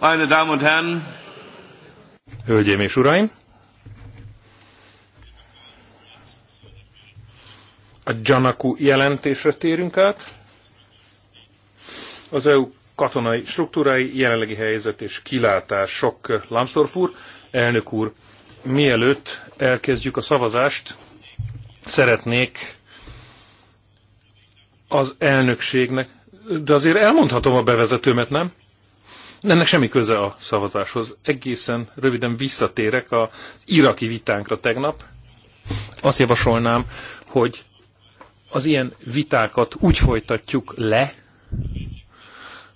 Meine Damen und Herren! Hölgyeim és Uraim! A Gyanaku jelentésre térünk át. Az EU katonai struktúrái, jelenlegi helyzet és kilátások. Lambsdorff úr, elnök úr, mielőtt elkezdjük a szavazást, szeretnék az elnökségnek de azért elmondhatom a bevezetőmet, nem? Ennek semmi köze a szavazáshoz. Egészen röviden visszatérek az iraki vitánkra tegnap. Azt javasolnám, hogy az ilyen vitákat úgy folytatjuk le,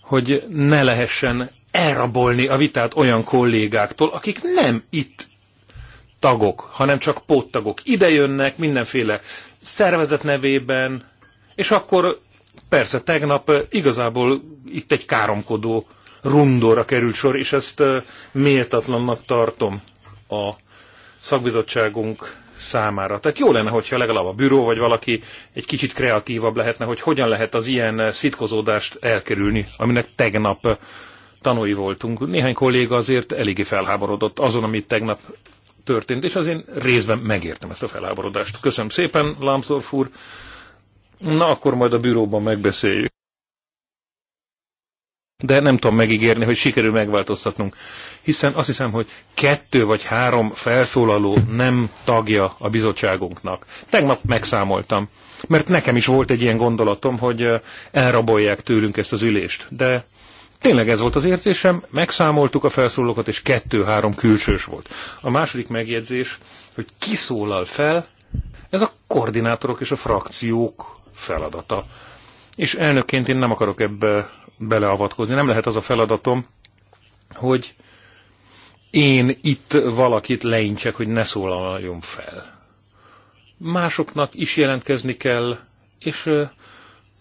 hogy ne lehessen elrabolni a vitát olyan kollégáktól, akik nem itt tagok, hanem csak póttagok. Ide jönnek mindenféle szervezet nevében, és akkor Persze, tegnap igazából itt egy káromkodó rundóra került sor, és ezt méltatlannak tartom a szakbizottságunk számára. Tehát jó lenne, hogyha legalább a büró vagy valaki egy kicsit kreatívabb lehetne, hogy hogyan lehet az ilyen szitkozódást elkerülni, aminek tegnap tanúi voltunk. Néhány kolléga azért eléggé felháborodott azon, amit tegnap történt, és az én részben megértem ezt a felháborodást. Köszönöm szépen, Lámszorf úr. Na, akkor majd a büróban megbeszéljük. De nem tudom megígérni, hogy sikerül megváltoztatnunk. Hiszen azt hiszem, hogy kettő vagy három felszólaló nem tagja a bizottságunknak. Tegnap megszámoltam, mert nekem is volt egy ilyen gondolatom, hogy eh, elrabolják tőlünk ezt az ülést. De tényleg ez volt az érzésem, megszámoltuk a felszólókat, és kettő-három külsős volt. A második megjegyzés, hogy kiszólal fel, ez a koordinátorok és a frakciók feladata. És elnökként én nem akarok ebbe beleavatkozni. Nem lehet az a feladatom, hogy én itt valakit leincsek, hogy ne szólaljon fel. Másoknak is jelentkezni kell, és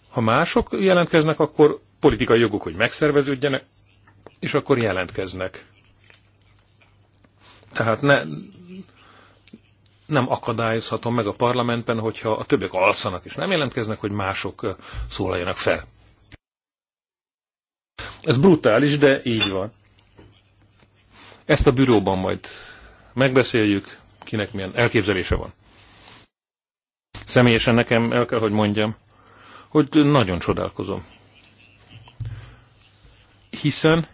ha mások jelentkeznek, akkor politikai joguk, hogy megszerveződjenek, és akkor jelentkeznek. Tehát ne nem akadályozhatom meg a parlamentben, hogyha a többiek alszanak és nem jelentkeznek, hogy mások szólaljanak fel. Ez brutális, de így van. Ezt a büróban majd megbeszéljük, kinek milyen elképzelése van. Személyesen nekem el kell, hogy mondjam, hogy nagyon csodálkozom. Hiszen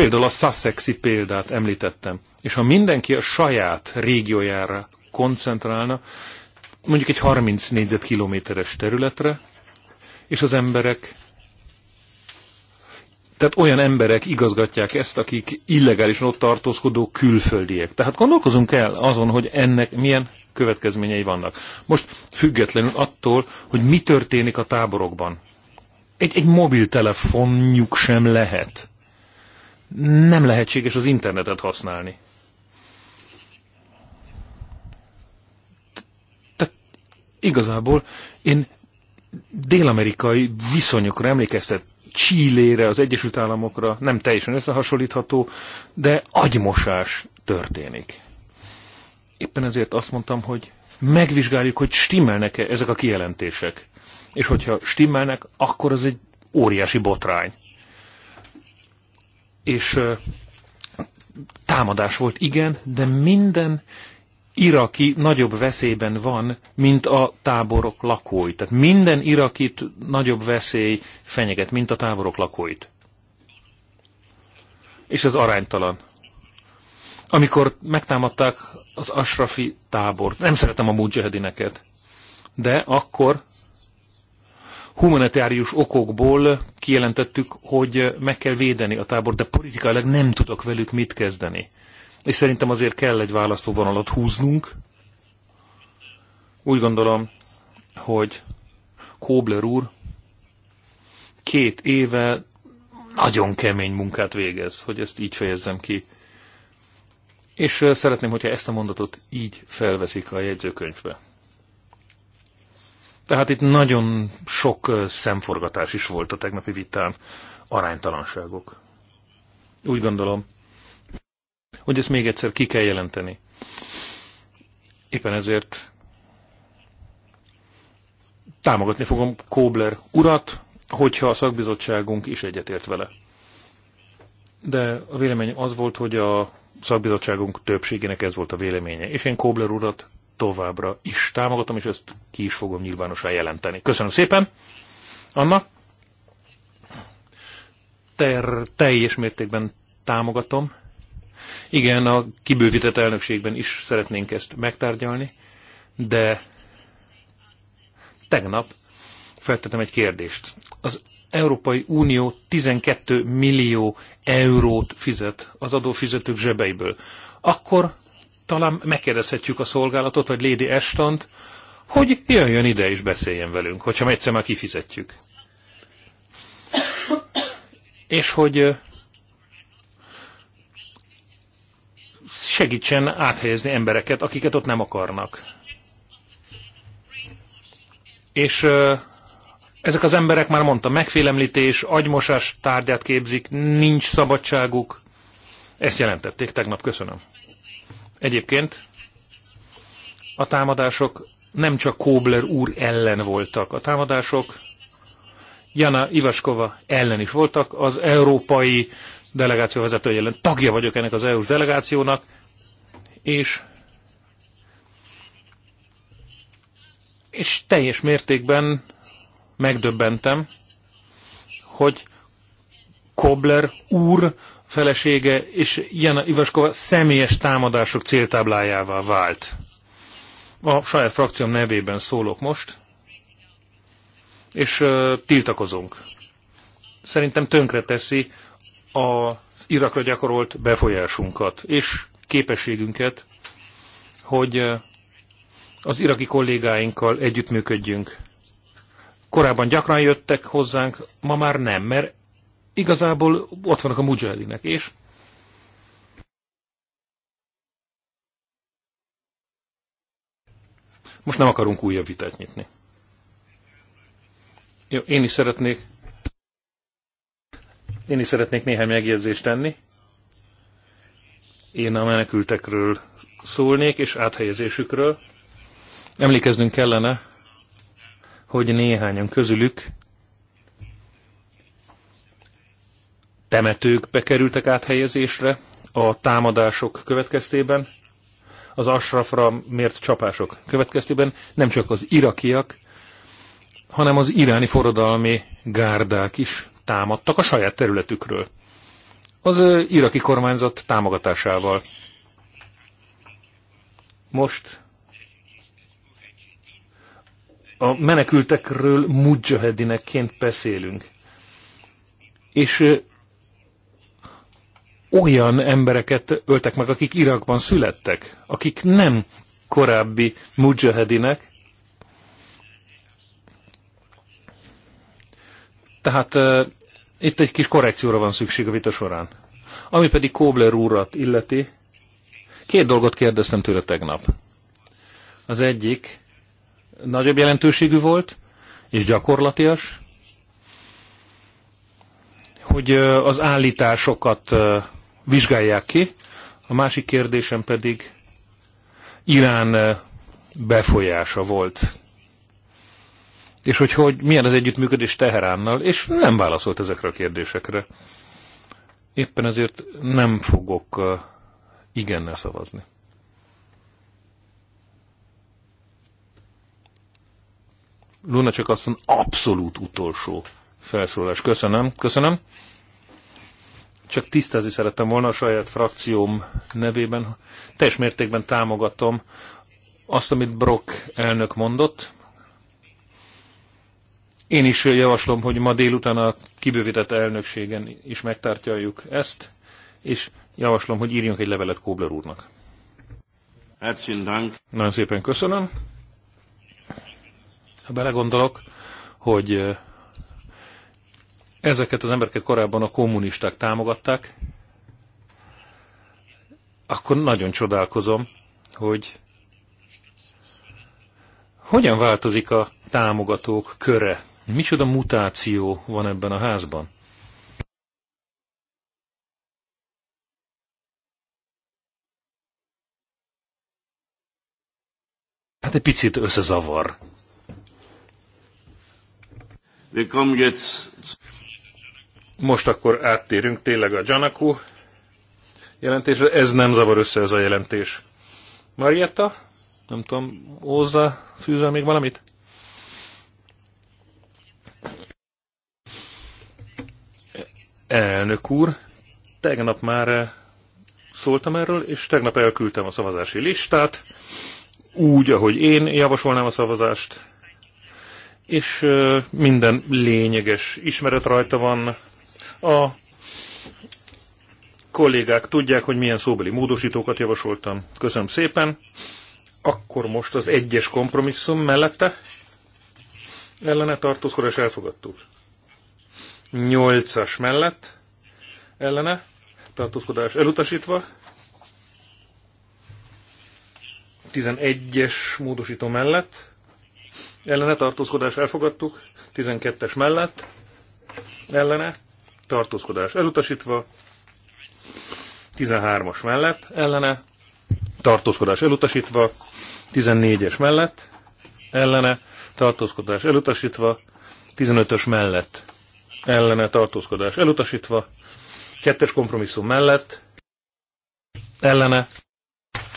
Például a Sussexi példát említettem. És ha mindenki a saját régiójára koncentrálna, mondjuk egy 30 négyzetkilométeres területre, és az emberek tehát olyan emberek igazgatják ezt, akik illegálisan ott tartózkodó külföldiek. Tehát gondolkozunk el azon, hogy ennek milyen következményei vannak. Most függetlenül attól, hogy mi történik a táborokban. Egy, egy mobiltelefonjuk sem lehet nem lehetséges az internetet használni. Tehát igazából én dél-amerikai viszonyokra emlékeztet, Csillére, az Egyesült Államokra, nem teljesen összehasonlítható, de agymosás történik. Éppen ezért azt mondtam, hogy megvizsgáljuk, hogy stimmelnek-e ezek a kijelentések. És hogyha stimmelnek, akkor az egy óriási botrány és támadás volt, igen, de minden iraki nagyobb veszélyben van, mint a táborok lakói. Tehát minden irakit nagyobb veszély fenyeget, mint a táborok lakóit. És ez aránytalan. Amikor megtámadták az Asrafi tábort, nem szeretem a mujahedineket, de akkor humanitárius okokból kijelentettük, hogy meg kell védeni a tábor, de politikailag nem tudok velük mit kezdeni. És szerintem azért kell egy választóvonalat húznunk. Úgy gondolom, hogy Kóbler úr két éve nagyon kemény munkát végez, hogy ezt így fejezzem ki. És szeretném, hogyha ezt a mondatot így felveszik a jegyzőkönyvbe. Tehát itt nagyon sok szemforgatás is volt a tegnapi vitán, aránytalanságok. Úgy gondolom, hogy ezt még egyszer ki kell jelenteni. Éppen ezért támogatni fogom Kóbler urat, hogyha a szakbizottságunk is egyetért vele. De a véleményem az volt, hogy a szakbizottságunk többségének ez volt a véleménye, és én Kóbler urat továbbra is támogatom, és ezt ki is fogom nyilvánosan jelenteni. Köszönöm szépen! Anna? Ter, teljes mértékben támogatom. Igen, a kibővített elnökségben is szeretnénk ezt megtárgyalni, de tegnap feltettem egy kérdést. Az Európai Unió 12 millió eurót fizet az adófizetők zsebeiből. Akkor talán megkérdezhetjük a szolgálatot, vagy Lady Estont, hogy jöjjön ide és beszéljen velünk, hogyha egyszer már kifizetjük. És hogy segítsen áthelyezni embereket, akiket ott nem akarnak. És ezek az emberek, már mondta megfélemlítés, agymosás tárgyát képzik, nincs szabadságuk. Ezt jelentették tegnap, köszönöm. Egyébként a támadások nem csak Kóbler úr ellen voltak, a támadások Jana Ivaskova ellen is voltak, az európai delegáció vezetője ellen. Tagja vagyok ennek az EU-s delegációnak, és és teljes mértékben megdöbbentem, hogy Kobler úr felesége és Jana Ivaskova személyes támadások céltáblájává vált. A saját frakcióm nevében szólok most, és uh, tiltakozunk. Szerintem tönkre teszi az Irakra gyakorolt befolyásunkat, és képességünket, hogy az iraki kollégáinkkal együttműködjünk. Korábban gyakran jöttek hozzánk, ma már nem, mert igazából ott vannak a mujahedinek, és most nem akarunk újabb vitát nyitni. Jó, én is szeretnék én is szeretnék néhány megjegyzést tenni. Én a menekültekről szólnék, és áthelyezésükről. Emlékeznünk kellene, hogy néhányan közülük temetőkbe kerültek áthelyezésre a támadások következtében, az Ashrafra mért csapások következtében nem csak az irakiak, hanem az iráni forradalmi gárdák is támadtak a saját területükről. Az iraki kormányzat támogatásával. Most a menekültekről mudzsahedinekként beszélünk. És olyan embereket öltek meg, akik Irakban születtek, akik nem korábbi mujahedinek. Tehát uh, itt egy kis korrekcióra van szükség a vita során. Ami pedig Kobler úrat illeti, két dolgot kérdeztem tőle tegnap. Az egyik nagyobb jelentőségű volt, és gyakorlatias, hogy az állításokat vizsgálják ki. A másik kérdésem pedig Irán eh, befolyása volt. És hogy, hogy milyen az együttműködés Teheránnal, és nem válaszolt ezekre a kérdésekre. Éppen ezért nem fogok eh, igennel szavazni. Luna csak azt mondja, abszolút utolsó felszólás. Köszönöm, köszönöm. Csak tisztázni szerettem volna a saját frakcióm nevében. Teljes mértékben támogatom azt, amit Brock elnök mondott. Én is javaslom, hogy ma délután a kibővített elnökségen is megtárgyaljuk ezt, és javaslom, hogy írjunk egy levelet Kóbler úrnak. Herzlichen Dank. Nagyon szépen köszönöm. Ha belegondolok, hogy Ezeket az embereket korábban a kommunisták támogatták, akkor nagyon csodálkozom, hogy hogyan változik a támogatók köre. Micsoda mutáció van ebben a házban? Hát egy picit összezavar. Most akkor áttérünk tényleg a Janaku jelentésre. Ez nem zavar össze ez a jelentés. Marietta? Nem tudom, hozzá fűzöl még valamit? Elnök úr, tegnap már szóltam erről, és tegnap elküldtem a szavazási listát, úgy, ahogy én javasolnám a szavazást, és minden lényeges ismeret rajta van, a kollégák tudják, hogy milyen szóbeli módosítókat javasoltam. Köszönöm szépen. Akkor most az egyes kompromisszum mellette ellene tartózkodás elfogadtuk. Nyolcas mellett ellene tartózkodás elutasítva. 11-es módosító mellett ellene tartózkodás elfogadtuk, 12-es mellett ellene tartózkodás elutasítva, 13-as mellett ellene, tartózkodás elutasítva, 14-es mellett ellene, tartózkodás elutasítva, 15-ös mellett ellene, tartózkodás elutasítva, 2-es kompromisszum mellett ellene,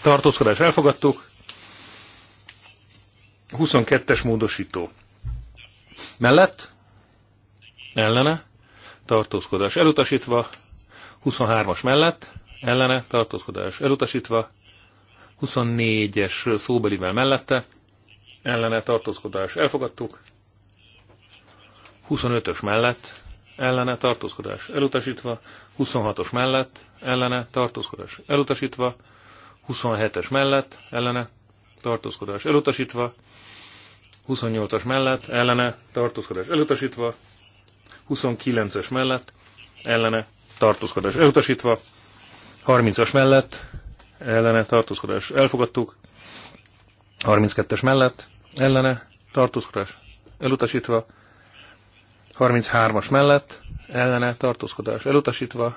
tartózkodás elfogadtuk, 22-es módosító mellett ellene, tartózkodás elutasítva, 23-as mellett, ellene, tartózkodás elutasítva, 24-es szóbelivel mellette, ellene, tartózkodás elfogadtuk, 25-ös mellett, ellene, tartózkodás elutasítva, 26-os mellett, ellene, tartózkodás elutasítva, 27-es mellett, ellene, tartózkodás elutasítva, 28-as mellett, ellene, tartózkodás elutasítva, 29-es mellett ellene tartózkodás elutasítva, 30-as mellett ellene tartózkodás elfogadtuk, 32-es mellett ellene tartózkodás elutasítva, 33-as mellett ellene tartózkodás elutasítva,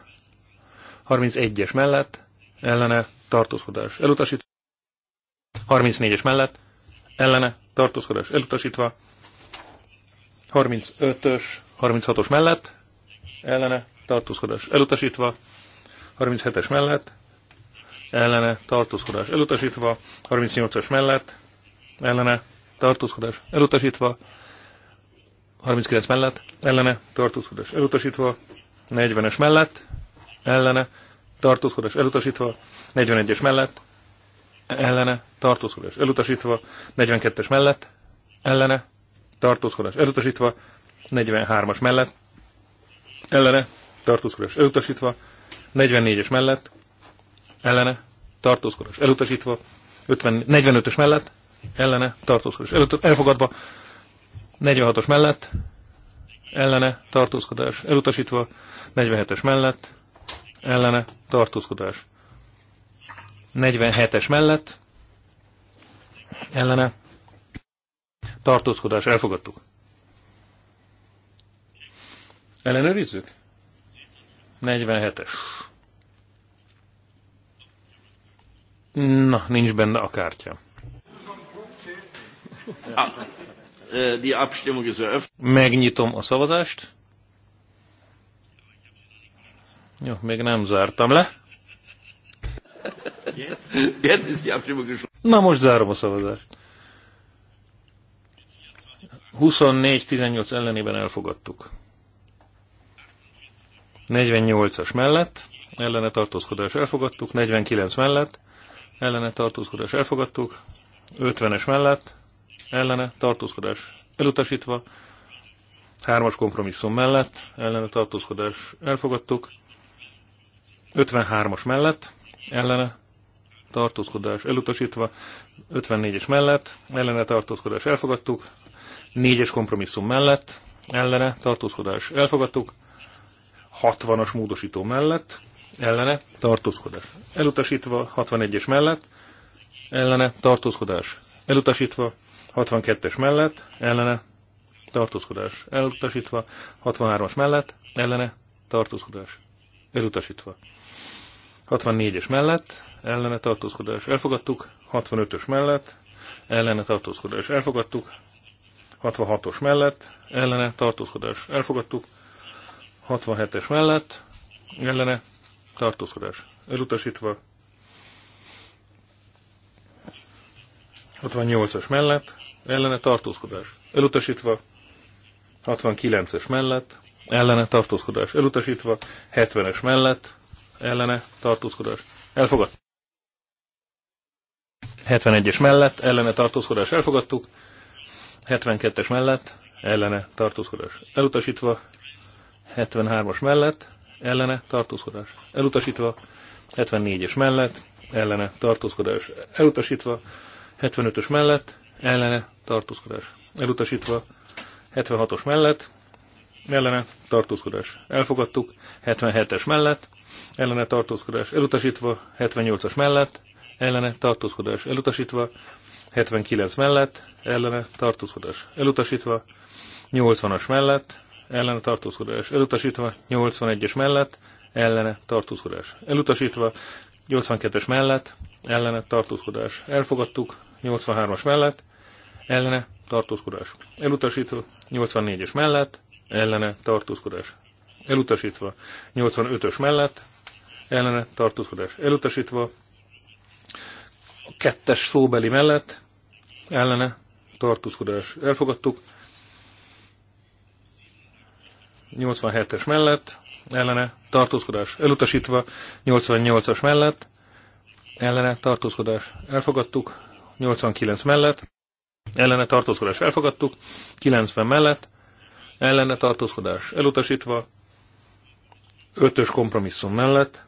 31-es mellett ellene tartózkodás elutasítva, 34-es mellett ellene tartózkodás elutasítva, 35-ös 36-os mellett, ellene, tartózkodás elutasítva, 37-es mellett, ellene, tartózkodás elutasítva, 38-as mellett, ellene, tartózkodás elutasítva, 39 mellett, ellene, tartózkodás elutasítva, 40-es mellett, ellene, tartózkodás elutasítva, 41-es mellett, ellene, tartózkodás elutasítva, 42-es mellett, ellene, tartózkodás elutasítva, 43-as mellett, ellene, tartózkodás elutasítva, 44-es mellett, ellene, tartózkodás elutasítva, 50, 45-ös mellett, ellene, tartózkodás elfogadva, 46-os mellett, ellene, tartózkodás elutasítva, 47-es mellett, ellene, tartózkodás. 47-es mellett, ellene, tartózkodás elfogadtuk. Ellenőrizzük? 47-es. Na, nincs benne a kártya. Ah, Megnyitom a szavazást. Jó, még nem zártam le. Na most zárom a szavazást. 24-18 ellenében elfogadtuk. 48-as mellett ellene tartózkodás elfogadtuk, 49 mellett ellene tartózkodás elfogadtuk, 50-es mellett ellene tartózkodás elutasítva, 3-as kompromisszum mellett ellene tartózkodás elfogadtuk, 53-as mellett ellene tartózkodás elutasítva, 54-es mellett ellene tartózkodás elfogadtuk, 4-es kompromisszum mellett ellene tartózkodás elfogadtuk, 60-as módosító mellett, ellene tartózkodás. Elutasítva 61-es mellett, ellene tartózkodás. Elutasítva 62-es mellett, ellene tartózkodás. Elutasítva 63-as mellett, ellene tartózkodás. Elutasítva. 64-es mellett, ellene tartózkodás. Elfogadtuk. 65-ös mellett, ellene tartózkodás. Elfogadtuk. 66-os mellett, ellene tartózkodás. Elfogadtuk. 67-es mellett ellene tartózkodás elutasítva. 68-as mellett ellene tartózkodás elutasítva. 69-es mellett ellene tartózkodás elutasítva. 70-es mellett ellene tartózkodás elfogad. 71-es mellett ellene tartózkodás elfogadtuk. 72-es mellett ellene tartózkodás elutasítva, 73-as mellett, ellene tartózkodás elutasítva, 74-es mellett, ellene tartózkodás elutasítva, 75-ös mellett, ellene tartózkodás elutasítva, 76-os mellett, ellene tartózkodás elfogadtuk, 77-es mellett, ellene tartózkodás elutasítva, 78-as mellett, ellene tartózkodás elutasítva, 79 mellett, ellene tartózkodás elutasítva, 80-as mellett, ellene tartózkodás elutasítva, 81-es mellett ellene tartózkodás elutasítva, 82-es mellett ellene tartózkodás elfogadtuk, 83-as mellett ellene tartózkodás elutasítva, 84-es mellett ellene tartózkodás elutasítva, 85-ös mellett ellene tartózkodás elutasítva, a kettes szóbeli mellett ellene tartózkodás elfogadtuk, 87-es mellett, ellene tartózkodás elutasítva, 88-as mellett, ellene tartózkodás elfogadtuk, 89 mellett, ellene tartózkodás elfogadtuk, 90 mellett, ellene tartózkodás elutasítva, 5-ös kompromisszum mellett,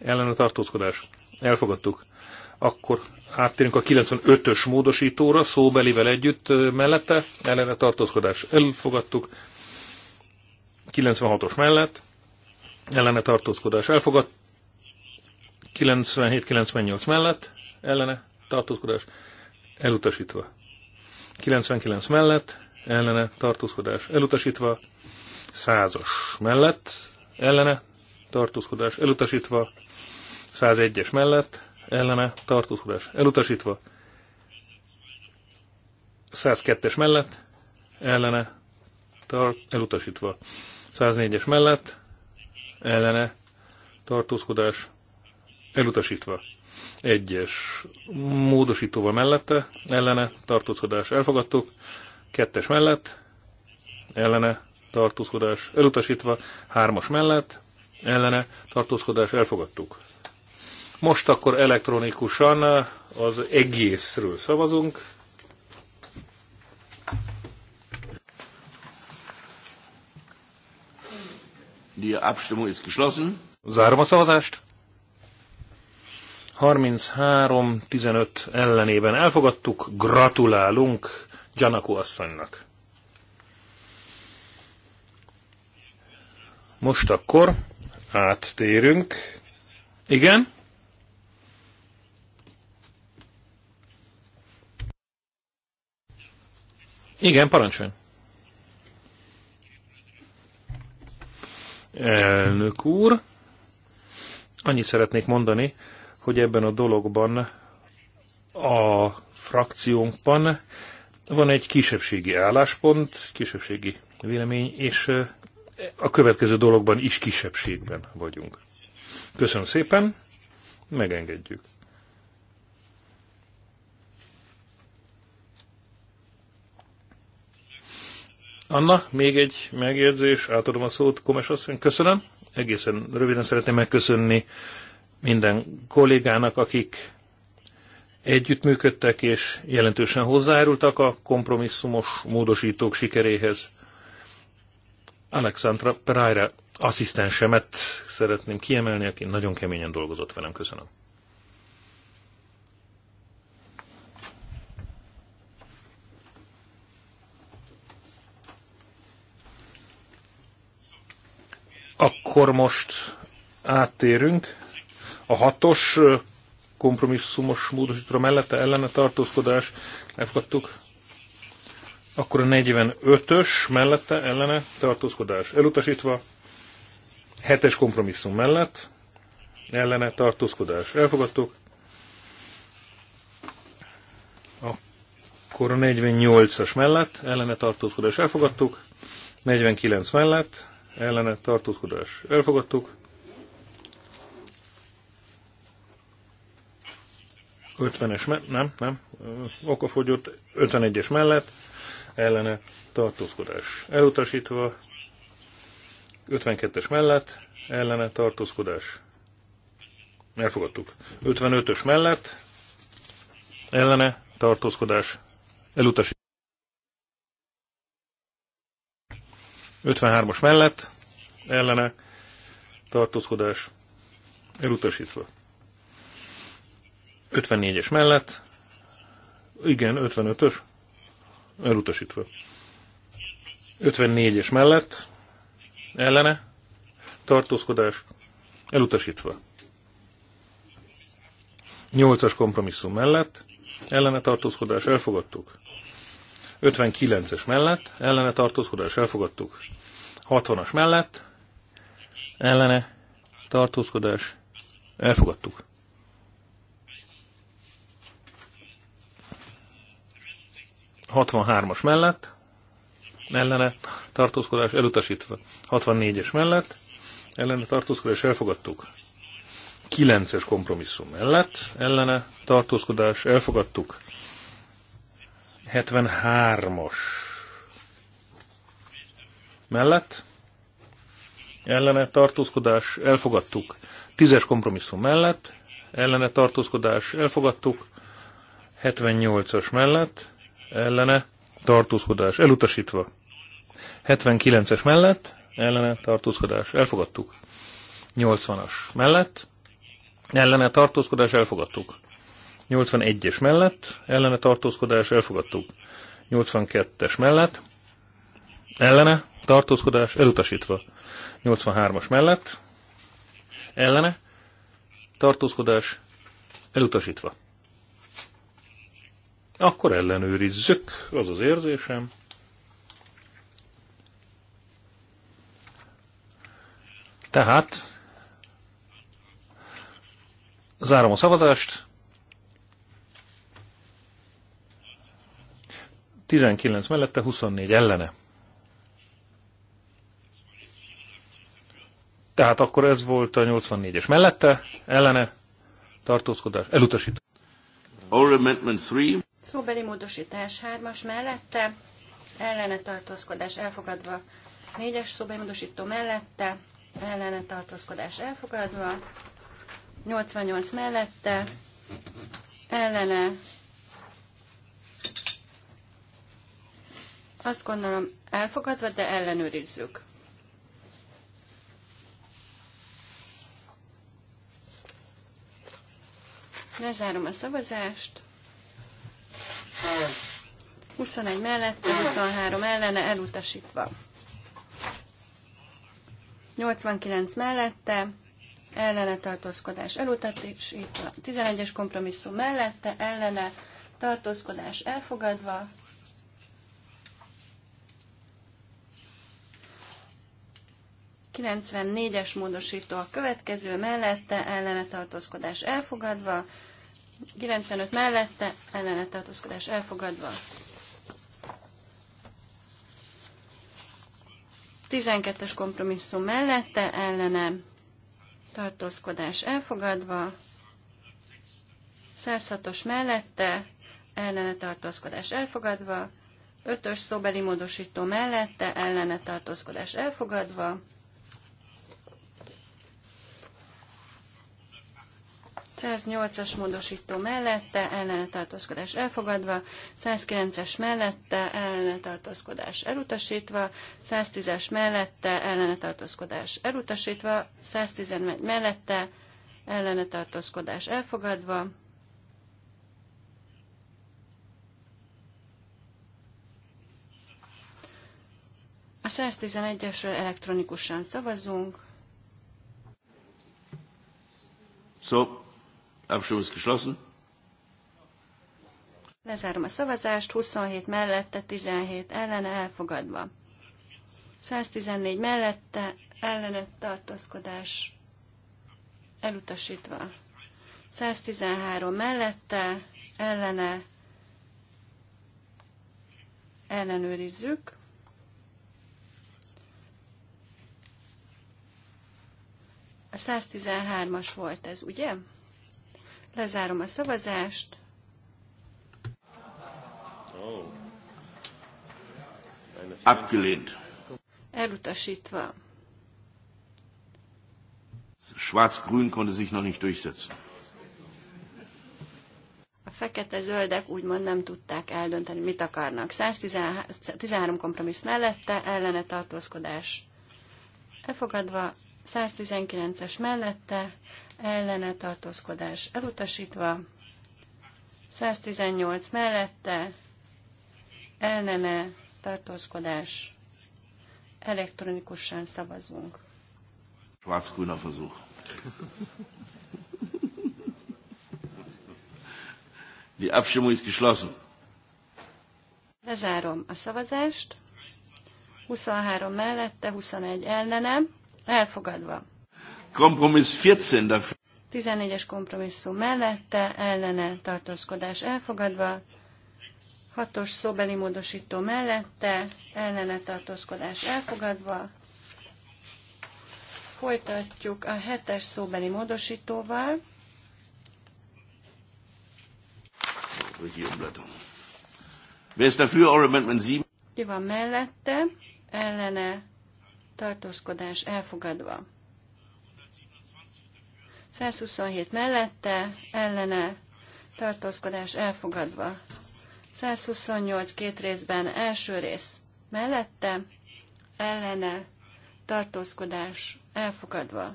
ellene tartózkodás elfogadtuk. Akkor áttérünk a 95-ös módosítóra, szóbelivel együtt mellette, ellene tartózkodás elfogadtuk, 96-os mellett ellene tartózkodás elfogadt, 97-98 mellett ellene tartózkodás elutasítva. 99 mellett ellene tartózkodás elutasítva, 100-as mellett ellene tartózkodás elutasítva, 101-es mellett ellene tartózkodás elutasítva, 102-es mellett ellene tar- elutasítva, 104-es mellett ellene tartózkodás elutasítva. Egyes módosítóval mellette ellene tartózkodás elfogadtuk, kettes mellett ellene tartózkodás elutasítva, hármas mellett ellene tartózkodás elfogadtuk. Most akkor elektronikusan az egészről szavazunk. Die Abstimmung ist geschlossen. Zárom a szavazást. 33-15 ellenében elfogadtuk. Gratulálunk Gyanakó asszonynak. Most akkor áttérünk. Igen? Igen, parancsoljon. Elnök úr, annyit szeretnék mondani, hogy ebben a dologban a frakciónkban van egy kisebbségi álláspont, kisebbségi vélemény, és a következő dologban is kisebbségben vagyunk. Köszönöm szépen, megengedjük. Anna, még egy megjegyzés, átadom a szót Komes asszony. Köszönöm. Egészen röviden szeretném megköszönni minden kollégának, akik együttműködtek és jelentősen hozzájárultak a kompromisszumos módosítók sikeréhez. Alexandra Pereira asszisztensemet szeretném kiemelni, aki nagyon keményen dolgozott velem. Köszönöm. Akkor most áttérünk a hatos kompromisszumos módosítóra mellette ellene tartózkodás elfogadtuk. Akkor a 45-ös mellette ellene tartózkodás elutasítva. 7-es kompromisszum mellett ellene tartózkodás elfogadtuk. Akkor a 48-as mellett ellene tartózkodás elfogadtuk. 49 mellett ellene tartózkodás elfogadtuk. 50-es, me- nem, nem, okafogyott, 51-es mellett ellene tartózkodás elutasítva, 52-es mellett ellene tartózkodás elfogadtuk. 55-ös mellett ellene tartózkodás elutasítva. 53 os mellett ellene tartózkodás elutasítva. 54-es mellett, igen, 55-ös, elutasítva. 54-es mellett, ellene, tartózkodás, elutasítva. 8-as kompromisszum mellett, ellene tartózkodás, elfogadtuk. 59-es mellett ellene tartózkodás elfogadtuk. 60-as mellett ellene tartózkodás elfogadtuk. ...63-as mellett, ellene tartózkodás elutasítva. 64-es mellett, ellene tartózkodás elfogadtuk. 9-es kompromisszum mellett, ellene tartózkodás elfogadtuk. 73-as mellett ellene tartózkodás elfogadtuk. Tízes kompromisszum mellett ellene tartózkodás elfogadtuk. 78-as mellett ellene tartózkodás elutasítva. 79-es mellett ellene tartózkodás elfogadtuk. 80-as mellett ellene tartózkodás elfogadtuk. 81-es mellett ellene tartózkodás elfogadtuk. 82-es mellett ellene tartózkodás elutasítva. 83-as mellett ellene tartózkodás elutasítva. Akkor ellenőrizzük, az az érzésem. Tehát zárom a szavazást, 19 mellette, 24 ellene. Tehát akkor ez volt a 84-es mellette, ellene, tartózkodás, elutasítás. Szóbeli módosítás 3-as mellette, ellene tartózkodás elfogadva. 4-es szóbeli módosító mellette, ellene tartózkodás elfogadva. 88 mellette, ellene Azt gondolom elfogadva, de ellenőrizzük. Lezárom a szavazást. 21 mellette, 23 ellene elutasítva. 89 mellette, ellene tartózkodás elutasítva, 11-es kompromisszum mellette, ellene tartózkodás elfogadva, 94-es módosító a következő, mellette ellene tartózkodás elfogadva, 95 mellette ellene tartózkodás elfogadva. 12-es kompromisszum mellette ellene tartózkodás elfogadva, 106-os mellette ellene tartózkodás elfogadva, 5-ös szóbeli módosító mellette ellene tartózkodás elfogadva, 108-as módosító mellette ellenetartózkodás elfogadva, 109-es mellette ellenetartózkodás elutasítva, 110-es mellette ellenetartózkodás elutasítva, 111 mellette ellenetartózkodás elfogadva, A 111-esről elektronikusan szavazunk. So, Abstimmung ist geschlossen. Lezárom a szavazást, 27 mellette, 17 ellene elfogadva. 114 mellette, ellene tartózkodás elutasítva. 113 mellette, ellene ellenőrizzük. A 113-as volt ez, ugye? Lezárom a szavazást. Abgelehnt. Elutasítva. Schwarz-Grün konnte sich noch nicht durchsetzen. A fekete-zöldek úgymond nem tudták eldönteni, mit akarnak. 113 kompromissz mellette, ellene tartózkodás elfogadva, 119-es mellette, ellene tartózkodás elutasítva, 118 mellette ellene tartózkodás elektronikusan szavazunk. Die Abstimmung ist geschlossen. Lezárom a szavazást. 23 mellette, 21 ellene. Elfogadva. Kompromiss 14 dafür. 14-es kompromisszum mellette, ellene tartózkodás elfogadva, 6-os szóbeli módosító mellette, ellene tartózkodás elfogadva, folytatjuk a 7-es szóbeli módosítóval. Ki van mellette, ellene tartózkodás elfogadva. 127 mellette, ellene, tartózkodás elfogadva. 128 két részben első rész mellette, ellene, tartózkodás elfogadva.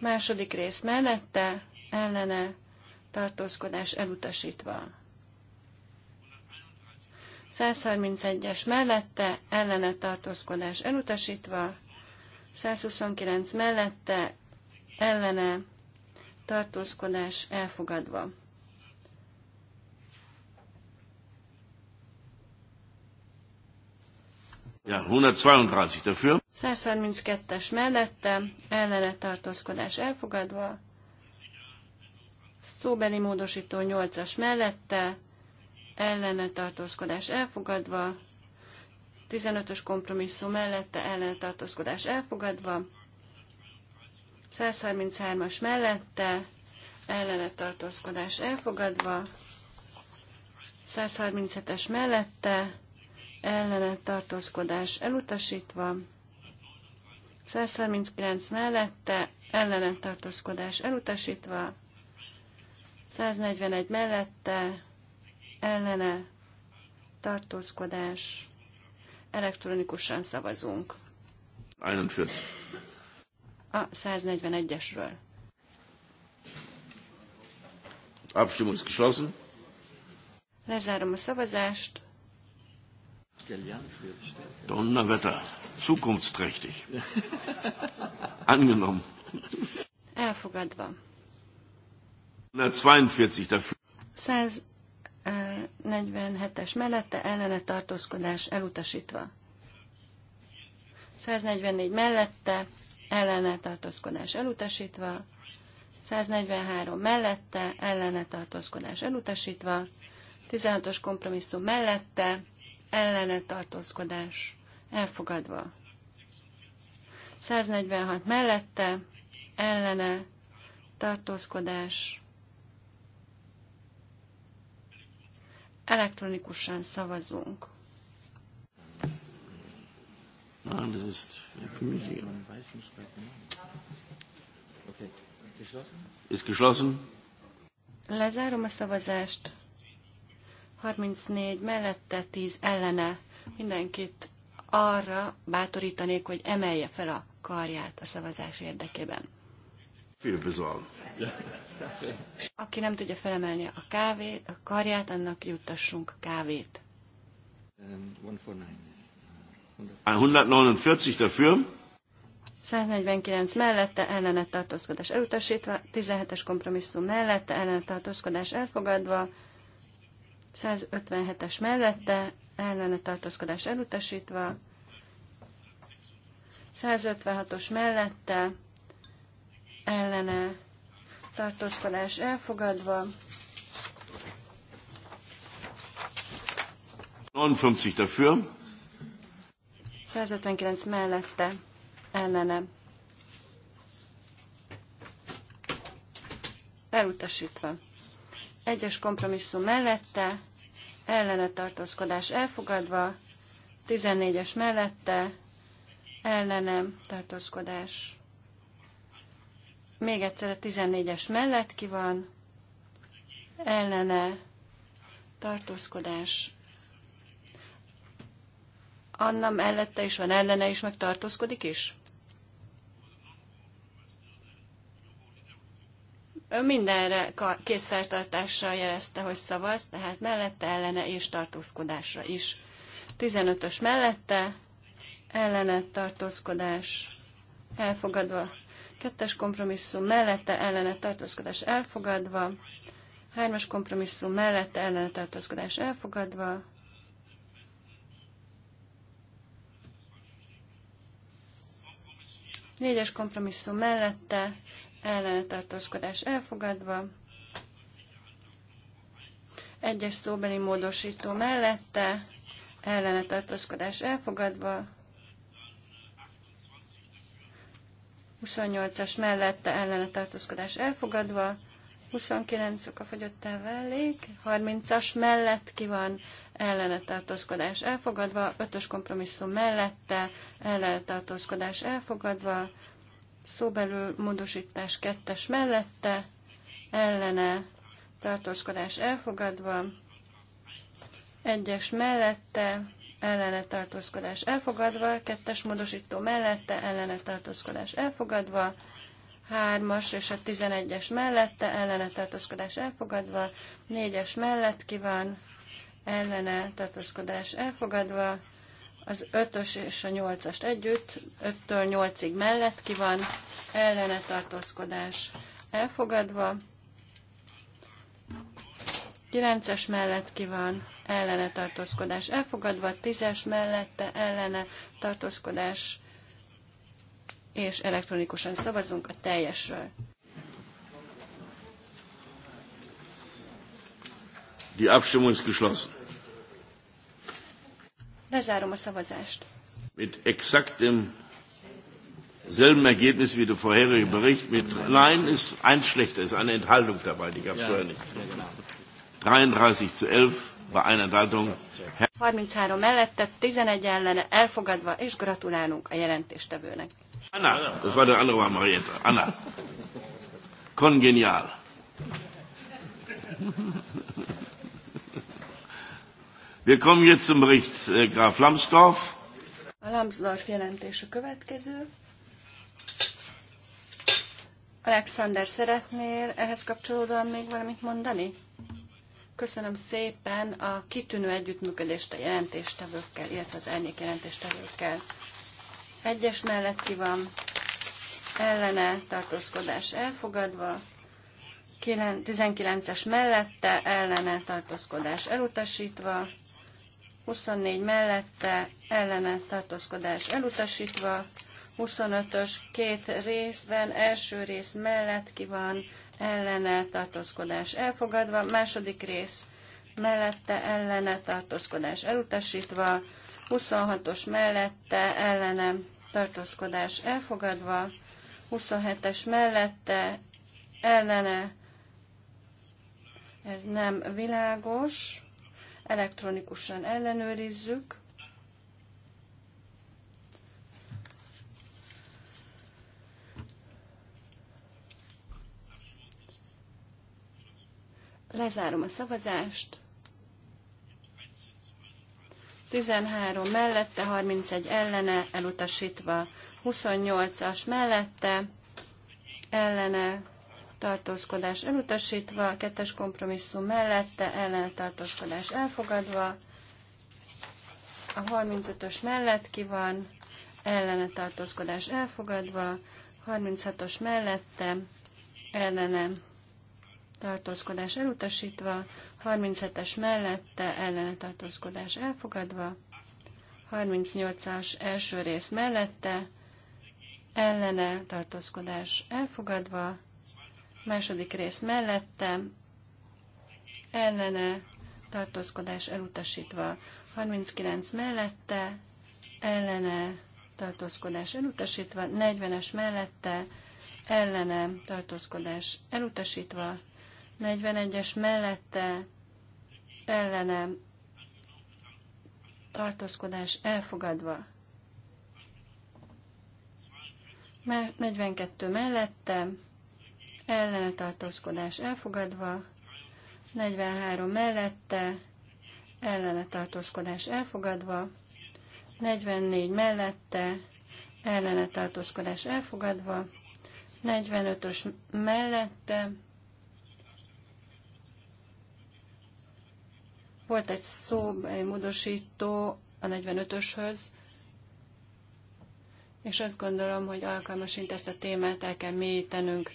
Második rész mellette, ellene, tartózkodás elutasítva. 131-es mellette, ellene tartózkodás elutasítva, 129 mellette, ellene tartózkodás elfogadva. Ja, 132 es mellette, ellene tartózkodás elfogadva. Szóbeli módosító 8-as mellette, ellene tartózkodás elfogadva. 15-ös kompromisszum mellette, ellene tartózkodás elfogadva. 133-as mellette, ellene tartózkodás elfogadva, 137-es mellette, ellene tartózkodás elutasítva, 139 mellette, ellene tartózkodás elutasítva, 141 mellette, ellene tartózkodás, elektronikusan szavazunk. 41 a 141-esről. Abstimmung Lezárom a szavazást. Donnerwetter, zukunftsträchtig. Angenommen. Elfogadva. 142 dafür. 147-es mellette ellene tartózkodás elutasítva. 144 mellette ellene tartózkodás elutasítva, 143 mellette, ellene tartózkodás elutasítva, 16-os kompromisszum mellette, ellene tartózkodás elfogadva. 146 mellette, ellene tartózkodás elektronikusan szavazunk. Nein, das ist Gemüse. Man weiß nicht, was okay. Geschlossen? Ist geschlossen. Lezárom a szavazást. 34 mellette, 10 ellene. Mindenkit arra bátorítanék, hogy emelje fel a karját a szavazás érdekében. Aki nem tudja felemelni a kávét, a karját, annak juttassunk kávét. 149. Um, 149 dafür. 149 mellette ellenet tartózkodás elutasítva, 17-es kompromisszum mellette ellenet tartózkodás elfogadva, 157-es mellette ellenet tartózkodás elutasítva, 156-os mellette ellene tartózkodás elfogadva, 59 dafür. 159 mellette ellene elutasítva. Egyes kompromisszum mellette ellene tartózkodás elfogadva, 14-es mellette ellene tartózkodás. Még egyszer a 14-es mellett ki van, ellene tartózkodás Anna mellette is van, ellene is, meg tartózkodik is? Ön mindenre készszertartással jelezte, hogy szavaz, tehát mellette, ellene és tartózkodásra is. 15-ös mellette, ellene tartózkodás elfogadva. Kettes kompromisszum mellette, ellene tartózkodás elfogadva. Hármas kompromisszum mellette, ellene tartózkodás elfogadva. Négyes kompromisszum mellette ellenetartózkodás elfogadva. Egyes szóbeli módosító mellette ellenetartózkodás elfogadva. 28-as mellette ellene tartózkodás elfogadva. 29 a fogyottá válik, 30-as mellett ki van ellenetartózkodás elfogadva, 5-ös kompromisszum mellette ellenetartózkodás elfogadva, szóbelül módosítás 2-es mellette ellene tartózkodás elfogadva, 1-es mellette ellene tartózkodás elfogadva, 2-es módosító mellette ellene tartózkodás elfogadva, 3-as és a 11-es mellette ellene tartózkodás elfogadva, 4-es mellett ki van ellene tartózkodás elfogadva, az 5-ös és a 8-ast együtt, 5-től 8-ig mellett ki van ellene tartózkodás elfogadva, 9-es mellett ki van ellene tartózkodás elfogadva, 10-es mellette ellene tartózkodás elfogadva, és elektronikusan szavazunk a teljesről. Die Abstimmung ist geschlossen. Lezárom a szavazást. Mit exaktem selben Ergebnis wie der vorherige Bericht. Mit Nein ist ein schlechter, ist eine Enthaltung dabei, die gab es vorher nicht. 33 zu 11 bei einer Enthaltung. 33 mellette, 11 ellene elfogadva, és gratulálunk a jelentéstevőnek. Anna, das war der andere war Marietta. Anna. Kongenial. Wir kommen jetzt zum Bericht äh, Graf Lambsdorff. A Lambsdorff jelentése következő. Alexander, szeretnél ehhez kapcsolódóan még valamit mondani? Köszönöm szépen a kitűnő együttműködést a jelentéstevőkkel, illetve az elnék jelentéstevőkkel. Egyes mellett ki van ellene tartózkodás elfogadva, 19-es mellette ellene tartózkodás elutasítva, 24 mellette ellene tartózkodás elutasítva, 25-ös két részben, első rész mellett ki van ellene tartózkodás elfogadva, második rész mellette ellene tartózkodás elutasítva, 26-os mellette ellenem tartózkodás elfogadva, 27-es mellette ellene, ez nem világos, elektronikusan ellenőrizzük. Lezárom a szavazást. 13 mellette, 31 ellene, elutasítva. 28-as mellette, ellene, tartózkodás elutasítva, kettes kompromisszum mellette, ellene tartózkodás elfogadva, a 35-ös mellett ki van, ellene tartózkodás elfogadva, 36-os mellette, ellene tartózkodás elutasítva, 37-es mellette ellene tartózkodás elfogadva, 38-as első rész mellette ellene tartózkodás elfogadva, második rész mellette ellene tartózkodás elutasítva, 39 mellette ellene tartózkodás elutasítva, 40-es mellette ellene tartózkodás elutasítva, 41-es mellette ellenem tartózkodás elfogadva. 42 mellette ellene tartózkodás elfogadva. 43 mellette ellene tartózkodás elfogadva. 44 mellette ellene tartózkodás elfogadva. 45-ös mellette Volt egy szóbeli módosító a 45-öshöz, és azt gondolom, hogy alkalmasint ezt a témát el kell mélyítenünk.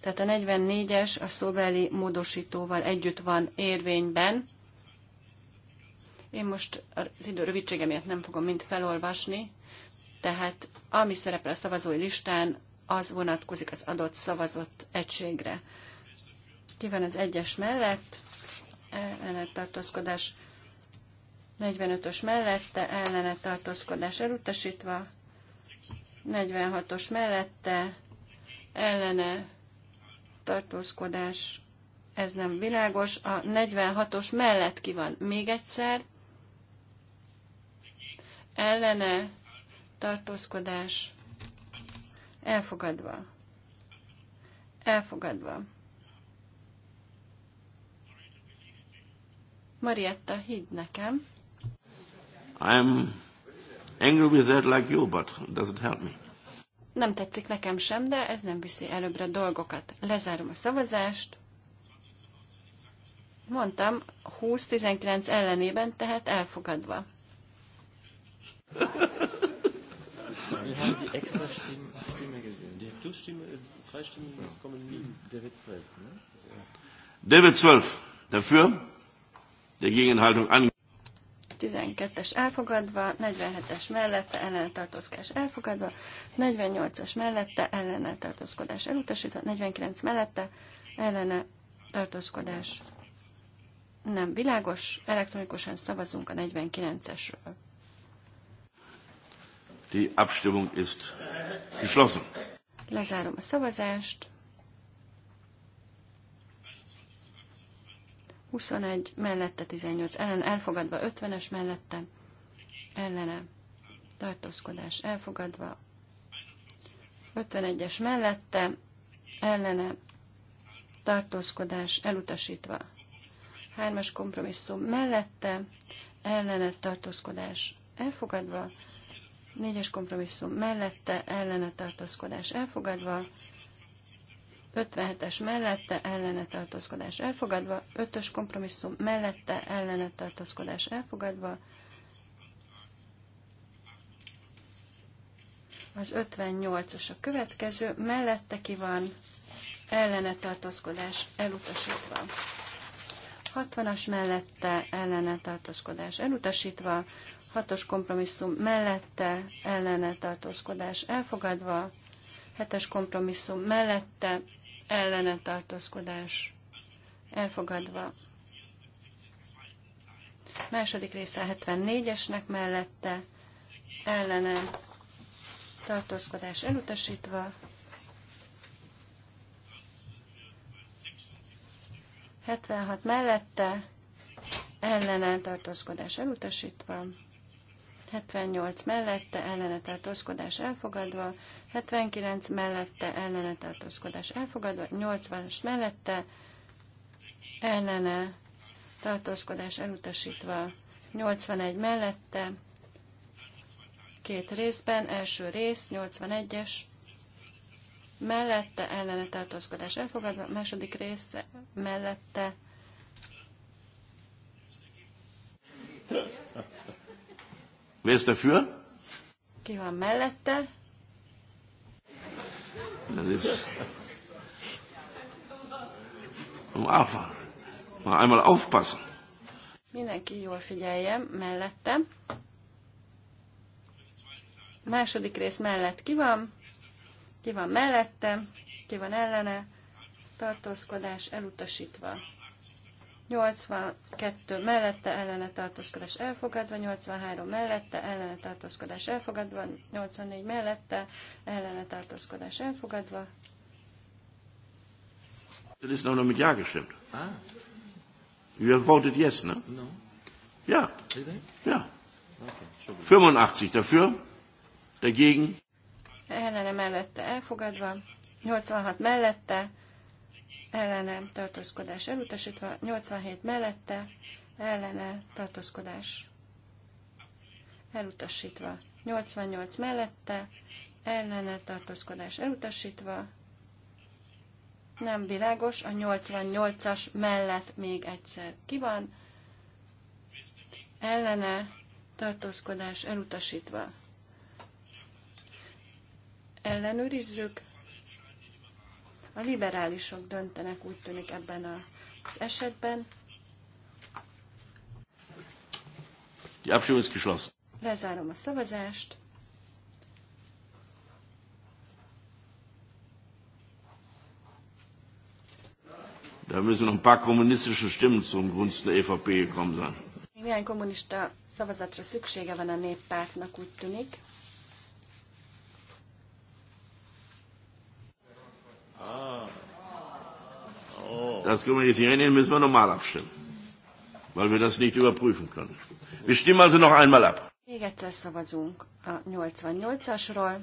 Tehát a 44-es a szóbeli módosítóval együtt van érvényben. Én most az idő rövidsége miatt nem fogom mind felolvasni, tehát ami szerepel a szavazói listán, az vonatkozik az adott szavazott egységre. Ki van az egyes mellett? ellene tartózkodás 45-ös mellette ellene tartózkodás elutasítva, 46-os mellette ellene tartózkodás, ez nem világos, a 46-os mellett ki van még egyszer, ellene tartózkodás elfogadva. Elfogadva. Marietta, hidd nekem. I'm angry with that like you, but doesn't help me. Nem tetszik nekem sem, de ez nem viszi előbbre dolgokat. Lezárom a szavazást. Mondtam, 20-19 ellenében, tehát elfogadva. David 12, David 12, dafür? der Gegenhaltung an. 12-es elfogadva, 47-es mellette ellentartózkodás elfogadva, 48-as mellette ellenetartózkodás elutasítva, 49 mellette ellene tartózkodás nem világos, elektronikusan szavazunk a 49-esről. Die Abstimmung ist geschlossen. Lezárom a szavazást. 21 mellette, 18 ellen, elfogadva 50-es mellette, ellene, tartózkodás elfogadva, 51-es mellette, ellene, tartózkodás elutasítva, 3-as kompromisszum mellette, ellene, tartózkodás elfogadva, 4-es kompromisszum mellette, ellene, tartózkodás elfogadva, 57-es mellette ellene tartózkodás elfogadva, 5-ös kompromisszum mellette ellene tartózkodás elfogadva, az 58-as a következő, mellette ki van ellene tartózkodás elutasítva. 60-as mellette ellene tartózkodás elutasítva, 6-os kompromisszum mellette ellene tartózkodás elfogadva, 7-es kompromisszum mellette ellene tartózkodás elfogadva. Második része 74-esnek mellette ellene tartózkodás elutasítva. Hetvenhat mellette ellenen tartózkodás elutasítva, 78 mellette ellenetartózkodás elfogadva, 79 mellette ellenetartózkodás elfogadva, 80-as mellette ellene tartózkodás elutasítva, 81 mellette, két részben, első rész, 81-es, mellette ellene tartózkodás elfogadva, második rész mellette. Wer ist dafür? Ki van mellette? Das ist Um Afa. Mal einmal aufpassen. Mindenki jól figyeljen mellettem. Második rész mellett ki van? Ki van mellettem? Ki van ellene? Tartózkodás elutasítva. 82 mellette ellene tartózkodás elfogadva, 83 mellette ellene tartózkodás elfogadva, 84 mellette ellene tartózkodás elfogadva. Das ist noch mit Ja gestimmt. Ah. You have voted yes, ne? No. Ja. Ja. Okay. 85 dafür, dagegen. Ellene mellette elfogadva, 86 mellette ellene tartózkodás elutasítva, 87 mellette ellene tartózkodás elutasítva, 88 mellette ellene tartózkodás elutasítva, nem világos, a 88-as mellett még egyszer ki van, ellene tartózkodás elutasítva. Ellenőrizzük, a liberálisok döntenek, úgy tűnik ebben az esetben. Lezárom a szavazást. Da müssen noch ein paar kommunistische Stimmen zum Gunsten der EVP gekommen sein. Néhány kommunista szavazatra szüksége van a néppártnak, úgy tűnik. Ah. Das können wir jetzt nicht nehmen, müssen wir normal abstimmen, weil wir das nicht überprüfen können. Wir stimmen also noch einmal ab. Még egyszer szavazunk a 88-asról.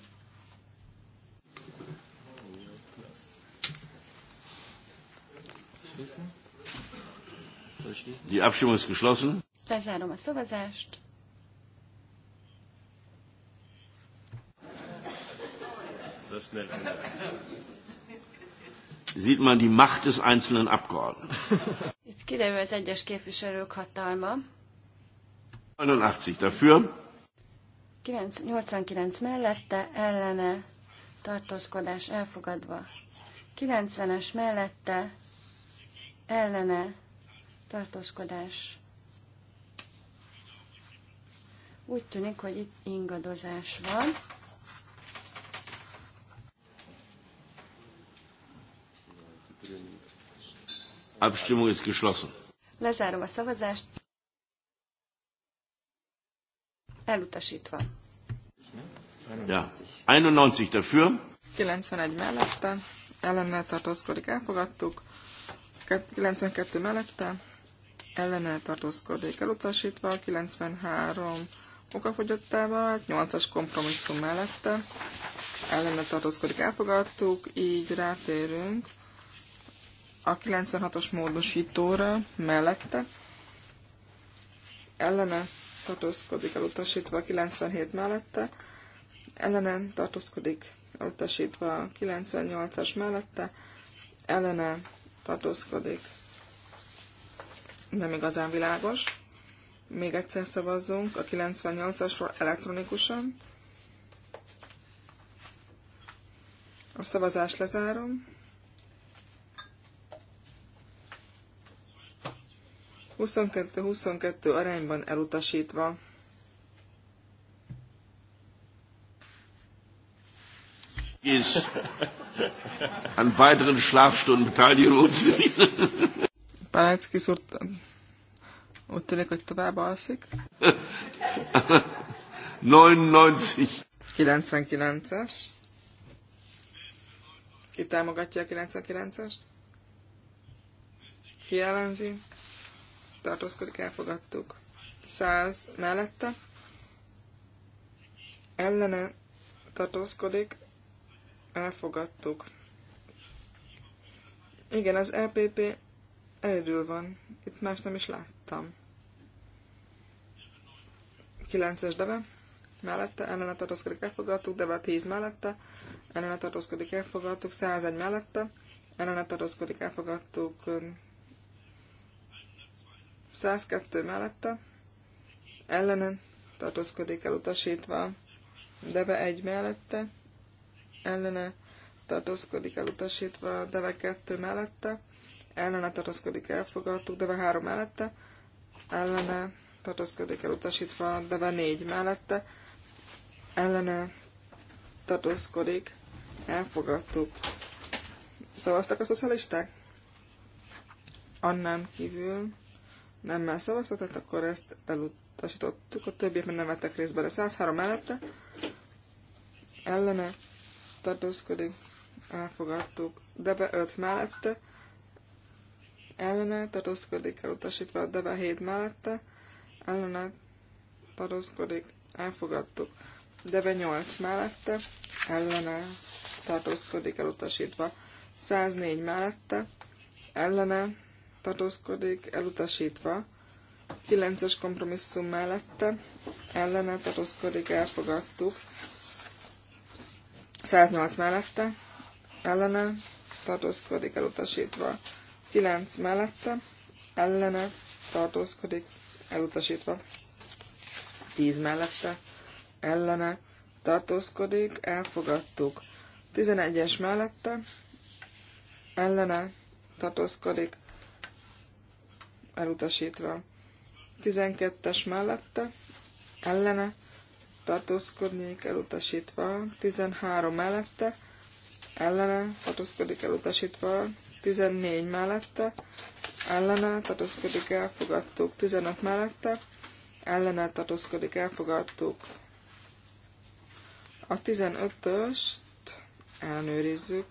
Die Abstimmung ist geschlossen. Lezárom a szavazást. So schnell sieht man die Macht des einzelnen Abgeordneten. Jetzt kiderül az egyes képviselők hatalma. 89 dafür. 89 mellette, ellene, tartózkodás elfogadva. 90-es mellette, ellene, tartózkodás. Úgy tűnik, hogy itt ingadozás van. Abstimmung ist geschlossen. Lezárom a szavazást. Elutasítva. Ja. 91 dafür. 91 mellette. Ellennel tartózkodik, elfogadtuk. 92 mellette. Ellennel tartózkodik, elutasítva. 93 okafogyottával, 8-as kompromisszum mellette. Ellennel tartózkodik, elfogadtuk. Így rátérünk a 96-os módosítóra mellette ellene tartózkodik elutasítva a 97 mellette, ellene tartózkodik elutasítva a 98-as mellette, ellene tartózkodik. Nem igazán világos. Még egyszer szavazzunk a 98-asról elektronikusan. A szavazást lezárom. 22-22 arányban elutasítva. an weiteren Schlafstunden beteiligen uns. Paleckis úr úgy tűnik, hogy tovább alszik. 99. 99-es. Ki támogatja a 99-est? Ki ellenzi? tartózkodik, elfogadtuk. 100 mellette, ellene tartózkodik, elfogadtuk. Igen, az LPP e egyedül van. Itt más nem is láttam. 9-es deve. Mellette ellene tartózkodik, elfogadtuk. Deve 10 mellette. Ellene tartózkodik, elfogadtuk. 101 mellette. Ellene tartózkodik, elfogadtuk. 102 mellette, ellene tartózkodik el utasítva, deve 1 mellette, ellene tartózkodik el utasítva, deve 2 mellette, ellene tartózkodik elfogadtuk, deve 3 mellette, ellene tartózkodik el utasítva, deve 4 mellette, ellene tartózkodik, elfogadtuk. Szavaztak a szocialisták? Annán kívül nemmel tehát akkor ezt elutasítottuk. A többiek nem vettek részt bele. 103 mellette ellene tartózkodik, elfogadtuk. Debe 5 mellette ellene tartózkodik, elutasítva a Debe 7 mellette ellene tartózkodik, elfogadtuk. Debe 8 mellette ellene tartózkodik, elutasítva. 104 mellette ellene tartózkodik, elutasítva. 9-es kompromisszum mellette ellene tartózkodik, elfogadtuk. 108 mellette ellene tartózkodik, elutasítva. 9 mellette ellene tartózkodik, elutasítva. 10 mellette ellene tartózkodik, elfogadtuk. 11-es mellette ellene tartózkodik, elutasítva. 12-es mellette, ellene, tartózkodnék elutasítva. 13 mellette, ellene, tartózkodik elutasítva. 14 mellette, ellene, tartózkodik elfogadtuk. 15 mellette, ellene, tartózkodik elfogadtuk. A 15-öst elnőrizzük.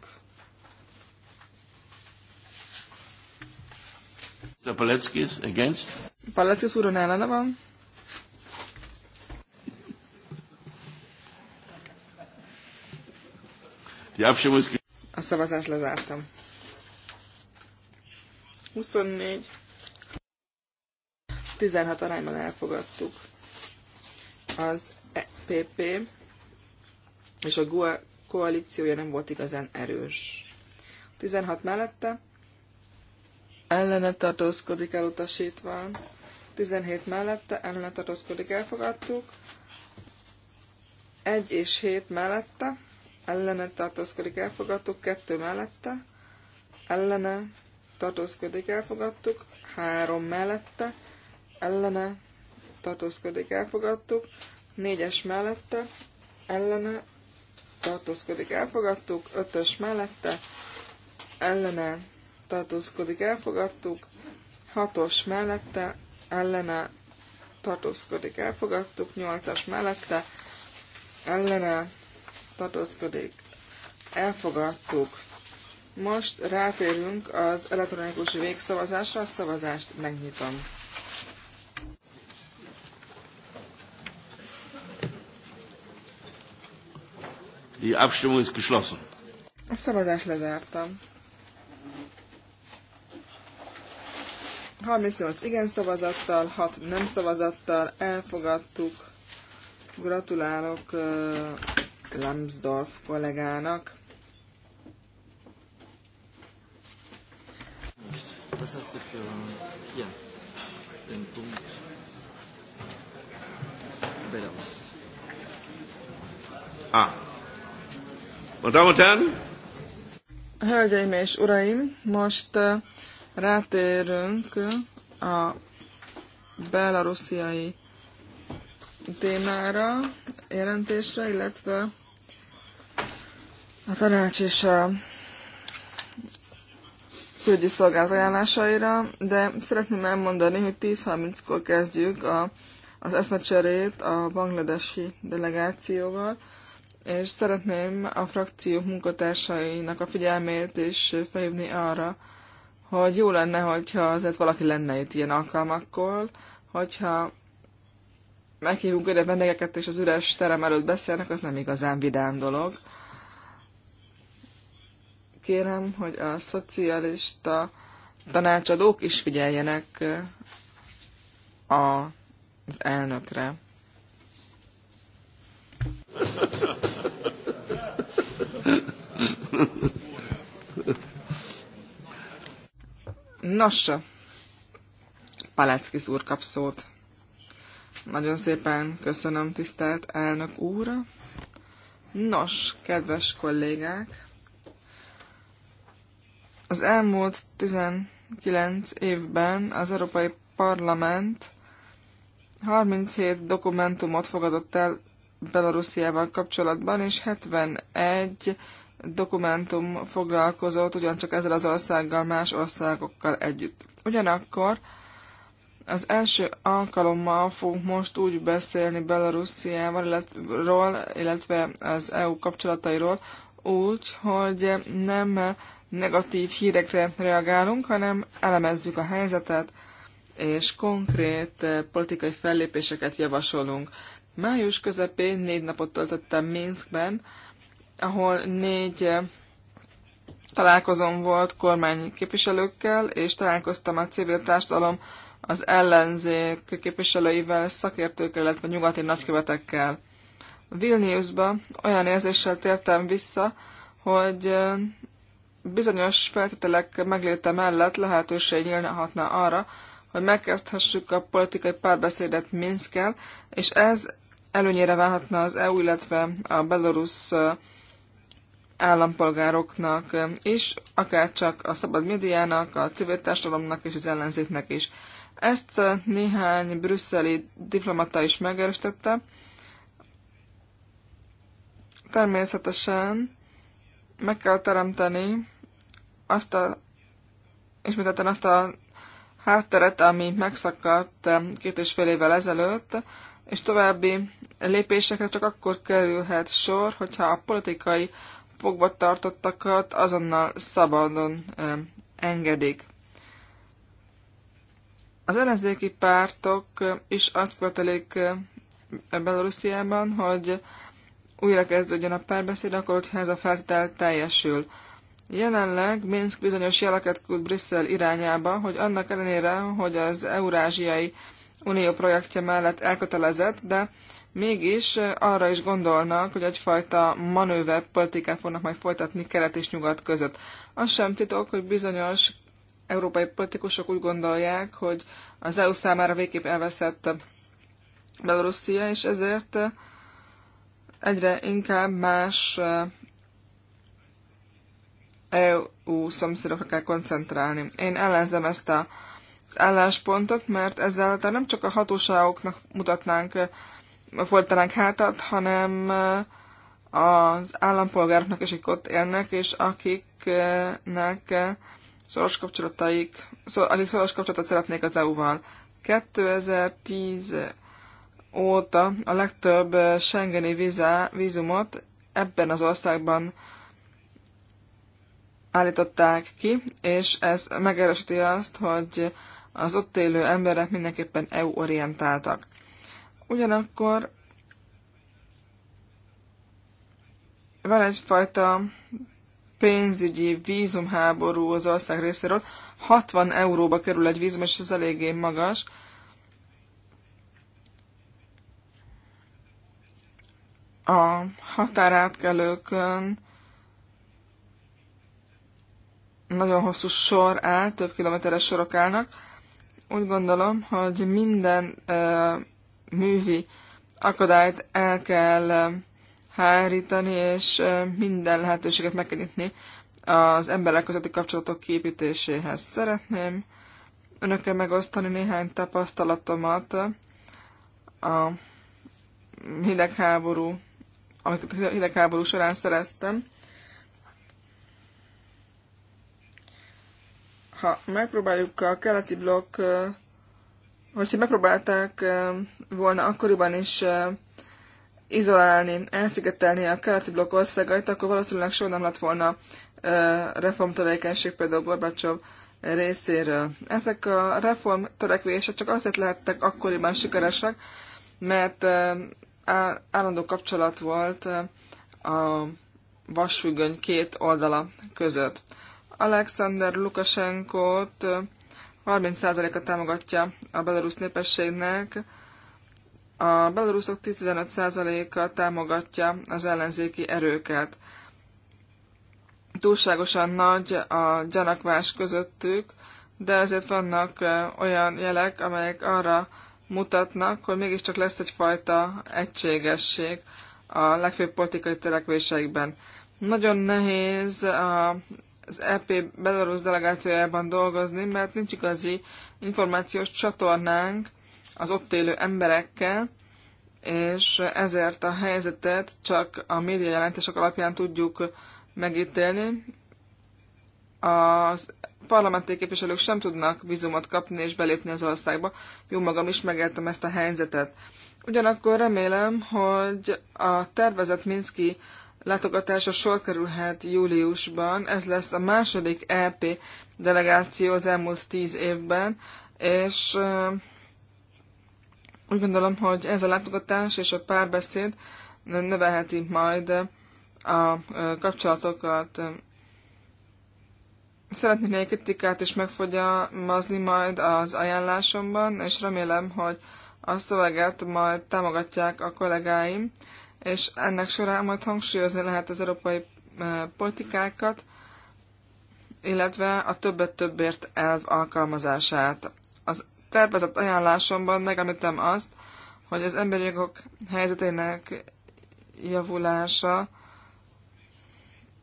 The Paleckis against? Paleckis úron ellene van. A szavazást lezártam. 24. 16 arányban elfogadtuk. Az EPP és a GUA koalíciója nem volt igazán erős. 16 mellette, ellene tartózkodik elutasítván. 17 mellette ellene tartózkodik elfogadtuk. 1 és 7 mellette ellene tartózkodik elfogadtuk. 2 mellette ellene tartózkodik elfogadtuk. 3 mellette ellene tartózkodik elfogadtuk. 4-es mellette ellene tartózkodik elfogadtuk. 5-ös mellette ellene tartózkodik, elfogadtuk. Hatos mellette ellene tartózkodik, elfogadtuk. Nyolcas mellette ellene tartózkodik, elfogadtuk. Most rátérünk az elektronikus végszavazásra, a szavazást megnyitom. Die Abstimmung ist geschlossen. A szavazást lezártam. 38 igen szavazattal, 6 nem szavazattal elfogadtuk. Gratulálok uh, Lambsdorff kollégának. Um, was hast du für hier? Den Punkt. Bellas. Ah. Meine Damen und Herren. Hölgyeim és uraim, most uh, Rátérünk a belarusziai témára, jelentésre, illetve a tanács és a külügyi szolgálat ajánlásaira, de szeretném elmondani, hogy 10.30-kor kezdjük a, az eszmecserét a bangladesi delegációval, és szeretném a frakció munkatársainak a figyelmét is felhívni arra, hogy jó lenne, hogyha azért valaki lenne itt ilyen alkalmakkor, hogyha meghívunk ide vendégeket, és az üres terem előtt beszélnek, az nem igazán vidám dolog. Kérem, hogy a szocialista tanácsadók is figyeljenek a, eh, az elnökre. Ha ha ha. Nos, Paleckis úr kap szót. Nagyon szépen köszönöm, tisztelt elnök úr. Nos, kedves kollégák, az elmúlt 19 évben az Európai Parlament 37 dokumentumot fogadott el Belarusziával kapcsolatban, és 71 dokumentum foglalkozott ugyancsak ezzel az országgal, más országokkal együtt. Ugyanakkor az első alkalommal fogunk most úgy beszélni Belarusziával, illetve, illetve az EU kapcsolatairól, úgy, hogy nem negatív hírekre reagálunk, hanem elemezzük a helyzetet, és konkrét politikai fellépéseket javasolunk. Május közepén négy napot töltöttem Minskben, ahol négy eh, találkozom volt kormány képviselőkkel, és találkoztam a civil társadalom az ellenzék képviselőivel, szakértőkkel, illetve nyugati nagykövetekkel. Vilniusba olyan érzéssel tértem vissza, hogy eh, bizonyos feltételek megléte mellett lehetőség nyílhatna arra, hogy megkezdhessük a politikai párbeszédet Minszkel, és ez előnyére válhatna az EU, illetve a belorusz eh, állampolgároknak is, akár csak a szabad médiának, a civil társadalomnak és az ellenzéknek is. Ezt néhány brüsszeli diplomata is megerősítette. Természetesen meg kell teremteni azt a, ismételten azt a hátteret, ami megszakadt két és fél évvel ezelőtt, és további lépésekre csak akkor kerülhet sor, hogyha a politikai fogva tartottakat azonnal szabadon engedik. Az ellenzéki pártok is azt követelik Belorussziában, hogy újra kezdődjön a párbeszéd, akkor, hogyha ez a feltétel teljesül. Jelenleg Minsk bizonyos jeleket küld Brüsszel irányába, hogy annak ellenére, hogy az Eurázsiai Unió projektje mellett elkötelezett, de mégis arra is gondolnak, hogy egyfajta manőver politikát fognak majd folytatni kelet és nyugat között. Az sem titok, hogy bizonyos európai politikusok úgy gondolják, hogy az EU számára végképp elveszett Belorusszia, és ezért egyre inkább más EU szomszédokra kell koncentrálni. Én ellenzem ezt a, az álláspontot, mert ezzel nem csak a hatóságoknak mutatnánk fordítanánk hátat, hanem eh, az állampolgároknak is, akik ott élnek, és akiknek eh, szoros kapcsolataik, akik szoros kapcsolatot szeretnék az EU-val. 2010 óta a legtöbb eh, Schengeni vízá, vízumot ebben az országban állították ki, és ez megerősíti azt, hogy az ott élő emberek mindenképpen EU-orientáltak. Ugyanakkor van egyfajta pénzügyi vízumháború az ország részéről. 60 euróba kerül egy vízum, és ez eléggé magas. A határátkelőkön nagyon hosszú sor áll, több kilométeres sorok állnak. Úgy gondolom, hogy minden eh, művi akadályt el kell hárítani, és minden lehetőséget meg kell nyitni az emberek közötti kapcsolatok kiépítéséhez. Szeretném önökkel megosztani néhány tapasztalatomat a hidegháború, amit a hidegháború során szereztem. Ha megpróbáljuk a keleti blokk hogyha megpróbálták volna akkoriban is izolálni, elszigetelni a keleti blokk országait, akkor valószínűleg soha nem lett volna reformtevékenység például Gorbacsov részéről. Ezek a reform törekvések csak azért lehettek akkoriban sikeresek, mert állandó kapcsolat volt a vasfüggöny két oldala között. Alexander Lukasenkót 30%-a támogatja a belarusz népességnek, a belaruszok 15%-a támogatja az ellenzéki erőket. Túlságosan nagy a gyanakvás közöttük, de ezért vannak olyan jelek, amelyek arra mutatnak, hogy mégiscsak lesz egyfajta egységesség a legfőbb politikai törekvéseikben. Nagyon nehéz a az EP Belarus delegációjában dolgozni, mert nincs igazi információs csatornánk az ott élő emberekkel, és ezért a helyzetet csak a média jelentések alapján tudjuk megítélni. Az parlamenti képviselők sem tudnak vízumot kapni és belépni az országba. Jó magam is megértem ezt a helyzetet. Ugyanakkor remélem, hogy a tervezett Minszki látogatása sor kerülhet júliusban. Ez lesz a második EP delegáció az elmúlt tíz évben, és úgy gondolom, hogy ez a látogatás és a párbeszéd növelheti majd a kapcsolatokat. Szeretnék egy kritikát is megfogyamazni majd az ajánlásomban, és remélem, hogy a szöveget majd támogatják a kollégáim, és ennek során majd hangsúlyozni lehet az európai eh, politikákat, illetve a többet többért elv alkalmazását. Az tervezett ajánlásomban megemlítem azt, hogy az emberi jogok helyzetének javulása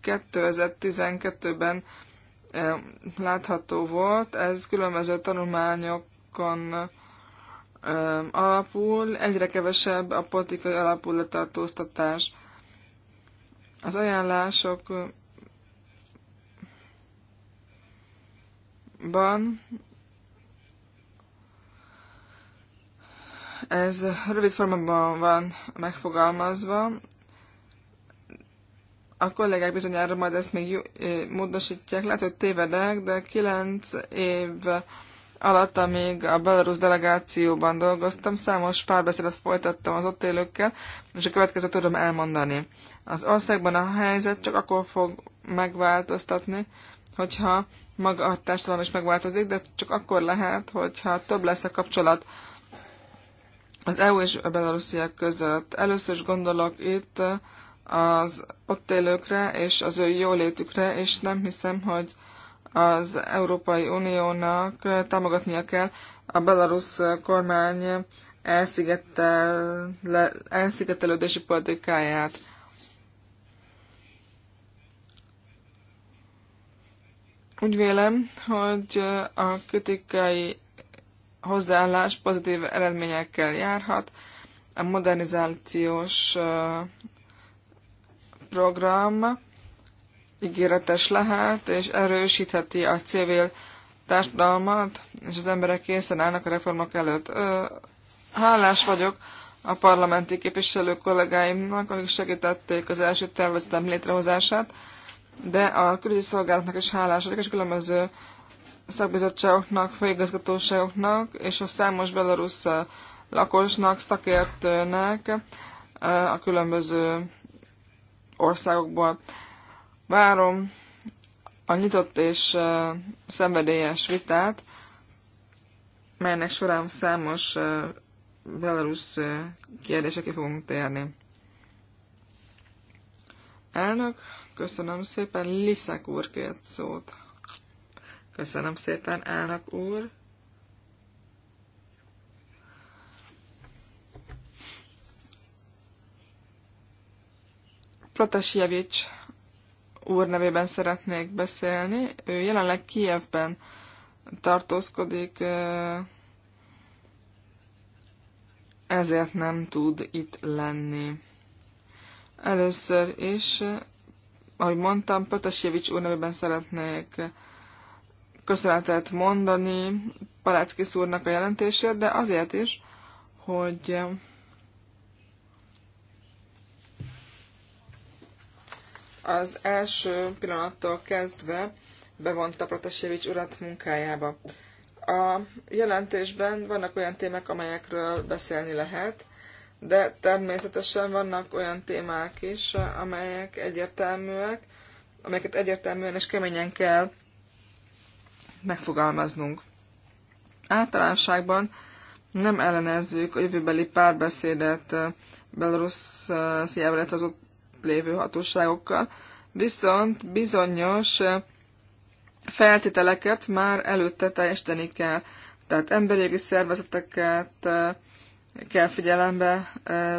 2012-ben eh, látható volt. Ez különböző tanulmányokon alapul, egyre kevesebb a politikai alapú letartóztatás. Az ajánlások ban ez rövid formában van megfogalmazva. A kollégák bizonyára majd ezt még módosítják, lehet, hogy tévedek, de kilenc év alatt, amíg a Belarus delegációban dolgoztam, számos párbeszédet folytattam az ott élőkkel, és a következőt tudom elmondani. Az országban a helyzet csak akkor fog megváltoztatni, hogyha maga a társadalom is megváltozik, de csak akkor lehet, hogyha több lesz a kapcsolat az EU és a belarusziak között. Először is gondolok itt az ott élőkre és az ő jólétükre, és nem hiszem, hogy az Európai Uniónak támogatnia kell a belarusz kormány elszigetel, elszigetelődési politikáját. Úgy vélem, hogy a kritikai hozzáállás pozitív eredményekkel járhat. A modernizációs program ígéretes lehet, és erősítheti a civil társadalmat, és az emberek készen állnak a reformok előtt. Hálás vagyok a parlamenti képviselő kollégáimnak, akik segítették az első tervezetem létrehozását, de a külügyi szolgálatnak is hálás vagyok, és különböző szakbizottságoknak, főigazgatóságoknak, és a számos belarusz lakosnak, szakértőnek a különböző országokból. Várom a nyitott és szenvedélyes vitát, melynek során számos belarusz uh, ki fogunk térni. Elnök, köszönöm szépen, Liszek úr kért szót. Köszönöm szépen, elnök úr. Protasjevics úr nevében szeretnék beszélni. Ő jelenleg Kijevben tartózkodik, ezért nem tud itt lenni. Először is, ahogy mondtam, Pötesjevics úr nevében szeretnék köszönetet mondani Paláckis úrnak a jelentésért, de azért is, hogy az első pillanattól kezdve bevonta Protasevics urat munkájába. A jelentésben vannak olyan témák, amelyekről beszélni lehet, de természetesen vannak olyan témák is, amelyek egyértelműek, amelyeket egyértelműen és keményen kell megfogalmaznunk. Általánosságban nem ellenezzük a jövőbeli párbeszédet Belarus szíjával, illetve az ott lévő hatóságokkal, viszont bizonyos feltételeket már előtte teljesíteni kell. Tehát emberi szervezeteket kell figyelembe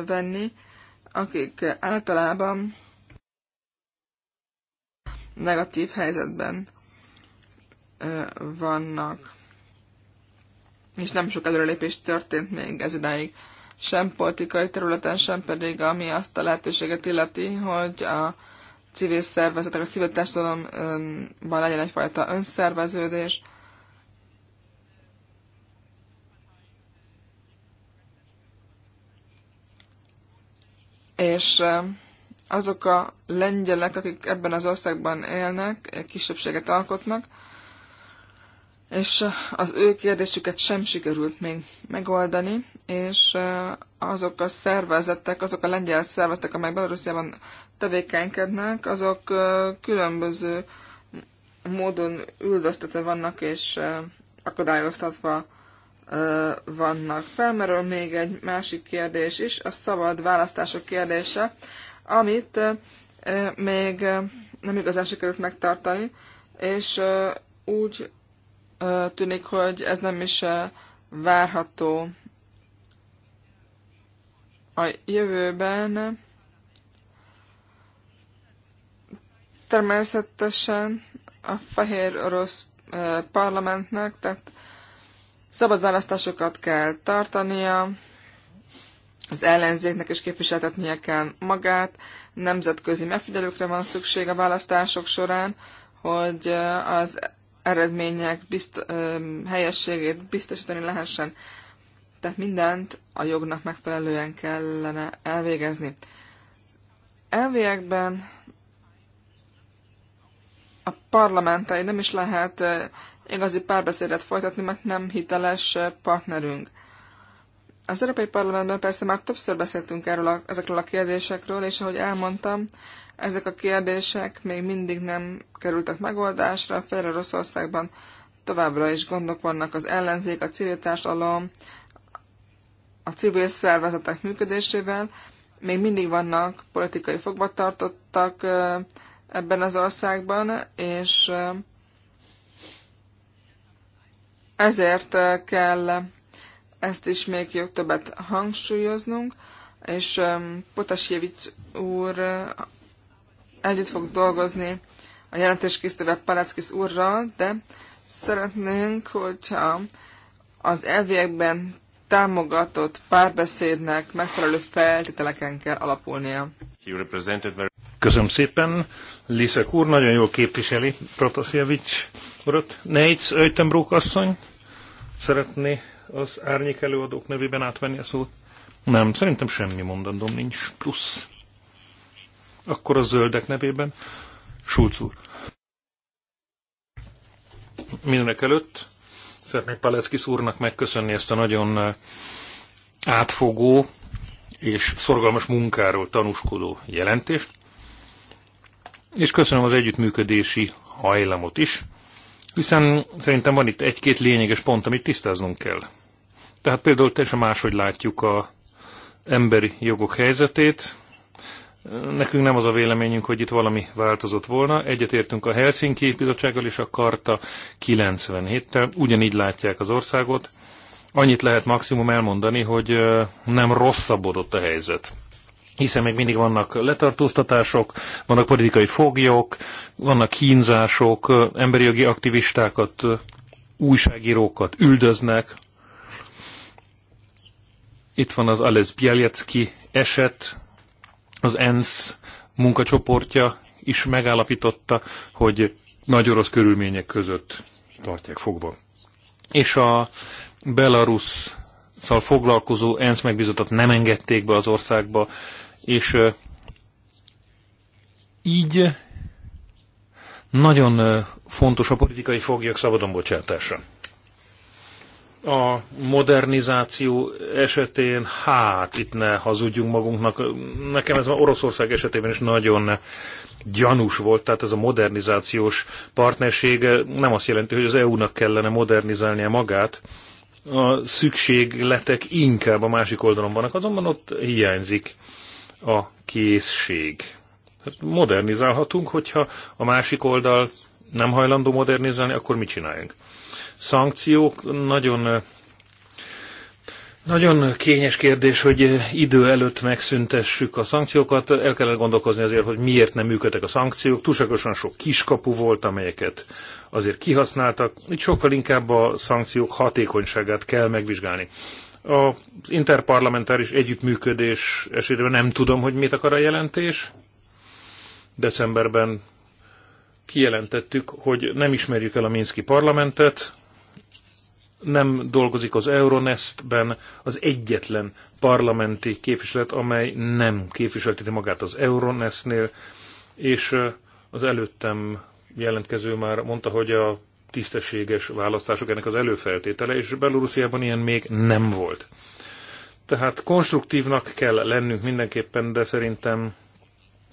venni, akik általában negatív helyzetben vannak. És nem sok előrelépés történt még ez idáig sem politikai területen, sem pedig ami azt a lehetőséget illeti, hogy a civil szervezetek, a civil társadalomban legyen egyfajta önszerveződés. És azok a lengyelek, akik ebben az országban élnek, kisebbséget alkotnak, és az ő kérdésüket sem sikerült még megoldani, és azok a szervezetek, azok a lengyel szervezetek, amelyek Belarusiában tevékenykednek, azok különböző módon üldöztetve vannak, és akadályoztatva vannak. Felmerül még egy másik kérdés is, a szabad választások kérdése, amit még nem igazán sikerült megtartani, és úgy tűnik, hogy ez nem is várható a jövőben. Természetesen a fehér orosz parlamentnek, tehát szabad választásokat kell tartania, az ellenzéknek is képviseltetnie kell magát, nemzetközi megfigyelőkre van szükség a választások során, hogy az eredmények bizt, ö, helyességét biztosítani lehessen. Tehát mindent a jognak megfelelően kellene elvégezni. Elviekben a parlamentai nem is lehet igazi párbeszédet folytatni, mert nem hiteles partnerünk. Az Európai Parlamentben persze már többször beszéltünk erről a, ezekről a kérdésekről, és ahogy elmondtam, ezek a kérdések még mindig nem kerültek megoldásra, félre Rosszországban továbbra is gondok vannak az ellenzék, a civil társadalom, a civil szervezetek működésével, még mindig vannak politikai fogvatartottak ebben az országban, és ezért kell ezt is még jobb többet hangsúlyoznunk, és Potasjevic úr együtt fog dolgozni a készítővel Palackis úrral, de szeretnénk, hogyha az elviekben támogatott párbeszédnek megfelelő feltételeken kell alapulnia. Köszönöm szépen. Liszek úr nagyon jól képviseli Protasjevics urat. Neitz Öjtenbrók asszony szeretné az árnyék előadók nevében átvenni a szót. Nem, szerintem semmi mondandóm nincs. Plusz. Akkor a zöldek nevében Schulz úr. Mindenek előtt szeretnék Paleckis úrnak megköszönni ezt a nagyon eh, átfogó és szorgalmas munkáról tanúskodó jelentést, és köszönöm az együttműködési hajlamot is, hiszen szerintem van itt egy-két lényeges pont, amit tisztáznunk kell. Tehát például teljesen máshogy látjuk a emberi jogok helyzetét, Nekünk nem az a véleményünk, hogy itt valami változott volna. Egyetértünk a Helsinki Bizottsággal és a Karta 97-tel. Ugyanígy látják az országot. Annyit lehet maximum elmondani, hogy nem rosszabbodott a helyzet hiszen még mindig vannak letartóztatások, vannak politikai foglyok, vannak kínzások, emberi jogi aktivistákat, újságírókat üldöznek. Itt van az Alez Bieliecki eset, az ENSZ munkacsoportja is megállapította, hogy nagy orosz körülmények között tartják fogva. És a Belarus szal foglalkozó ENSZ megbízottat nem engedték be az országba, és így nagyon fontos a politikai foglyok szabadon bocsátása. A modernizáció esetén, hát itt ne hazudjunk magunknak, nekem ez már Oroszország esetében is nagyon gyanús volt, tehát ez a modernizációs partnerség nem azt jelenti, hogy az EU-nak kellene modernizálnia magát, a szükségletek inkább a másik oldalon vannak, azonban ott hiányzik a készség. Hát modernizálhatunk, hogyha a másik oldal nem hajlandó modernizálni, akkor mit csináljunk? szankciók. Nagyon, nagyon kényes kérdés, hogy idő előtt megszüntessük a szankciókat. El kellene gondolkozni azért, hogy miért nem működtek a szankciók. Túlságosan sok kiskapu volt, amelyeket azért kihasználtak. Itt sokkal inkább a szankciók hatékonyságát kell megvizsgálni. Az interparlamentáris együttműködés esetében nem tudom, hogy mit akar a jelentés. Decemberben kijelentettük, hogy nem ismerjük el a Minszki parlamentet, nem dolgozik az Euronestben, az egyetlen parlamenti képviselet, amely nem képviselteti magát az Euronestnél, és az előttem jelentkező már mondta, hogy a tisztességes választások ennek az előfeltétele, és Belorussziában ilyen még nem volt. Tehát konstruktívnak kell lennünk mindenképpen, de szerintem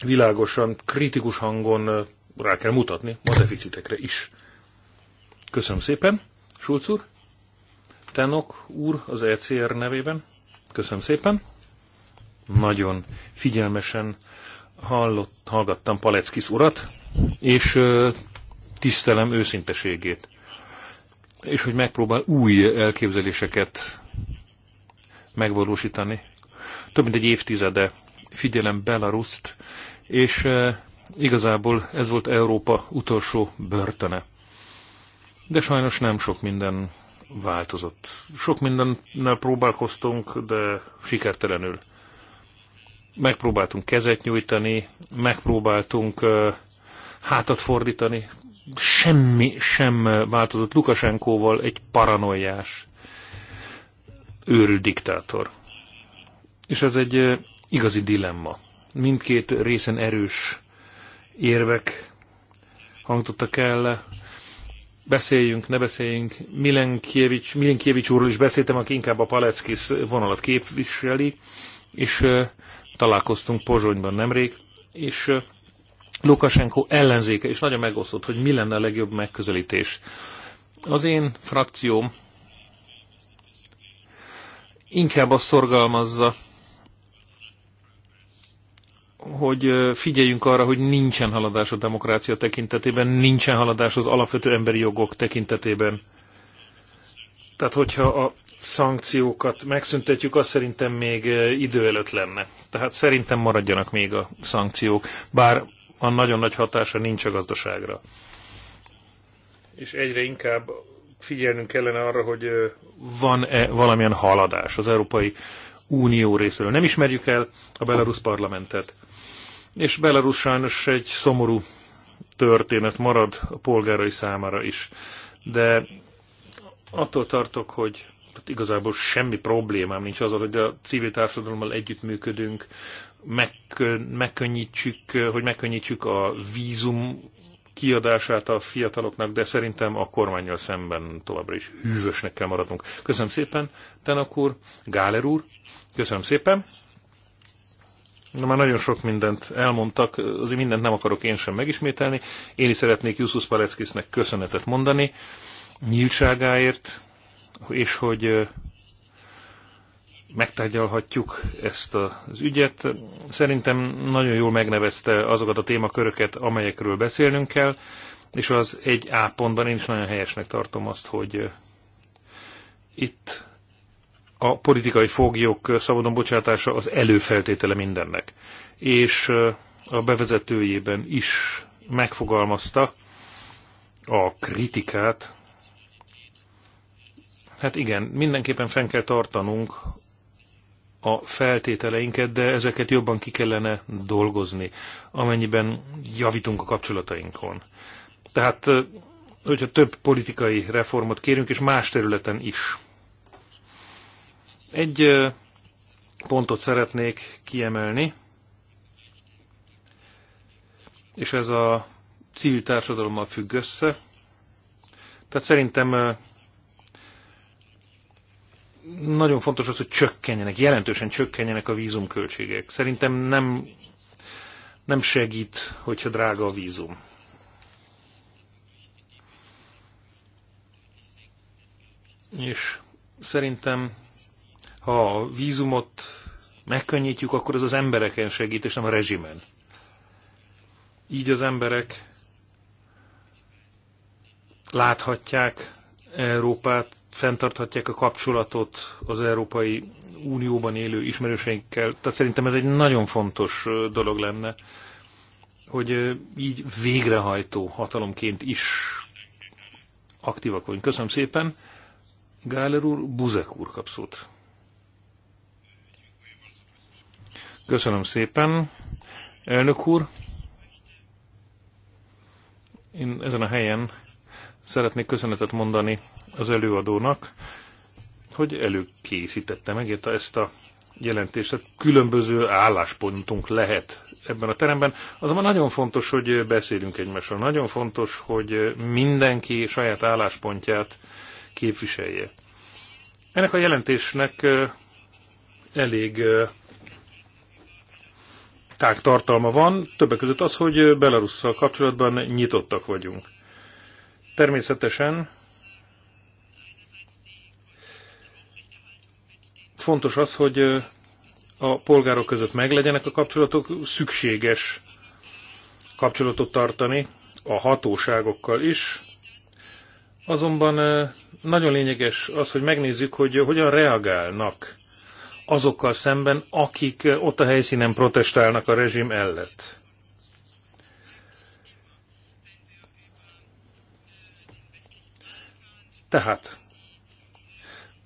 világosan, kritikus hangon rá kell mutatni a deficitekre is. Köszönöm szépen, Schulz úr! Tenok úr az ECR nevében. Köszönöm szépen. Nagyon figyelmesen hallott, hallgattam Paleckis urat, és tisztelem őszinteségét. És hogy megpróbál új elképzeléseket megvalósítani. Több mint egy évtizede figyelem Belaruszt, és igazából ez volt Európa utolsó börtöne. De sajnos nem sok minden változott. Sok mindennel próbálkoztunk, de sikertelenül. Megpróbáltunk kezet nyújtani, megpróbáltunk uh, hátat fordítani. Semmi sem változott. Lukasenkóval egy paranoiás őrült diktátor. És ez egy uh, igazi dilemma. Mindkét részen erős érvek hangtottak el, beszéljünk, ne beszéljünk. Milenkievics, Milenkievics úrról is beszéltem, aki inkább a Paleckis vonalat képviseli, és találkoztunk Pozsonyban nemrég, és uh, Lukasenko ellenzéke is nagyon megosztott, hogy mi lenne a legjobb megközelítés. Az én frakcióm inkább azt szorgalmazza, hogy figyeljünk arra, hogy nincsen haladás a demokrácia tekintetében, nincsen haladás az alapvető emberi jogok tekintetében. Tehát, hogyha a szankciókat megszüntetjük, az szerintem még idő előtt lenne. Tehát szerintem maradjanak még a szankciók, bár a nagyon nagy hatása nincs a gazdaságra. És egyre inkább figyelnünk kellene arra, hogy van-e valamilyen haladás az Európai Unió részéről. Nem ismerjük el a belarusz parlamentet és Belarus sajnos egy szomorú történet marad a polgárai számára is. De attól tartok, hogy tehát igazából semmi problémám nincs azzal, hogy a civil társadalommal együttműködünk, megkön, megkönnyítsük, hogy megkönnyítsük a vízum kiadását a fiataloknak, de szerintem a kormányjal szemben továbbra is hűvösnek kell maradnunk. Köszönöm szépen, Tenak úr, Gáler úr, köszönöm szépen. Na már nagyon sok mindent elmondtak, azért mindent nem akarok én sem megismételni. Én is szeretnék Jusszus Paleckisnek köszönetet mondani nyíltságáért, és hogy megtárgyalhatjuk ezt az ügyet. Szerintem nagyon jól megnevezte azokat a témaköröket, amelyekről beszélnünk kell, és az egy A pontban én is nagyon helyesnek tartom azt, hogy itt a politikai foglyok szabadon bocsátása az előfeltétele mindennek. És a bevezetőjében is megfogalmazta a kritikát. Hát igen, mindenképpen fenn kell tartanunk a feltételeinket, de ezeket jobban ki kellene dolgozni, amennyiben javítunk a kapcsolatainkon. Tehát, hogyha több politikai reformot kérünk, és más területen is, egy pontot szeretnék kiemelni, és ez a civil társadalommal függ össze. Tehát szerintem nagyon fontos az, hogy csökkenjenek, jelentősen csökkenjenek a vízumköltségek. Szerintem nem, nem segít, hogyha drága a vízum. És szerintem ha a vízumot megkönnyítjük, akkor ez az embereken segít, és nem a rezsimen. Így az emberek láthatják Európát, fenntarthatják a kapcsolatot az Európai Unióban élő ismerőseinkkel. Tehát szerintem ez egy nagyon fontos dolog lenne, hogy így végrehajtó hatalomként is aktívak vagyunk. Köszönöm szépen. Gáler úr, Buzek úr kapszót. Köszönöm szépen. Elnök úr, én ezen a helyen szeretnék köszönetet mondani az előadónak, hogy előkészítette, meg ezt a jelentést. Tehát különböző álláspontunk lehet ebben a teremben. Azonban nagyon fontos, hogy beszélünk egymásról. Nagyon fontos, hogy mindenki saját álláspontját képviselje. Ennek a jelentésnek elég Tág tartalma van, többek között az, hogy Belarusszal kapcsolatban nyitottak vagyunk. Természetesen fontos az, hogy a polgárok között meglegyenek a kapcsolatok, szükséges kapcsolatot tartani a hatóságokkal is. Azonban nagyon lényeges az, hogy megnézzük, hogy hogyan reagálnak azokkal szemben, akik ott a helyszínen protestálnak a rezsim ellett. Tehát,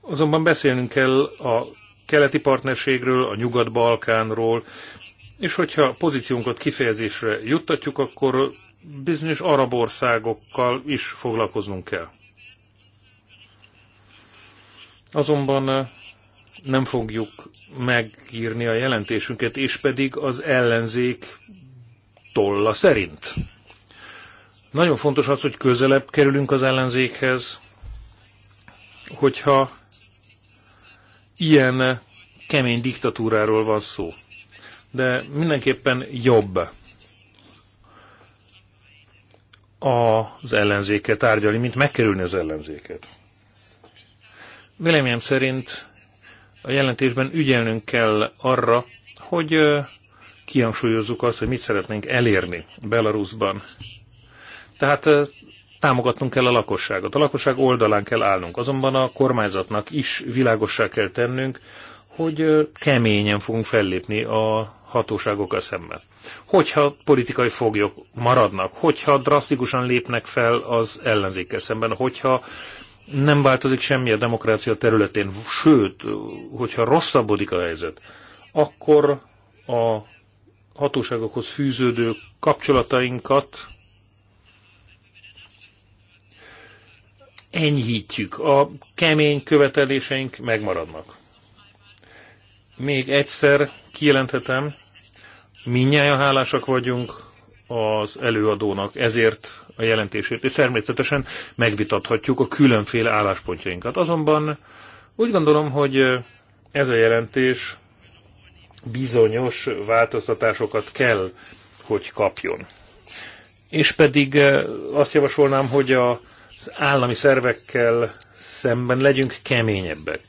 azonban beszélnünk kell a keleti partnerségről, a Nyugat-Balkánról, és hogyha pozíciónkat kifejezésre juttatjuk, akkor bizonyos arab országokkal is foglalkoznunk kell. Azonban nem fogjuk megírni a jelentésünket, és pedig az ellenzék tolla szerint. Nagyon fontos az, hogy közelebb kerülünk az ellenzékhez, hogyha ilyen kemény diktatúráról van szó. De mindenképpen jobb az ellenzéket tárgyalni, mint megkerülni az ellenzéket. Véleményem szerint a jelentésben ügyelnünk kell arra, hogy kihangsúlyozzuk azt, hogy mit szeretnénk elérni Belarusban. Tehát támogatnunk kell a lakosságot. A lakosság oldalán kell állnunk. Azonban a kormányzatnak is világossá kell tennünk, hogy keményen fogunk fellépni a hatóságokkal szemben. Hogyha politikai foglyok maradnak, hogyha drasztikusan lépnek fel az ellenzékkel szemben, hogyha nem változik semmi a demokrácia területén, sőt, hogyha rosszabbodik a helyzet, akkor a hatóságokhoz fűződő kapcsolatainkat enyhítjük, a kemény követeléseink megmaradnak. Még egyszer kijelenthetem, minnyáján hálásak vagyunk az előadónak ezért a jelentésért, és természetesen megvitathatjuk a különféle álláspontjainkat. Azonban úgy gondolom, hogy ez a jelentés bizonyos változtatásokat kell, hogy kapjon. És pedig azt javasolnám, hogy az állami szervekkel szemben legyünk keményebbek.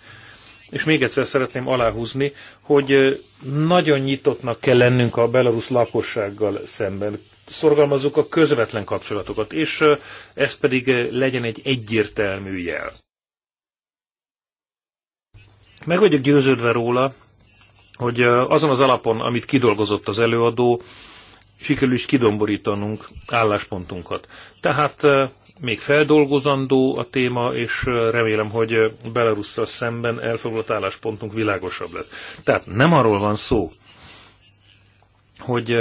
És még egyszer szeretném aláhúzni, hogy nagyon nyitottnak kell lennünk a belarusz lakossággal szemben, szorgalmazzuk a közvetlen kapcsolatokat, és ez pedig legyen egy egyértelmű jel. Meg vagyok győződve róla, hogy azon az alapon, amit kidolgozott az előadó, sikerül is kidomborítanunk álláspontunkat. Tehát még feldolgozandó a téma, és remélem, hogy Belarusszal szemben elfoglalt álláspontunk világosabb lesz. Tehát nem arról van szó, hogy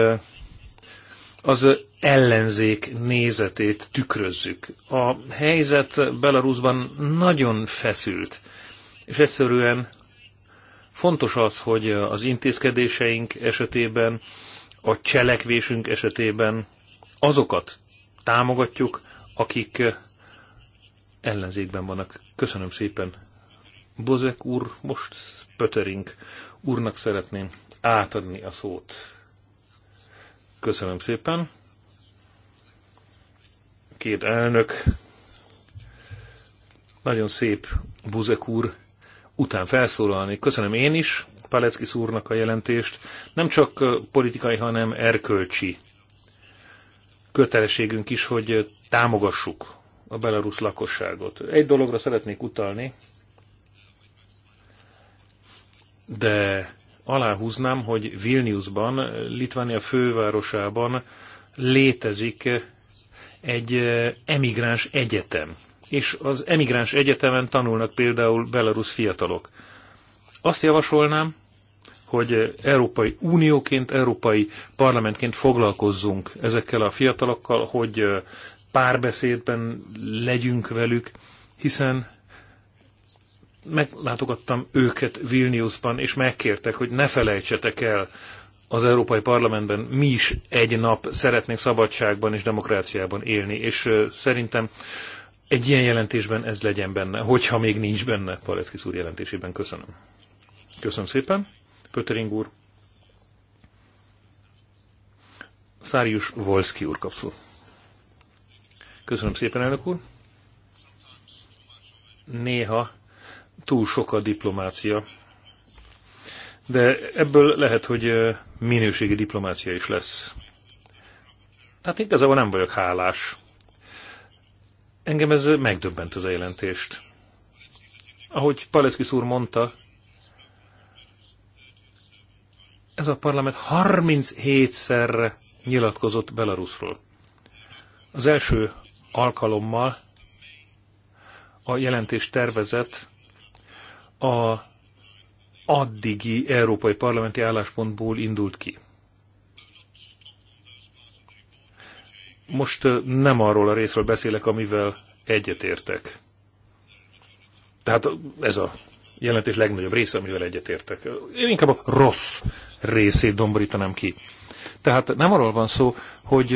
az ellenzék nézetét tükrözzük. A helyzet Belarusban nagyon feszült, és egyszerűen fontos az, hogy az intézkedéseink esetében, a cselekvésünk esetében azokat támogatjuk, akik ellenzékben vannak. Köszönöm szépen. Bozek úr, most Pöterink úrnak szeretném átadni a szót. Köszönöm szépen. Két elnök, nagyon szép Buzek úr után felszólalni. Köszönöm én is Palecki úrnak a jelentést. Nem csak politikai, hanem erkölcsi kötelességünk is, hogy támogassuk a belarusz lakosságot. Egy dologra szeretnék utalni, de aláhúznám, hogy Vilniusban, Litvánia fővárosában létezik egy eh, emigráns egyetem. És az emigráns egyetemen tanulnak például belarusz fiatalok. Azt javasolnám, hogy Európai Unióként, Európai Parlamentként foglalkozzunk ezekkel a fiatalokkal, hogy eh, párbeszédben legyünk velük, hiszen meglátogattam őket Vilniusban, és megkértek, hogy ne felejtsetek el az Európai Parlamentben mi is egy nap szeretnénk szabadságban és demokráciában élni, és szerintem egy ilyen jelentésben ez legyen benne, hogyha még nincs benne Paleckis úr jelentésében. Köszönöm. Köszönöm szépen. Pötering úr. Szárius Volszki úr kapszul. Köszönöm szépen, elnök úr. Néha túl sok a diplomácia. De ebből lehet, hogy minőségi diplomácia is lesz. Tehát igazából nem vagyok hálás. Engem ez megdöbbent az a jelentést. Ahogy Palecki úr mondta, ez a parlament 37-szer nyilatkozott Belarusról. Az első alkalommal a jelentés tervezett a addigi európai parlamenti álláspontból indult ki. Most nem arról a részről beszélek, amivel egyetértek. Tehát ez a jelentés legnagyobb része, amivel egyetértek. Én inkább a rossz részét domborítanám ki. Tehát nem arról van szó, hogy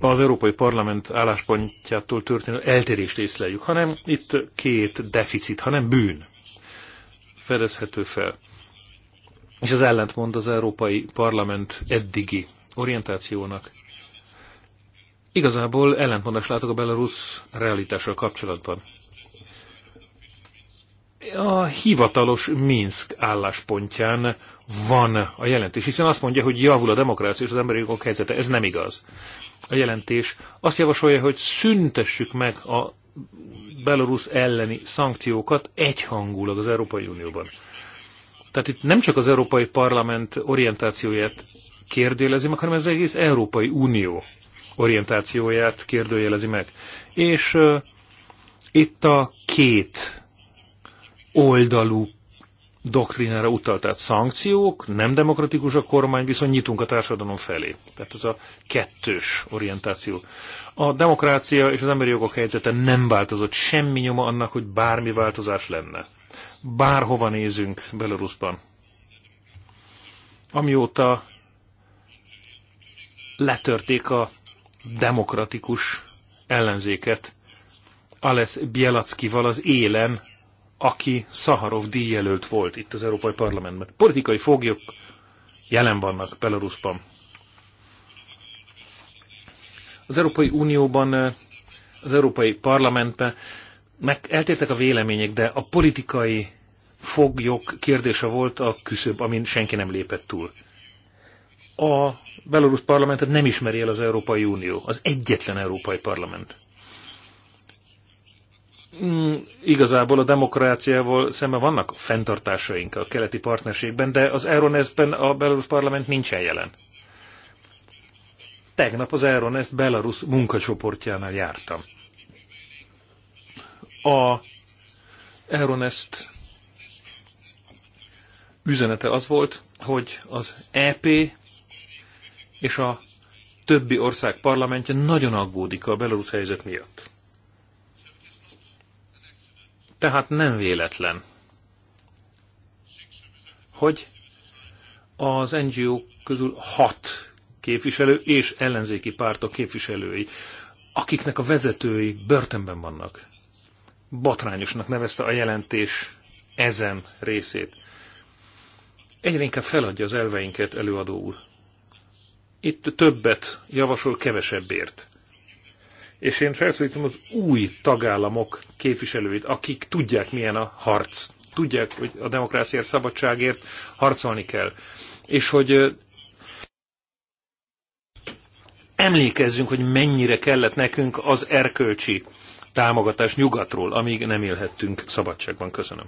az Európai Parlament álláspontjától történő eltérést észleljük, hanem itt két deficit, hanem bűn fedezhető fel. És az ellentmond az Európai Parlament eddigi orientációnak. Igazából ellentmondás látok a belarusz realitással kapcsolatban. A hivatalos Minsk álláspontján van a jelentés, hiszen azt mondja, hogy javul a demokrácia és az emberi jogok helyzete. Ez nem igaz. A jelentés azt javasolja, hogy szüntessük meg a Belarus elleni szankciókat egyhangulag az Európai Unióban. Tehát itt nem csak az Európai Parlament orientációját kérdőjelezi meg, hanem az egész Európai Unió orientációját kérdőjelezi meg. És uh, itt a két oldalú doktrinára utalt, tehát szankciók, nem demokratikus a kormány, viszont nyitunk a társadalom felé. Tehát ez a kettős orientáció. A demokrácia és az emberi jogok helyzete nem változott, semmi nyoma annak, hogy bármi változás lenne. Bárhova nézünk Belarusban. Amióta letörték a demokratikus ellenzéket, Alesz Bielackival az élen aki Szaharov díjjelölt volt itt az Európai Parlamentben. Politikai foglyok jelen vannak Belarusban. Az Európai Unióban, az Európai Parlamentben meg eltértek a vélemények, de a politikai foglyok kérdése volt a küszöb, amin senki nem lépett túl. A Belarus parlamentet nem ismeri el az Európai Unió, az egyetlen Európai Parlament. Mm, igazából a demokráciával szemben vannak fenntartásaink a keleti partnerségben, de az Euronestben a Belarus parlament nincsen jelen. Tegnap az Euronest Belarus munkacsoportjánál jártam. A Euronest üzenete az volt, hogy az EP és a többi ország parlamentje nagyon aggódik a Belarus helyzet miatt. Tehát nem véletlen, hogy az NGO közül hat képviselő és ellenzéki pártok képviselői, akiknek a vezetői börtönben vannak. Batrányosnak nevezte a jelentés ezen részét. Egyre inkább feladja az elveinket előadó úr. Itt többet javasol kevesebbért és én felszólítom az új tagállamok képviselőit, akik tudják, milyen a harc. Tudják, hogy a demokráciáért, szabadságért harcolni kell. És hogy emlékezzünk, hogy mennyire kellett nekünk az erkölcsi támogatás nyugatról, amíg nem élhettünk szabadságban. Köszönöm.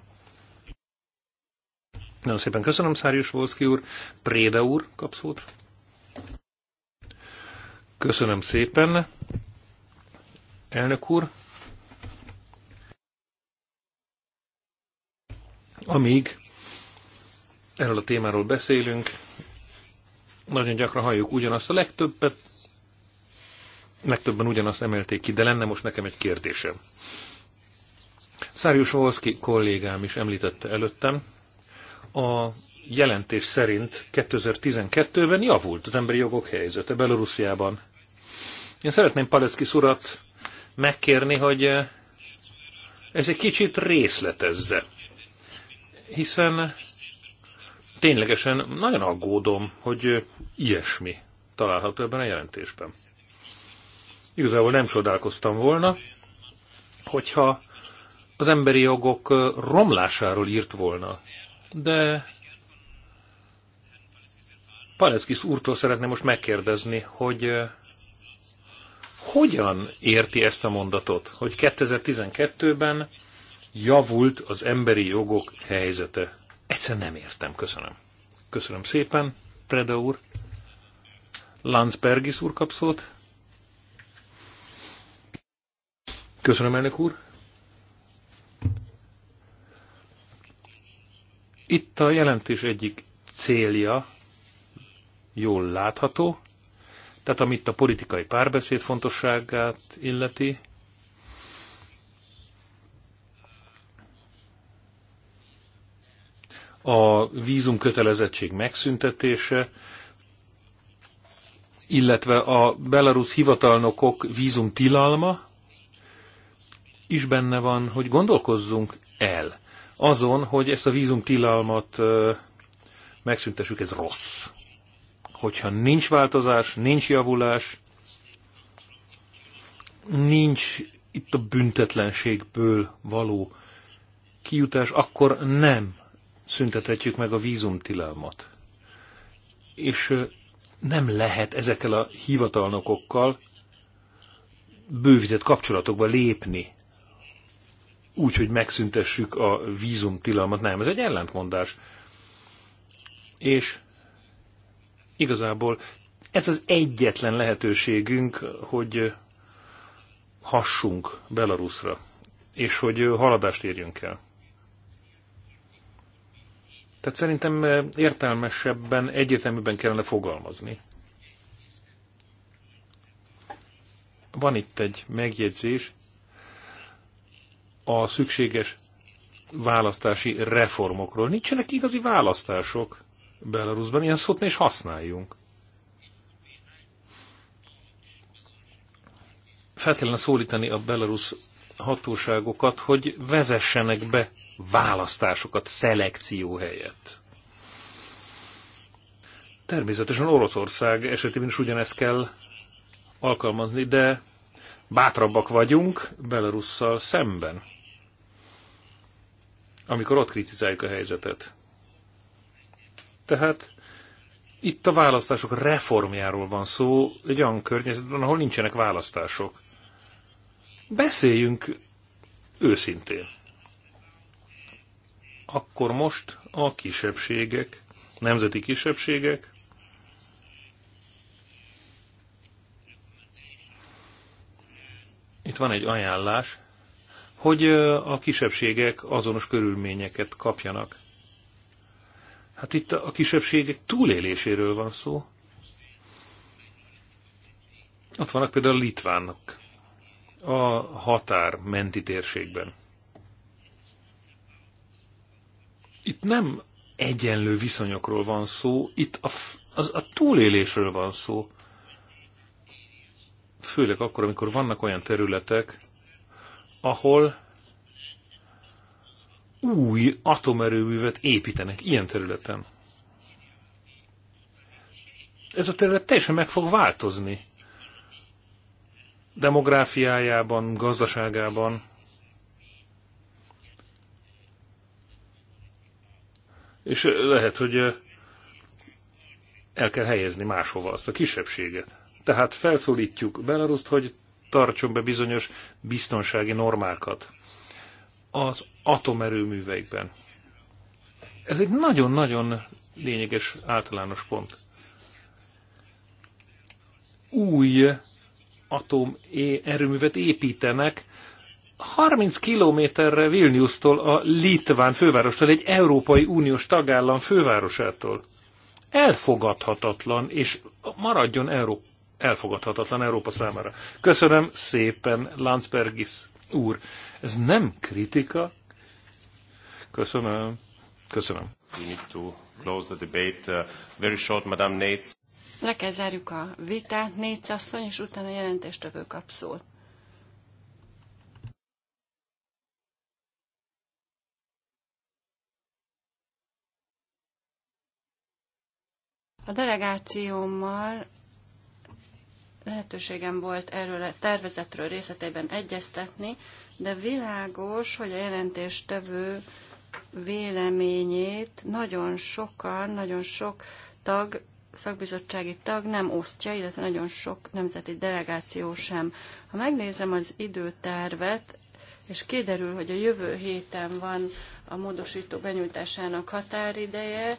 Nagyon szépen köszönöm, Szárius Volszki úr. Préda úr, kapszót. Köszönöm szépen elnök úr. Amíg erről a témáról beszélünk, nagyon gyakran halljuk ugyanazt, a legtöbbet, legtöbben ugyanazt emelték ki, de lenne most nekem egy kérdésem. Szárius Volszki kollégám is említette előttem, a jelentés szerint 2012-ben javult az emberi jogok helyzete Belorussziában. Én szeretném Palecki urat megkérni, hogy eh, ez egy kicsit részletezze. Hiszen ténylegesen nagyon aggódom, hogy eh, ilyesmi található ebben a jelentésben. Igazából nem csodálkoztam volna, hogyha az emberi jogok eh, romlásáról írt volna. De Paleckis úrtól szeretném most megkérdezni, hogy hogyan érti ezt a mondatot, hogy 2012-ben javult az emberi jogok helyzete? Egyszer nem értem, köszönöm. Köszönöm szépen, Preda úr. Lanzbergis úr kap szót. Köszönöm, elnök úr. Itt a jelentés egyik célja jól látható, tehát amit a politikai párbeszéd fontosságát illeti, a vízum kötelezettség megszüntetése, illetve a belarusz hivatalnokok vízum tilalma is benne van, hogy gondolkozzunk el azon, hogy ezt a vízum tilalmat megszüntessük, ez rossz hogyha nincs változás, nincs javulás, nincs itt a büntetlenségből való kijutás, akkor nem szüntethetjük meg a vízumtilalmat. És nem lehet ezekkel a hivatalnokokkal bővített kapcsolatokba lépni, úgy, hogy megszüntessük a vízumtilalmat. Nem, ez egy ellentmondás. És Igazából ez az egyetlen lehetőségünk, hogy hassunk Belarusra, és hogy haladást érjünk el. Tehát szerintem értelmesebben, egyértelműbben kellene fogalmazni. Van itt egy megjegyzés a szükséges választási reformokról. Nincsenek igazi választások. Belarusban, ilyen szót is használjunk. Fel kellene szólítani a Belarus hatóságokat, hogy vezessenek be választásokat szelekció helyett. Természetesen Oroszország esetében is ugyanezt kell alkalmazni, de bátrabbak vagyunk Belarusszal szemben, amikor ott kritizáljuk a helyzetet. Tehát itt a választások reformjáról van szó, egy olyan környezetben, ahol nincsenek választások. Beszéljünk őszintén. Akkor most a kisebbségek, nemzeti kisebbségek, itt van egy ajánlás, hogy a kisebbségek azonos körülményeket kapjanak. Hát itt a kisebbségek túléléséről van szó. Ott vannak például a litvánok a határ menti térségben. Itt nem egyenlő viszonyokról van szó, itt a, az, a túlélésről van szó. Főleg akkor, amikor vannak olyan területek, ahol új atomerőművet építenek ilyen területen. Ez a terület teljesen meg fog változni. Demográfiájában, gazdaságában. És lehet, hogy el kell helyezni máshova azt a kisebbséget. Tehát felszólítjuk Belaruszt, hogy tartson be bizonyos biztonsági normákat az atomerőműveikben. Ez egy nagyon-nagyon lényeges általános pont. Új atomerőművet építenek 30 kilométerre Vilniusztól a Litván fővárostól, egy Európai Uniós tagállam fővárosától. Elfogadhatatlan, és maradjon Európa elfogadhatatlan Európa számára. Köszönöm szépen, Landsbergis úr. Ez nem kritika. Köszönöm. Köszönöm. We need to close the debate. Uh, very short, Madame Nates. Le kell zárjuk a vitát, Nates asszony, és utána jelentéstövő kap szót. A delegációmmal lehetőségem volt erről a tervezetről részletében egyeztetni, de világos, hogy a jelentéstevő véleményét nagyon sokan, nagyon sok tag, szakbizottsági tag nem osztja, illetve nagyon sok nemzeti delegáció sem. Ha megnézem az időtervet, és kiderül, hogy a jövő héten van a módosító benyújtásának határideje,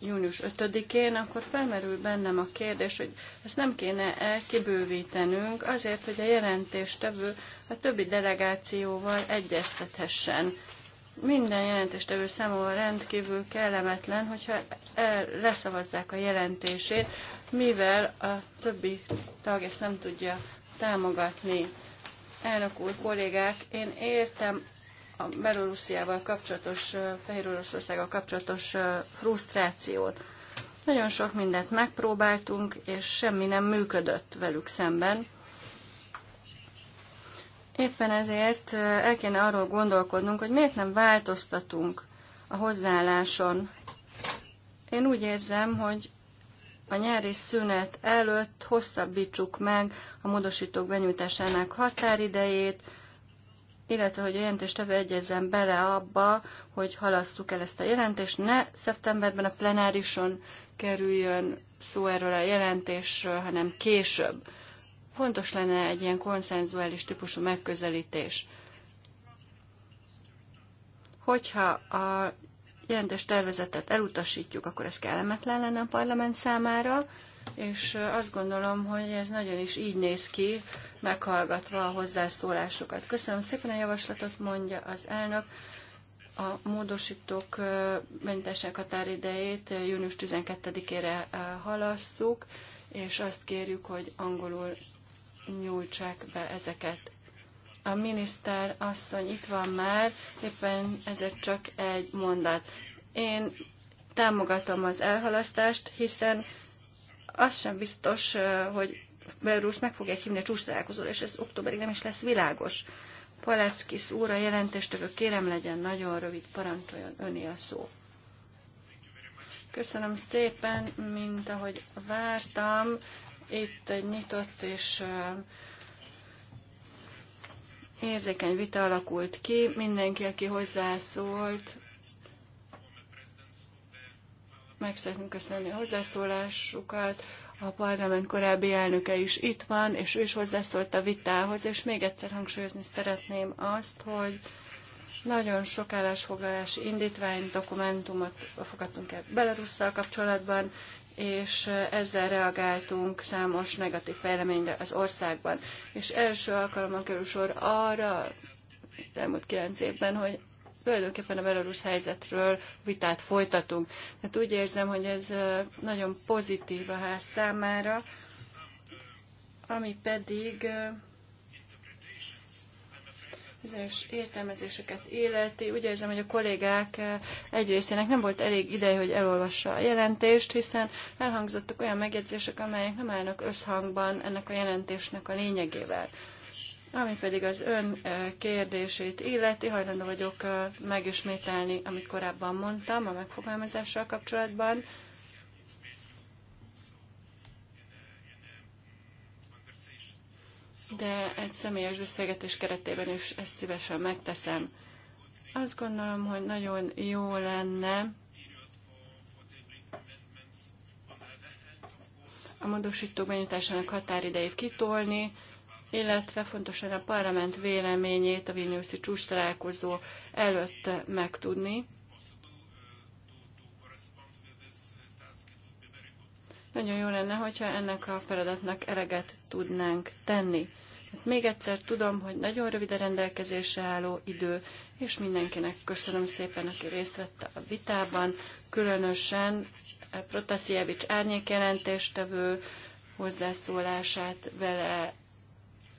június 5-én, akkor felmerül bennem a kérdés, hogy ezt nem kéne -e kibővítenünk azért, hogy a jelentéstevő a többi delegációval egyeztethessen. Minden jelentéstevő számomra rendkívül kellemetlen, hogyha el, leszavazzák a jelentését, mivel a többi tag ezt nem tudja támogatni. Elnök úr, kollégák, én értem a Belorussziával kapcsolatos, Fehér Oroszországgal kapcsolatos frusztrációt. Nagyon sok mindent megpróbáltunk, és semmi nem működött velük szemben. Éppen ezért el kéne arról gondolkodnunk, hogy miért nem változtatunk a hozzáálláson. Én úgy érzem, hogy a nyári szünet előtt hosszabbítsuk meg a módosítók benyújtásának határidejét, illetve hogy a jelentéstevő egyezzen bele abba, hogy halasszuk el ezt a jelentést, ne szeptemberben a plenárison kerüljön szó erről a jelentésről, hanem később. Fontos lenne egy ilyen konszenzuális típusú megközelítés. Hogyha a jelentés tervezetet elutasítjuk, akkor ez kellemetlen lenne a parlament számára, és azt gondolom, hogy ez nagyon is így néz ki meghallgatva a hozzászólásokat. Köszönöm szépen a javaslatot, mondja az elnök. A módosítók mentesek határidejét június 12-ére halasszuk, és azt kérjük, hogy angolul nyújtsák be ezeket. A miniszter asszony itt van már, éppen ez csak egy mondat. Én támogatom az elhalasztást, hiszen az sem biztos, hogy Belarus meg fogják hívni a csúcstalálkozóra, és ez októberig nem is lesz világos. Paleckis úr, a jelentéstövő, kérem legyen nagyon rövid, parancsoljon öné a szó. Köszönöm szépen, mint ahogy vártam, itt egy nyitott és érzékeny vita alakult ki. Mindenki, aki hozzászólt, meg szeretném köszönni a hozzászólásukat, a parlament korábbi elnöke is itt van, és ő is hozzászólt a vitához, és még egyszer hangsúlyozni szeretném azt, hogy nagyon sok állásfoglalási indítvány, dokumentumot fogadtunk el Belarusszal kapcsolatban, és ezzel reagáltunk számos negatív fejleményre az országban. És első alkalommal kerül sor arra, elmúlt kilenc évben, hogy tulajdonképpen a belarus helyzetről vitát folytatunk. Tehát úgy érzem, hogy ez nagyon pozitív a ház számára, ami pedig bizonyos értelmezéseket életi. Úgy érzem, hogy a kollégák egy részének nem volt elég ideje, hogy elolvassa a jelentést, hiszen elhangzottak olyan megjegyzések, amelyek nem állnak összhangban ennek a jelentésnek a lényegével. Ami pedig az ön kérdését illeti, hajlandó vagyok megismételni, amit korábban mondtam a megfogalmazással kapcsolatban. De egy személyes beszélgetés keretében is ezt szívesen megteszem. Azt gondolom, hogy nagyon jó lenne a módosító benyújtásának határidejét kitolni, illetve fontosan a parlament véleményét a Vilniuszi csúcs találkozó előtt megtudni. Nagyon jó lenne, hogyha ennek a feladatnak eleget tudnánk tenni. Hát még egyszer tudom, hogy nagyon rövid a rendelkezésre álló idő, és mindenkinek köszönöm szépen, aki részt vett a vitában, különösen Protasievics árnyékjelentéstevő hozzászólását vele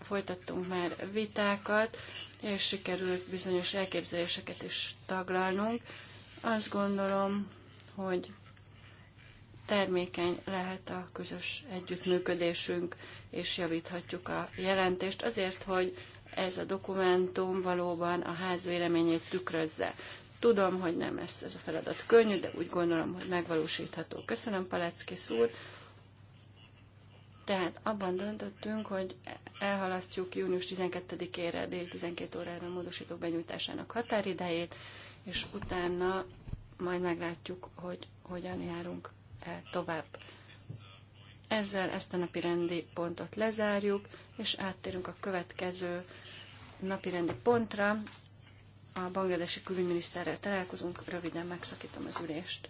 folytattunk már vitákat, és sikerült bizonyos elképzeléseket is taglalnunk. Azt gondolom, hogy termékeny lehet a közös együttműködésünk, és javíthatjuk a jelentést azért, hogy ez a dokumentum valóban a ház véleményét tükrözze. Tudom, hogy nem lesz ez a feladat könnyű, de úgy gondolom, hogy megvalósítható. Köszönöm, Palecki úr! Tehát abban döntöttünk, hogy elhalasztjuk június 12-ére dél 12 órára a módosítók benyújtásának határidejét, és utána majd meglátjuk, hogy hogyan járunk el tovább. Ezzel ezt a napi rendi pontot lezárjuk, és áttérünk a következő napi rendi pontra. A bangladesi külügyminiszterrel találkozunk, röviden megszakítom az ülést.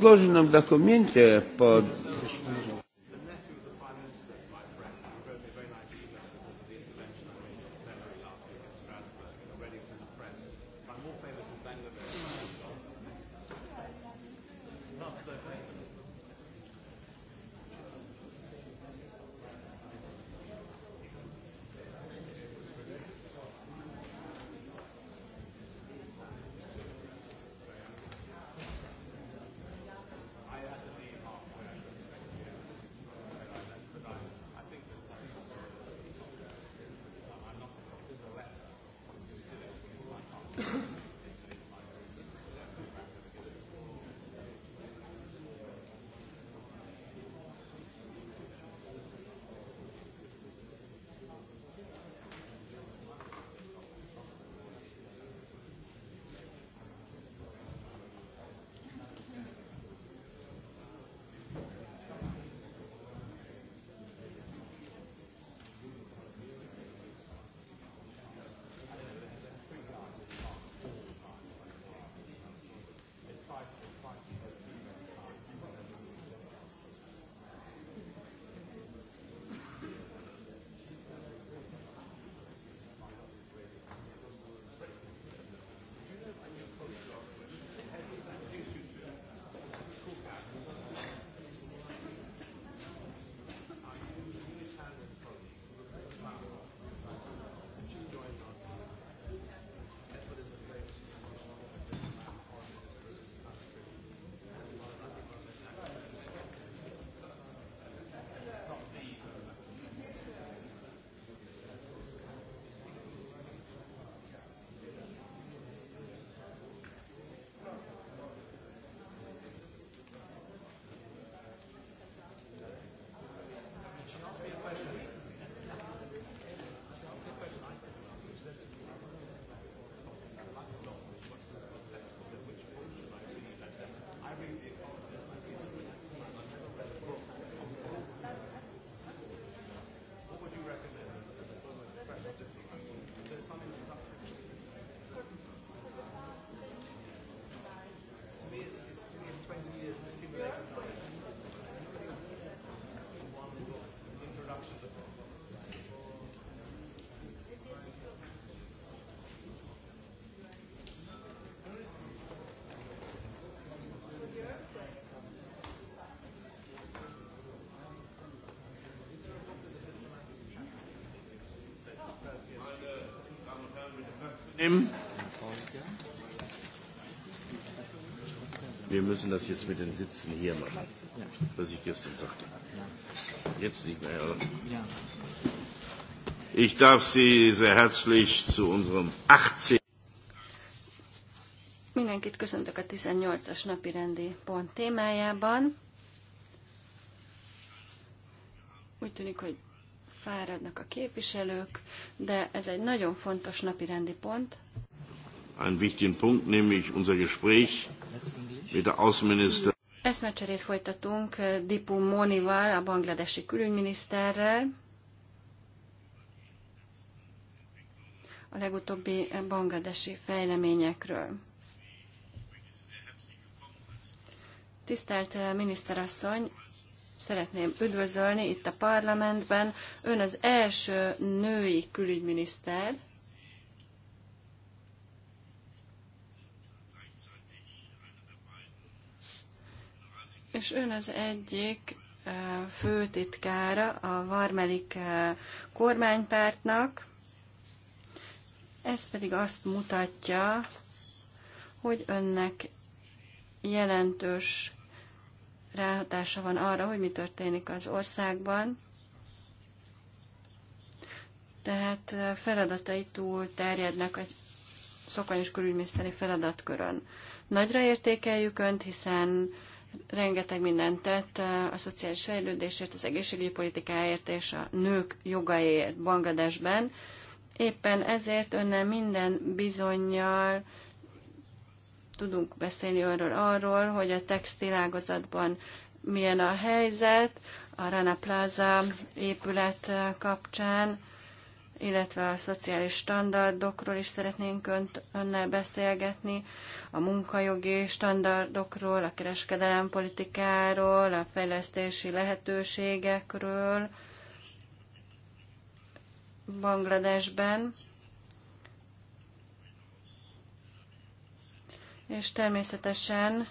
предложенном документе под nehmen. Wir müssen das jetzt mit den Sitzen hier machen, was ich gestern sagte. Jetzt nicht mehr. Oder? Ich darf Sie sehr herzlich zu unserem 18. Mindenkit köszöntök a 18-as napi rendi pont témájában. Úgy tűnik, hogy fáradnak a képviselők, de ez egy nagyon fontos napi rendi pont. Ein wichtigen Punkt, nämlich unser Gespräch mit der Außenminister. Eszmecserét folytatunk Dipu Monival, a bangladesi külügyminiszterrel. a legutóbbi bangladesi fejleményekről. Tisztelt miniszterasszony, szeretném üdvözölni itt a parlamentben. Ön az első női külügyminiszter. És ön az egyik eh, főtitkára a Varmelik eh, kormánypártnak. Ez pedig azt mutatja, hogy önnek jelentős ráhatása van arra, hogy mi történik az országban. Tehát feladatai túl terjednek a szokványos külügyminiszteri feladatkörön. Nagyra értékeljük Önt, hiszen rengeteg mindent tett a szociális fejlődésért, az egészségügyi politikáért és a nők jogaiért Bangladesben. Éppen ezért önnel minden bizonyal tudunk beszélni arról, arról, hogy a textilágazatban milyen a helyzet, a Rana Plaza épület eh, kapcsán, illetve a szociális standardokról is szeretnénk önt, önnel beszélgetni, a munkajogi standardokról, a kereskedelempolitikáról, a fejlesztési lehetőségekről Bangladesben. és természetesen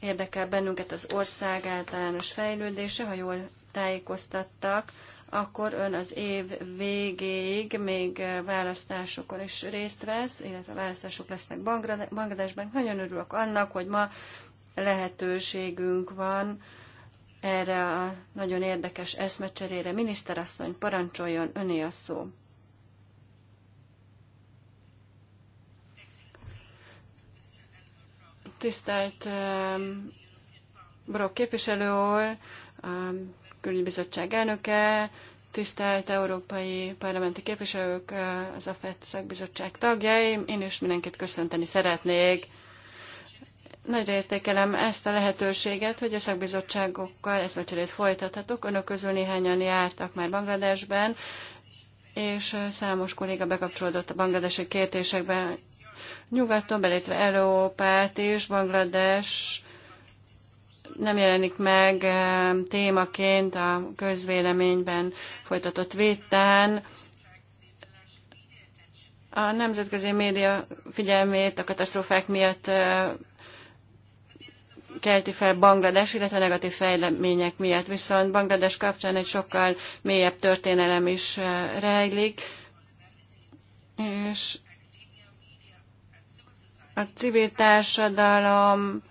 érdekel bennünket az ország általános fejlődése, ha jól tájékoztattak, akkor ön az év végéig még eh, választásokon is részt vesz, illetve választások lesznek Bangladesben. Nagyon örülök annak, hogy ma lehetőségünk van erre a nagyon érdekes eszmecserére. Miniszterasszony, parancsoljon öné a szó. Tisztelt um, Brok képviselő úr, a um, külügyi bizottság elnöke, tisztelt európai parlamenti képviselők, uh, az AFET szakbizottság tagjai, én is mindenkit köszönteni szeretnék. Nagyra értékelem ezt a lehetőséget, hogy a szakbizottságokkal ezt a cserét folytathatok. Önök közül néhányan jártak már Bangladesben, és uh, számos kolléga bekapcsolódott a bangladesi kérdésekben nyugaton, belétve Európát és Banglades nem jelenik meg eh, témaként a közvéleményben folytatott vétán. A nemzetközi média figyelmét a katasztrófák miatt eh, kelti fel Banglades, illetve negatív fejlemények miatt. Viszont Banglades kapcsán egy sokkal mélyebb történelem is eh, rejlik, és a civil társadalom,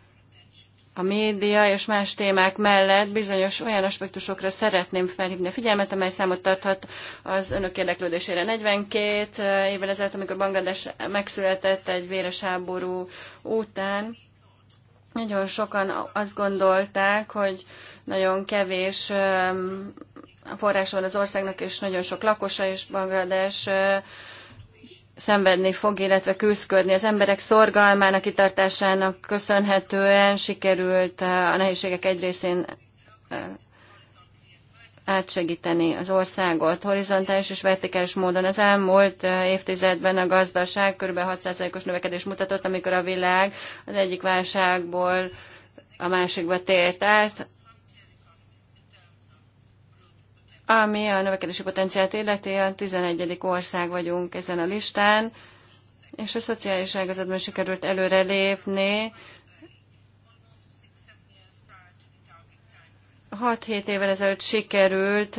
a média és más témák mellett bizonyos olyan aspektusokra szeretném felhívni a figyelmet, amely számot tarthat az önök érdeklődésére. 42 eh, évvel ezelőtt, amikor Banglades megszületett egy véres háború után, nagyon sokan azt gondolták, hogy nagyon kevés eh, forrás van az országnak, és nagyon sok lakosa, is Banglades eh, szenvedni fog, illetve küzdködni. Az emberek szorgalmának, kitartásának köszönhetően sikerült eh, a nehézségek egy részén eh, átsegíteni az országot horizontális és vertikális módon. Az elmúlt eh, évtizedben a gazdaság kb. 6%-os növekedés mutatott, amikor a világ az egyik válságból a másikba tért át. Ami a növekedési potenciált illeti, a 11. ország vagyunk ezen a listán, és a szociális ágazatban sikerült előrelépni. 6-7 évvel ezelőtt sikerült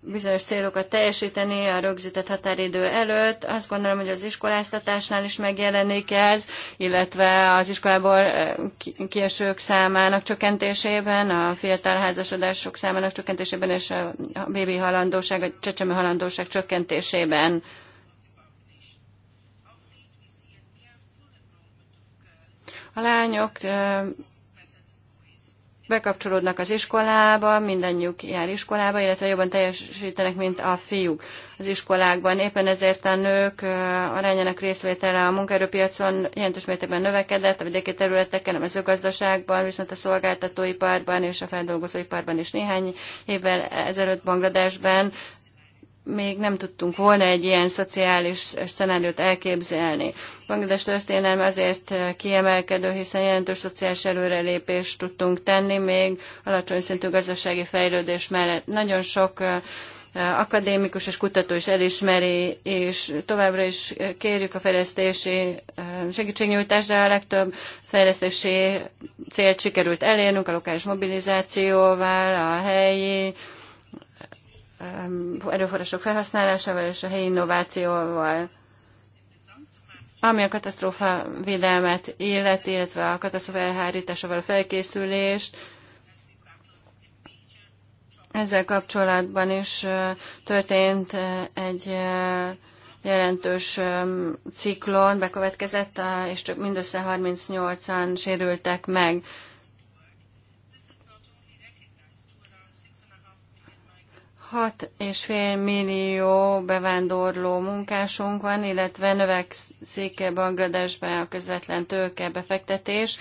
bizonyos célokat teljesíteni a rögzített határidő előtt. Azt gondolom, hogy az iskoláztatásnál is megjelenik ez, illetve az iskolából eh, kiesők számának csökkentésében, a fiatal házasodások számának csökkentésében és a bébi halandóság, a csecsemő halandóság csökkentésében. A lányok eh, bekapcsolódnak az iskolába, mindannyiuk jár iskolába, illetve jobban teljesítenek, mint a fiúk az iskolákban. Éppen ezért a nők arányának részvétele a munkaerőpiacon jelentős mértékben növekedett, a vidéki területeken, a mezőgazdaságban, viszont a szolgáltatóiparban és a feldolgozóiparban is néhány évvel ezelőtt Bangladesben még nem tudtunk volna egy ilyen szociális szenáriót elképzelni. Bangladesh történelme azért kiemelkedő, hiszen jelentős szociális előrelépést tudtunk tenni, még alacsony szintű gazdasági fejlődés mellett. Nagyon sok akadémikus és kutató is elismeri, és továbbra is kérjük a fejlesztési segítségnyújtást, de a legtöbb fejlesztési célt sikerült elérnünk a lokális mobilizációval, a helyi erőforrások felhasználásával és a helyi innovációval. Ami a katasztrófa védelmet illet, illetve a katasztrófa elhárításával a felkészülést, ezzel kapcsolatban is történt egy jelentős ciklon, bekövetkezett, és csak mindössze 38-an sérültek meg. 6,5 millió bevándorló munkásunk van, illetve növekszik -e Bangladesbe a közvetlen tőkebefektetés,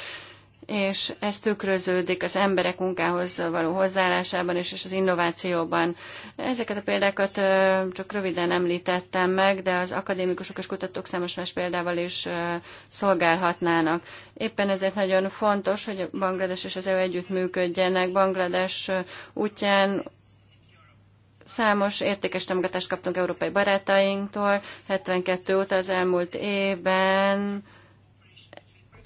és ez tükröződik az emberek munkához való hozzáállásában és az innovációban. Ezeket a példákat csak röviden említettem meg, de az akadémikusok és kutatók számos más példával is szolgálhatnának. Éppen ezért nagyon fontos, hogy Banglades és az EU együttműködjenek. Banglades útján Számos értékes támogatást kaptunk európai barátainktól. 72 óta az elmúlt évben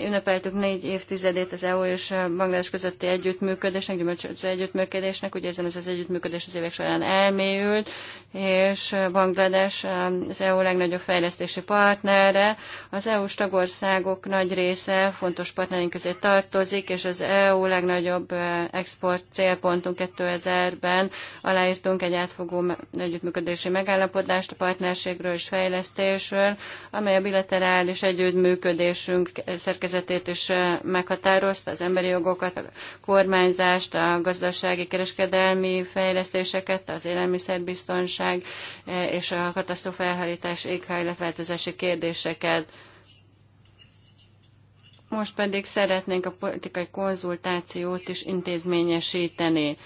ünnepeltük négy évtizedét az EU és Banglades közötti együttműködésnek, gyümölcsöző együttműködésnek. Úgy érzem, ez az együttműködés az évek során elmélyült, és Banglades az EU legnagyobb fejlesztési partnere. Az EU-s tagországok nagy része fontos partnerink közé tartozik, és az EU legnagyobb eh, export célpontunk 2000-ben aláírtunk egy átfogó együttműködési megállapodást a partnerségről és fejlesztésről, amely a bilaterális együttműködésünk eh, szerkezetében szerkezetét is meghatározta, az emberi jogokat, a kormányzást, a gazdasági kereskedelmi fejlesztéseket, az élelmiszerbiztonság és a katasztrófa elhárítás éghajlatváltozási kérdéseket. Most pedig szeretnénk a politikai konzultációt is intézményesíteni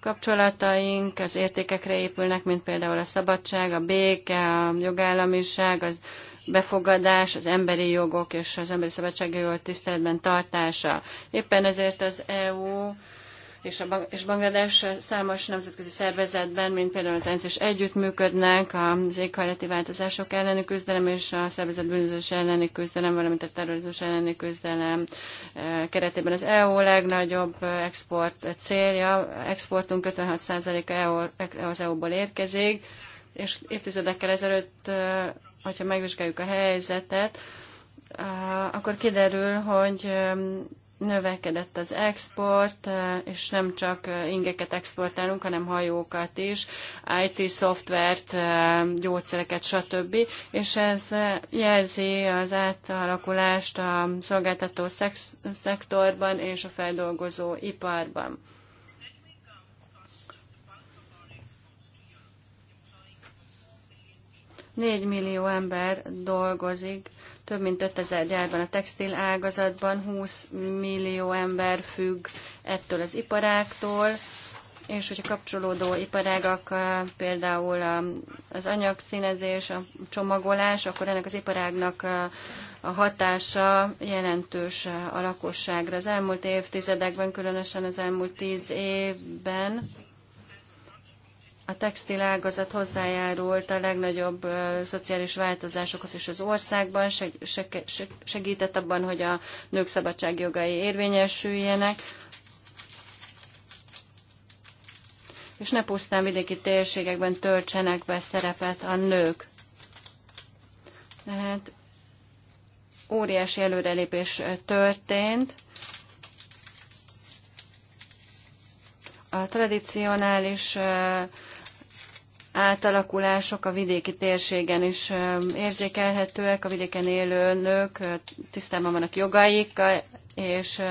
kapcsolataink az értékekre épülnek, mint például a szabadság, a béke, a jogállamiság, az befogadás, az emberi jogok és az emberi szabadságjogok tiszteletben tartása. Éppen ezért az EU és, a Bang- és Bangladesh számos nemzetközi szervezetben, mint például az ENSZ is együttműködnek az éghajlati változások elleni küzdelem és a szervezet bűnözés elleni küzdelem, valamint a terrorizmus elleni küzdelem eh, keretében. Az EU legnagyobb export célja, exportunk 56%-a EU, az EU-ból érkezik, és évtizedekkel ezelőtt eh, hogyha megvizsgáljuk a helyzetet, akkor kiderül, hogy növekedett az export, és nem csak ingeket exportálunk, hanem hajókat is, IT szoftvert, gyógyszereket, stb. És ez jelzi az átalakulást a szolgáltató szektorban és a feldolgozó iparban. 4 millió ember dolgozik, több mint 5000 gyárban a textil ágazatban, 20 millió ember függ ettől az iparáktól, és hogyha kapcsolódó iparágak, például az anyagszínezés, a csomagolás, akkor ennek az iparágnak a hatása jelentős a lakosságra. Az elmúlt évtizedekben, különösen az elmúlt tíz évben a textilágazat hozzájárult a legnagyobb szociális változásokhoz is az országban, segített abban, hogy a nők szabadságjogai érvényesüljenek, és ne pusztán vidéki térségekben töltsenek be szerepet a nők. Tehát óriási előrelépés történt. A tradicionális átalakulások a vidéki térségen is érzékelhetőek, a vidéken élő nők tisztában vannak jogaikkal, és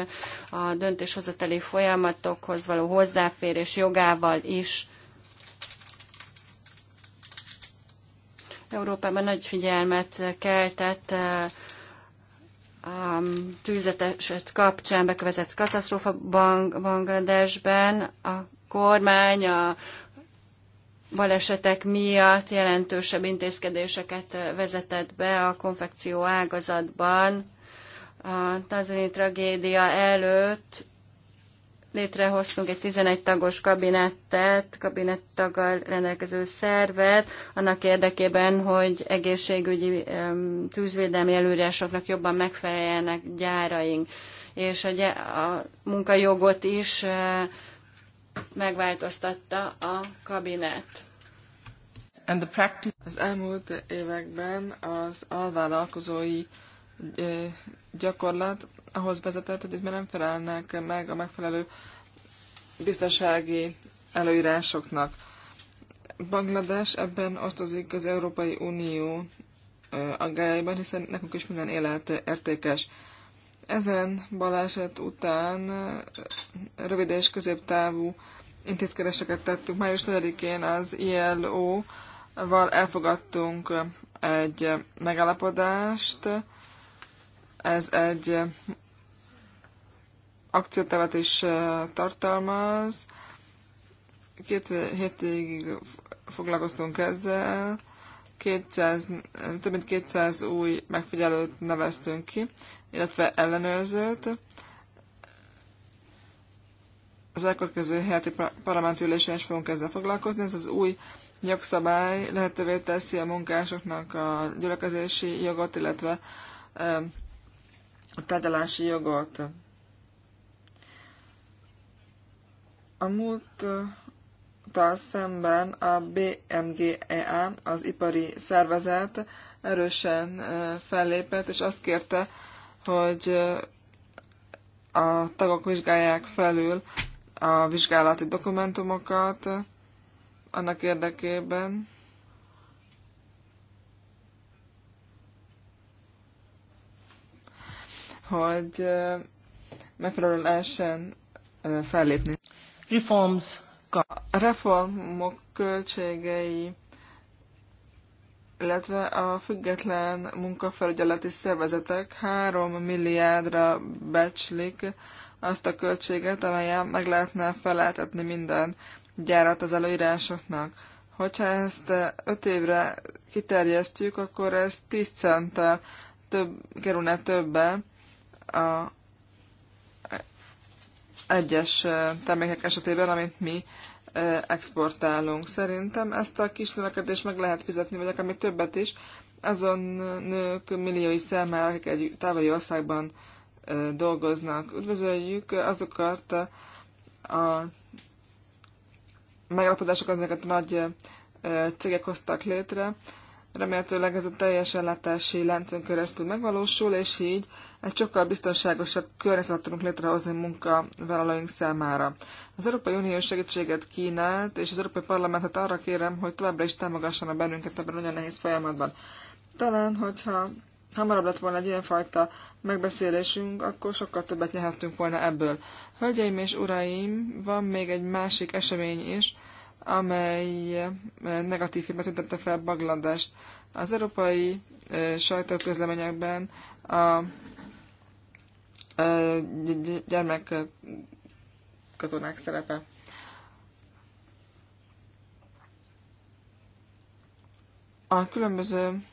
a döntéshozatali folyamatokhoz való hozzáférés jogával is. Európában nagy figyelmet keltett a tűzeteset kapcsán bekövezett katasztrófa Bangladesben. A kormány, a balesetek miatt jelentősebb intézkedéseket vezetett be a konfekció ágazatban. A tanzani tragédia előtt létrehoztunk egy 11 tagos kabinettet, kabinettaggal rendelkező szervet, annak érdekében, hogy egészségügyi tűzvédelmi előírásoknak jobban megfeleljenek gyáraink, és a, a munkajogot is eh, megváltoztatta a kabinet. And the practice... Az elmúlt években az alvállalkozói gyakorlat ahhoz vezetett, hogy már nem felelnek meg a megfelelő biztonsági előírásoknak. Banglades ebben osztozik az Európai Unió aggájaiban, hiszen nekünk is minden élet értékes. Ezen baleset után eh, rövid és középtávú intézkedéseket tettünk. Május 4-én az ILO-val elfogadtunk egy megállapodást. Ez egy akciótevet is eh, tartalmaz. Két hétig foglalkoztunk ezzel. 200, több mint 200 új megfigyelőt neveztünk ki, illetve ellenőrzőt. Az elkövetkező heti parlamentülésen is fogunk ezzel foglalkozni. Ez az új jogszabály lehetővé teszi a munkásoknak a gyülekezési jogot, illetve a tárgyalási jogot. A múlt tal szemben a BMGEA, az ipari szervezet erősen fellépett, és azt kérte hogy a tagok vizsgálják felül a vizsgálati dokumentumokat annak érdekében, hogy megfelelő lehessen fellépni. Reforms. A reformok költségei illetve a független munkafelügyeleti szervezetek 3 milliárdra becslik azt a költséget, amelyen meg lehetne feleltetni minden gyárat az előírásoknak. Hogyha ezt 5 eh, évre kiterjesztjük, akkor ez 10 centtel több, kerülne többe a egyes eh, termékek esetében, amit mi exportálunk. Szerintem ezt a kis növekedést meg lehet fizetni, vagy akár még többet is, azon nők milliói számára, akik egy távoli országban dolgoznak. Üdvözöljük azokat a meglapodásokat amiket nagy cégek hoztak létre, Remélhetőleg ez a teljes ellátási láncon keresztül megvalósul, és így egy sokkal biztonságosabb környezetet tudunk létrehozni munkavállalóink számára. Az Európai Unió segítséget kínált, és az Európai Parlamentet arra kérem, hogy továbbra is támogassanak bennünket ebben nagyon nehéz folyamatban. Talán, hogyha hamarabb lett volna egy ilyenfajta megbeszélésünk, akkor sokkal többet nyerhettünk volna ebből. Hölgyeim és uraim, van még egy másik esemény is, amely eh, negatív filmet tüntette fel Bagladest. Az európai eh, sajtóközleményekben a eh, gyermek katonák szerepe. A különböző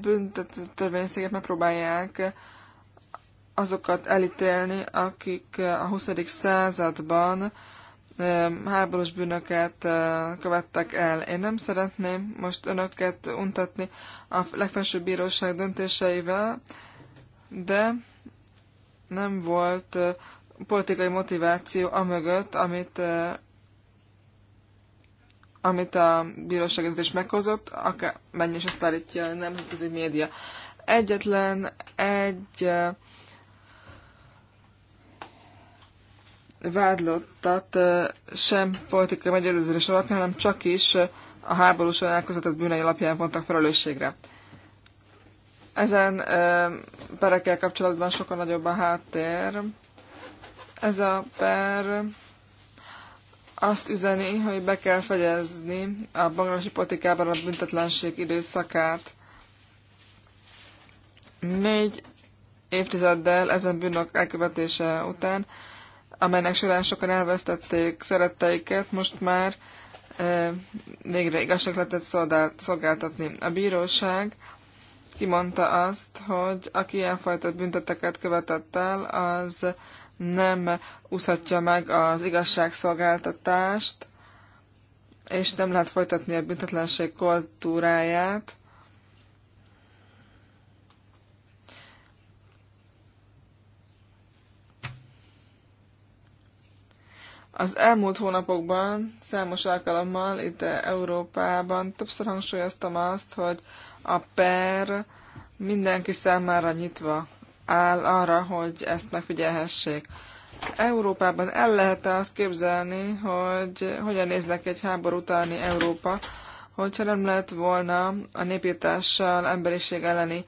büntető törvényszéget megpróbálják azokat elítélni, akik a 20. században háborús bűnöket eh, követtek el. Én nem szeretném most önöket untatni a legfelsőbb bíróság döntéseivel, de nem volt eh, politikai motiváció mögött, amit, eh, amit a bíróság is meghozott, akár mennyi is azt állítja a nemzetközi média. Egyetlen egy vádlottat sem politikai meggyőződés alapján, hanem csak is a háborús elkövetett bűnei alapján vontak felelősségre. Ezen perekkel kapcsolatban sokkal nagyobb a háttér. Ez a per azt üzeni, hogy be kell fegyezni a bangladesi politikában a büntetlenség időszakát. Négy évtizeddel ezen bűnök elkövetése után amelynek során sokan elvesztették szeretteiket, most már e, végre lehetett szolgáltatni. A bíróság kimondta azt, hogy aki ilyenfajta bünteteket követett el, az nem úszhatja meg az igazságszolgáltatást, és nem lehet folytatni a büntetlenség kultúráját, Az elmúlt hónapokban számos alkalommal itt Európában többször hangsúlyoztam azt, hogy a PER mindenki számára nyitva áll arra, hogy ezt megfigyelhessék. Európában el lehet -e azt képzelni, hogy hogyan néznek egy háború utáni Európa, hogyha nem lett volna a népírtással, emberiség elleni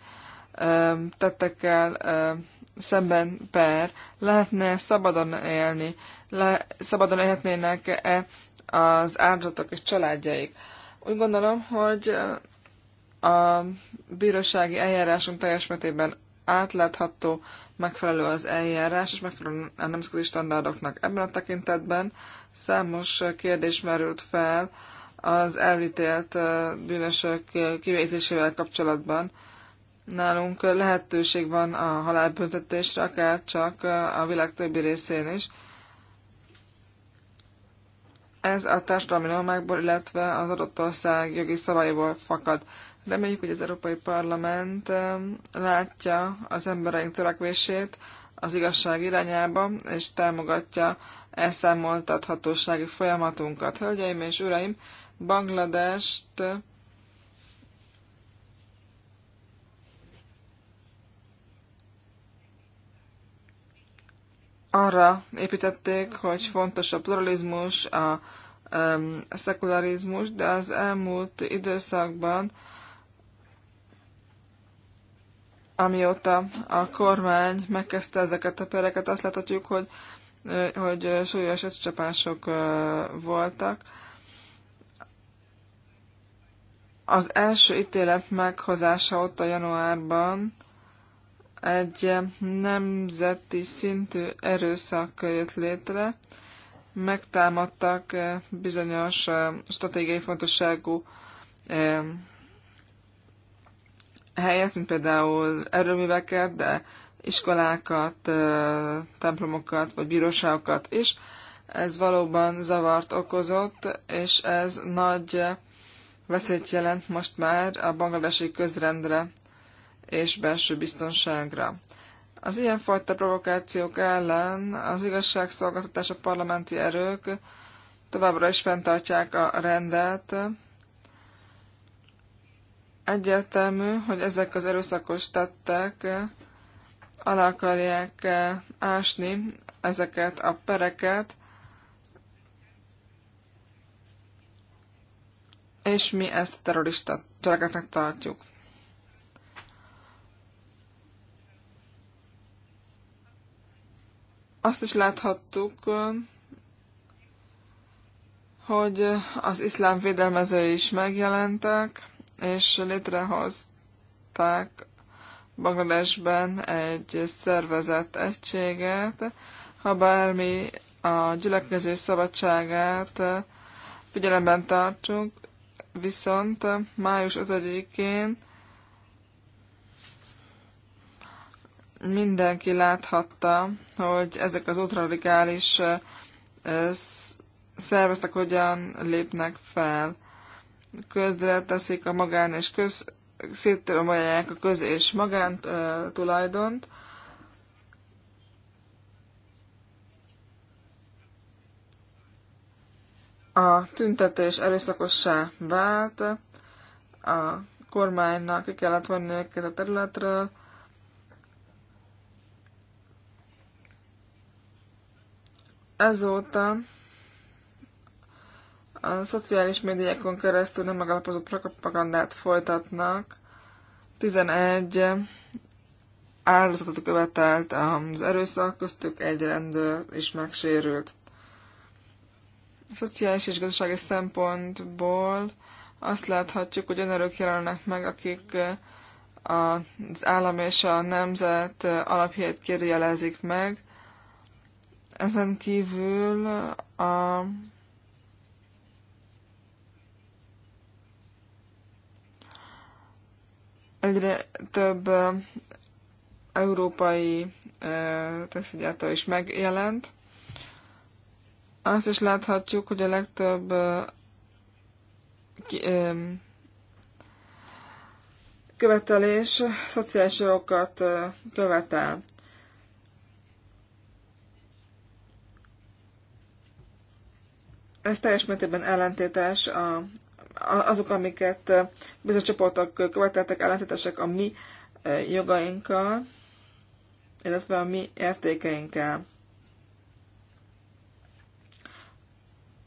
tettekkel szemben per, lehetne szabadon élni, le, szabadon élhetnének-e az áldozatok és családjaik. Úgy gondolom, hogy a bírósági eljárásunk teljes mértékben átlátható, megfelelő az eljárás, és megfelelő a nemzetközi standardoknak. Ebben a tekintetben számos kérdés merült fel az elítélt bűnösök kivégzésével kapcsolatban, nálunk lehetőség van a halálbüntetésre, akár csak a világ többi részén is. Ez a társadalmi normákból, illetve az adott ország jogi szabályból fakad. Reméljük, hogy az Európai Parlament látja az embereink törekvését az igazság irányába, és támogatja elszámoltathatósági folyamatunkat. Hölgyeim és uraim, Bangladest arra építették, hogy fontos a pluralizmus, a, a szekularizmus, de az elmúlt időszakban, amióta a kormány megkezdte ezeket a pereket, azt láthatjuk, hogy, hogy súlyos összcsapások voltak. Az első ítélet meghozása ott a januárban egy nemzeti szintű erőszak jött létre, megtámadtak eh, bizonyos eh, stratégiai fontosságú eh, helyet, mint például erőműveket, de iskolákat, templomokat vagy bíróságokat is. Ez valóban zavart okozott, és ez nagy veszélyt jelent most már a bangladesi közrendre és belső biztonságra. Az ilyenfajta provokációk ellen az igazságszolgáltatás a parlamenti erők továbbra is fenntartják a rendet. Egyértelmű, hogy ezek az erőszakos tettek alá akarják ásni ezeket a pereket, és mi ezt terrorista cselekedetnek tartjuk. Azt is láthattuk, hogy az iszlám védelmezői is megjelentek, és létrehozták Bangladesben egy szervezett egységet, ha bármi a gyülekező szabadságát figyelemben tartsunk, viszont május 5-én mindenki láthatta, hogy ezek az ultraligális szerveztek hogyan lépnek fel. Közre teszik a magán és köz, szétromolják a köz és magán tulajdont. A tüntetés erőszakossá vált, a kormánynak ki kellett vonni őket a területről, Ezóta a szociális médiákon keresztül nem megalapozott propagandát folytatnak. 11 áldozatot követelt az erőszak, köztük egy rendőr is megsérült. A szociális és gazdasági szempontból azt láthatjuk, hogy önerők jelennek meg, akik eh, az állam és a nemzet eh, alapjait kérdőjelezik meg, ezen kívül a egyre több európai textilgyártó is megjelent. Azt is láthatjuk, hogy a legtöbb követelés szociális jogokat követel. ez teljes mértékben ellentétes a, azok, amiket bizonyos csoportok követeltek, ellentétesek a mi jogainkkal, illetve a mi értékeinkkel.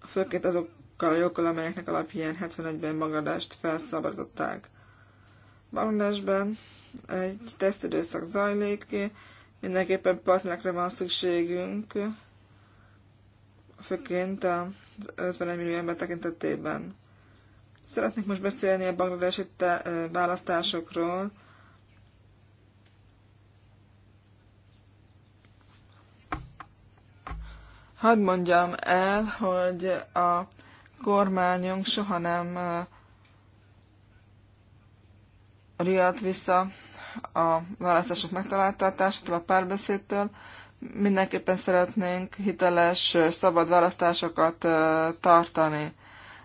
Főként azokkal a jogokkal, amelyeknek alapján 71-ben magadást felszabadították. Bangladesben egy tesztidőszak zajlik, mindenképpen partnerekre van szükségünk, főként az 50 millió ember tekintetében. Szeretnék most beszélni a bangladesi választásokról. Hadd mondjam el, hogy a kormányunk soha nem riadt vissza a választások megtaláltatásától, a párbeszédtől, mindenképpen szeretnénk hiteles, szabad választásokat tartani.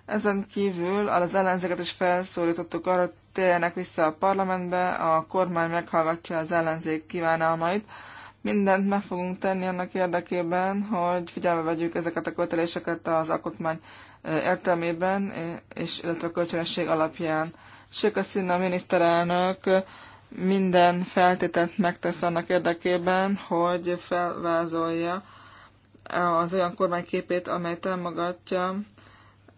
Ezen kívül az ellenzéket is felszólítottuk arra, hogy térjenek vissza a parlamentbe, a kormány meghallgatja az ellenzék kívánalmait. Mindent meg fogunk tenni annak érdekében, hogy figyelme vegyük ezeket a köteléseket az alkotmány értelmében, és illetve a kölcsönösség alapján. Sheikh a miniszterelnök minden feltételt megtesz annak érdekében, hogy felvázolja az olyan kormányképét, amely támogatja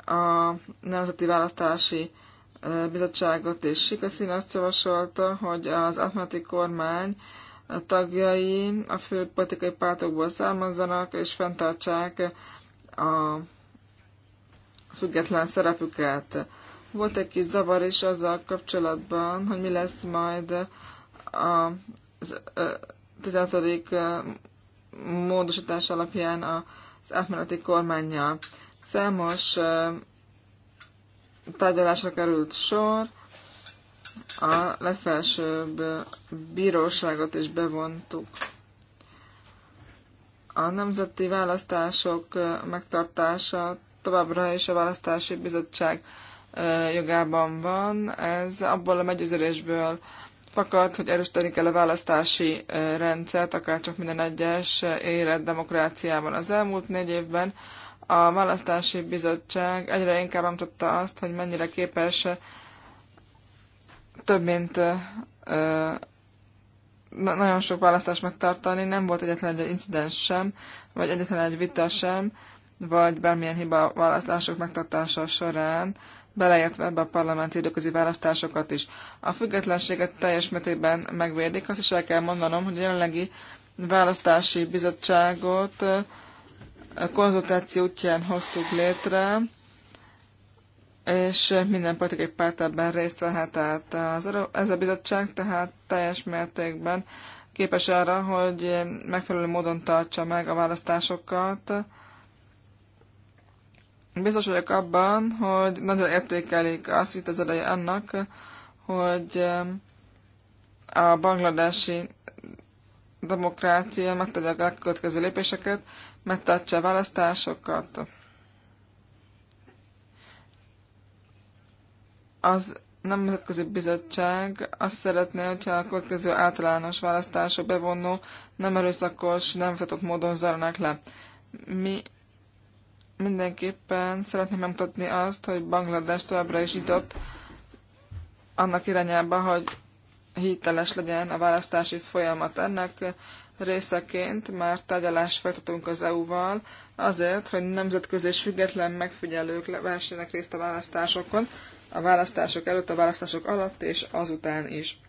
a Nemzeti Választási Bizottságot, és Sikaszín azt javasolta, hogy az atmati kormány tagjai a fő politikai pártokból származzanak, és fenntartsák a független szerepüket. Volt egy kis zavar is azzal kapcsolatban, hogy mi lesz majd a 16. módosítás alapján az átmeneti kormányjal. Számos tárgyalásra került sor, a legfelsőbb bíróságot is bevontuk. A nemzeti választások megtartása továbbra is a választási bizottság jogában van. Ez abból a meggyőződésből fakad, hogy erősíteni kell a választási rendszert, akár csak minden egyes érett demokráciában. Az elmúlt négy évben a választási bizottság egyre inkább mutatta azt, hogy mennyire képes több mint nagyon sok választást megtartani, nem volt egyetlen egy incidens sem, vagy egyetlen egy vita sem, vagy bármilyen hiba választások megtartása során, beleértve ebbe a parlamenti időközi választásokat is. A függetlenséget teljes mértékben megvédik, azt is el kell mondanom, hogy a jelenlegi választási bizottságot konzultáció útján hoztuk létre, és minden politikai párt ebben részt vehet. Tehát az, ez a bizottság tehát teljes mértékben képes arra, hogy megfelelő módon tartsa meg a választásokat, Biztos vagyok abban, hogy nagyon értékelik azt itt az eleje annak, hogy a bangladesi demokrácia megtegye a következő lépéseket, megtartsa a választásokat. Az Nemzetközi Bizottság azt szeretné, hogyha a következő általános választások bevonó, nem erőszakos, nem vitatott módon zárnak le. Mi mindenképpen szeretném megmutatni azt, hogy Banglades továbbra is jutott annak irányába, hogy hiteles legyen a választási folyamat. Ennek részeként már tárgyalást folytatunk az EU-val azért, hogy nemzetközi és független megfigyelők versenek részt a választásokon, a választások előtt, a választások alatt és azután is.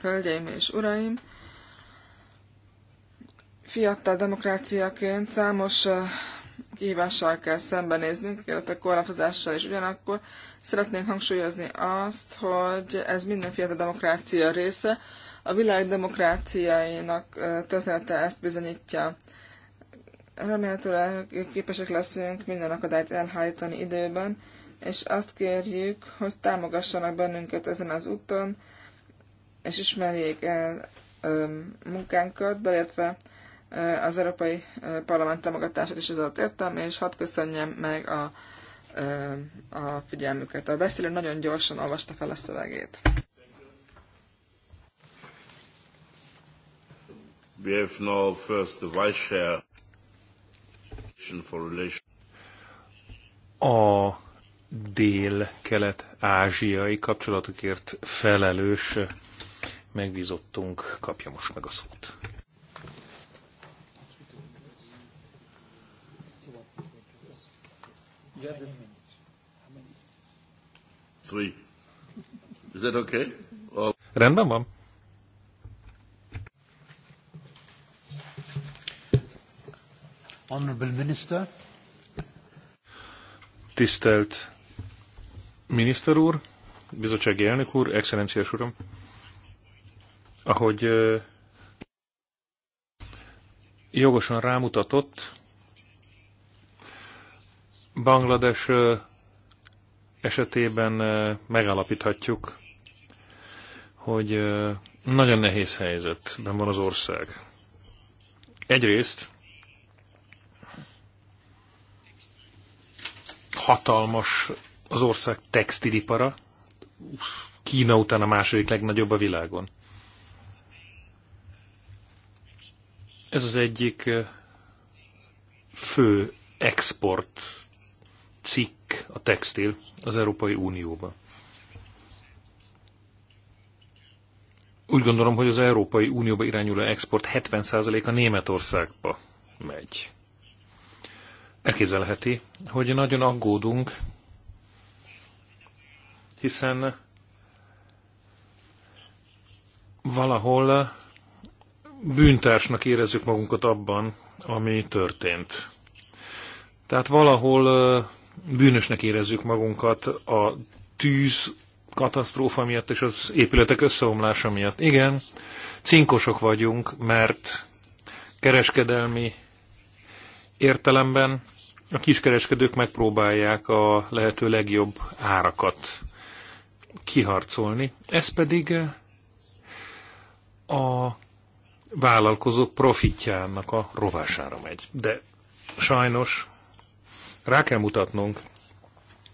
Hölgyeim és uraim! Fiatal demokráciaként számos kihívással kell szembenéznünk, illetve korlátozással is ugyanakkor. Szeretnénk hangsúlyozni azt, hogy ez minden fiatal demokrácia része. A világ demokráciáinak története ezt bizonyítja. Remélhetőleg képesek leszünk minden akadályt elhajtani időben, és azt kérjük, hogy támogassanak bennünket ezen az úton, és ismerjék el munkánkat, beleértve Eh, az Európai eh, Parlament támogatását is ezzel értem, és hadd köszönjem meg a, eh, a figyelmüket. A beszélő nagyon gyorsan olvasta fel a szövegét. We have now first the vice chair for relations. A dél-kelet-ázsiai kapcsolatokért felelős megbízottunk kapja most meg a szót. You have the Three. Is that okay? Or... Rendben van. Honorable Minister. Tisztelt miniszter úr, bizottsági elnök úr, excellenciás uram, ahogy jogosan rámutatott, Banglades esetében megállapíthatjuk, hogy nagyon nehéz helyzetben van az ország. Egyrészt hatalmas az ország textilipara, Kína után a második legnagyobb a világon. Ez az egyik fő export cikk a textil az Európai Unióban. Úgy gondolom, hogy az Európai Unióba irányuló export 70%-a Németországba megy. Elképzelheti, hogy nagyon aggódunk, hiszen valahol bűntársnak érezzük magunkat abban, ami történt. Tehát valahol bűnösnek érezzük magunkat a tűz katasztrófa miatt és az épületek összeomlása miatt. Igen, cinkosok vagyunk, mert kereskedelmi értelemben a kiskereskedők megpróbálják a lehető legjobb árakat kiharcolni. Ez pedig a vállalkozók profitjának a rovására megy. De sajnos rá kell mutatnunk,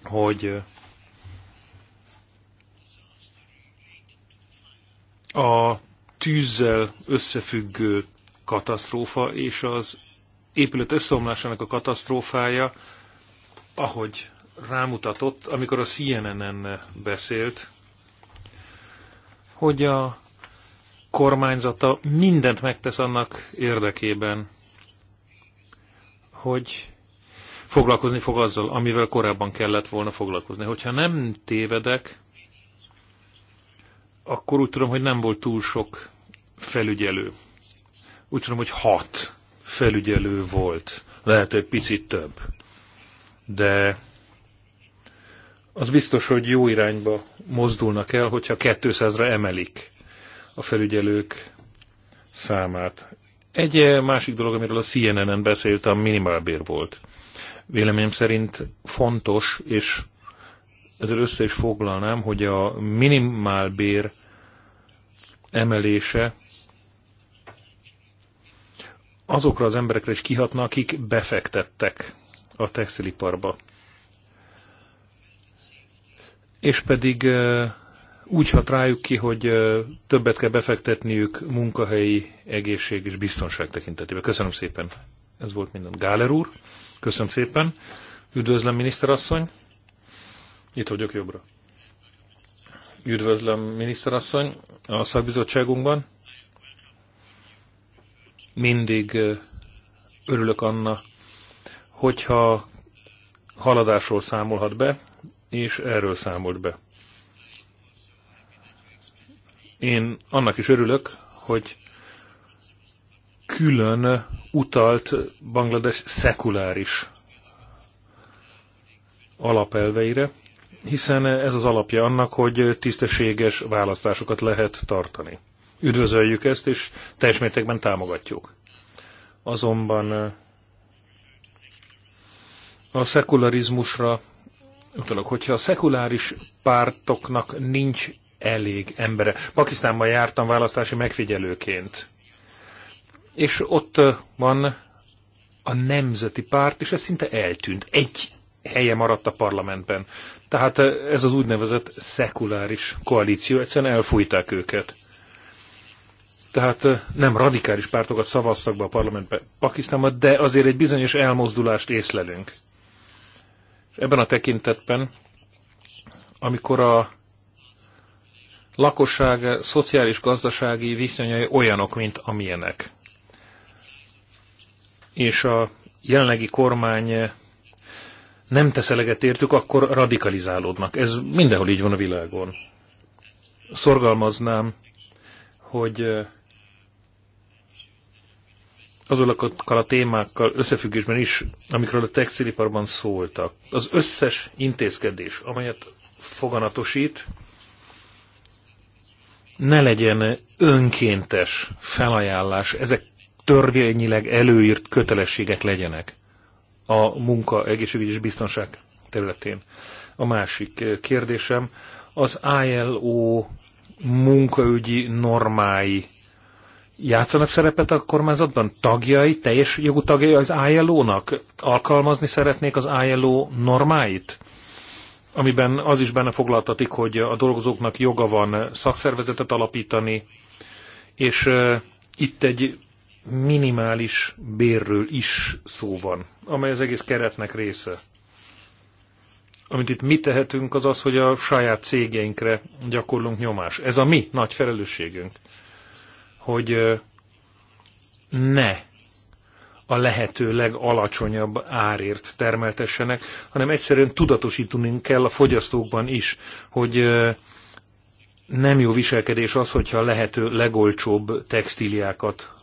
hogy eh, a tűzzel összefüggő katasztrófa és az épület összeomlásának a katasztrófája, ahogy rámutatott, amikor a CNN-en beszélt, hogy a kormányzata mindent megtesz annak érdekében, hogy foglalkozni fog azzal, amivel korábban kellett volna foglalkozni. Hogyha nem tévedek, akkor úgy tudom, hogy nem volt túl sok felügyelő. Úgy tudom, hogy hat felügyelő volt. Lehet, hogy picit több. De az biztos, hogy jó irányba mozdulnak el, hogyha 200-ra emelik a felügyelők számát. Egy másik dolog, amiről a CNN-en beszélt, a minimálbér volt véleményem szerint fontos, és ezzel össze is foglalnám, hogy a minimálbér emelése azokra az emberekre is kihatna, akik befektettek a textiliparba. És pedig úgy hat rájuk ki, hogy többet kell befektetniük munkahelyi egészség és biztonság tekintetében. Köszönöm szépen! Ez volt minden. Gáler úr, köszönöm szépen. Üdvözlöm, miniszterasszony. Itt vagyok jobbra. Üdvözlöm, miniszterasszony, a szakbizottságunkban. Mindig örülök anna, hogyha haladásról számolhat be, és erről számolt be. Én annak is örülök, hogy külön utalt Banglades szekuláris alapelveire, hiszen ez az alapja annak, hogy tisztességes választásokat lehet tartani. Üdvözöljük ezt, és teljes mértékben támogatjuk. Azonban a szekularizmusra utalok, hogyha a szekuláris pártoknak nincs elég embere. Pakisztánban jártam választási megfigyelőként és ott van a nemzeti párt, és ez szinte eltűnt. Egy helye maradt a parlamentben. Tehát ez az úgynevezett szekuláris koalíció, egyszerűen elfújták őket. Tehát nem radikális pártokat szavaztak be a parlamentbe Pakisztánban, de azért egy bizonyos elmozdulást észlelünk. És ebben a tekintetben, amikor a lakosság szociális-gazdasági viszonyai olyanok, mint amilyenek, és a jelenlegi kormány eh, nem tesz eleget értük, akkor radikalizálódnak. Ez mindenhol így van a világon. Szorgalmaznám, hogy eh, azokkal a témákkal összefüggésben is, amikről a textiliparban szóltak. Az összes intézkedés, amelyet foganatosít, ne legyen önkéntes felajánlás. Ezek törvényileg előírt kötelességek legyenek a munka, egészségügyi és biztonság területén. A másik eh, kérdésem az ILO munkaügyi normái játszanak szerepet a kormányzatban? Tagjai, teljes jogú tagjai az ILO-nak? Alkalmazni szeretnék az ILO normáit? Amiben az is benne foglaltatik, hogy a dolgozóknak joga van szakszervezetet alapítani, és eh, itt egy minimális bérről is szó van, amely az egész keretnek része. Amit itt mi tehetünk, az az, hogy a saját cégeinkre gyakorlunk nyomás. Ez a mi nagy felelősségünk, hogy ne a lehető legalacsonyabb árért termeltessenek, hanem egyszerűen tudatosítunk kell a fogyasztókban is, hogy nem jó viselkedés az, hogyha lehető legolcsóbb textíliákat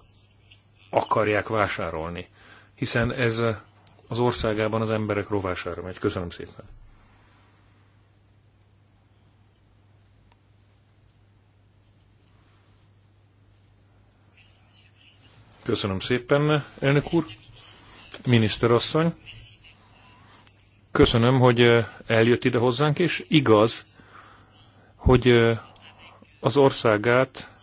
akarják vásárolni, hiszen ez az országában az emberek rovására megy. Köszönöm szépen. Köszönöm szépen, elnök úr, miniszterasszony. Köszönöm, hogy eh, eljött ide hozzánk, és igaz, hogy eh, az országát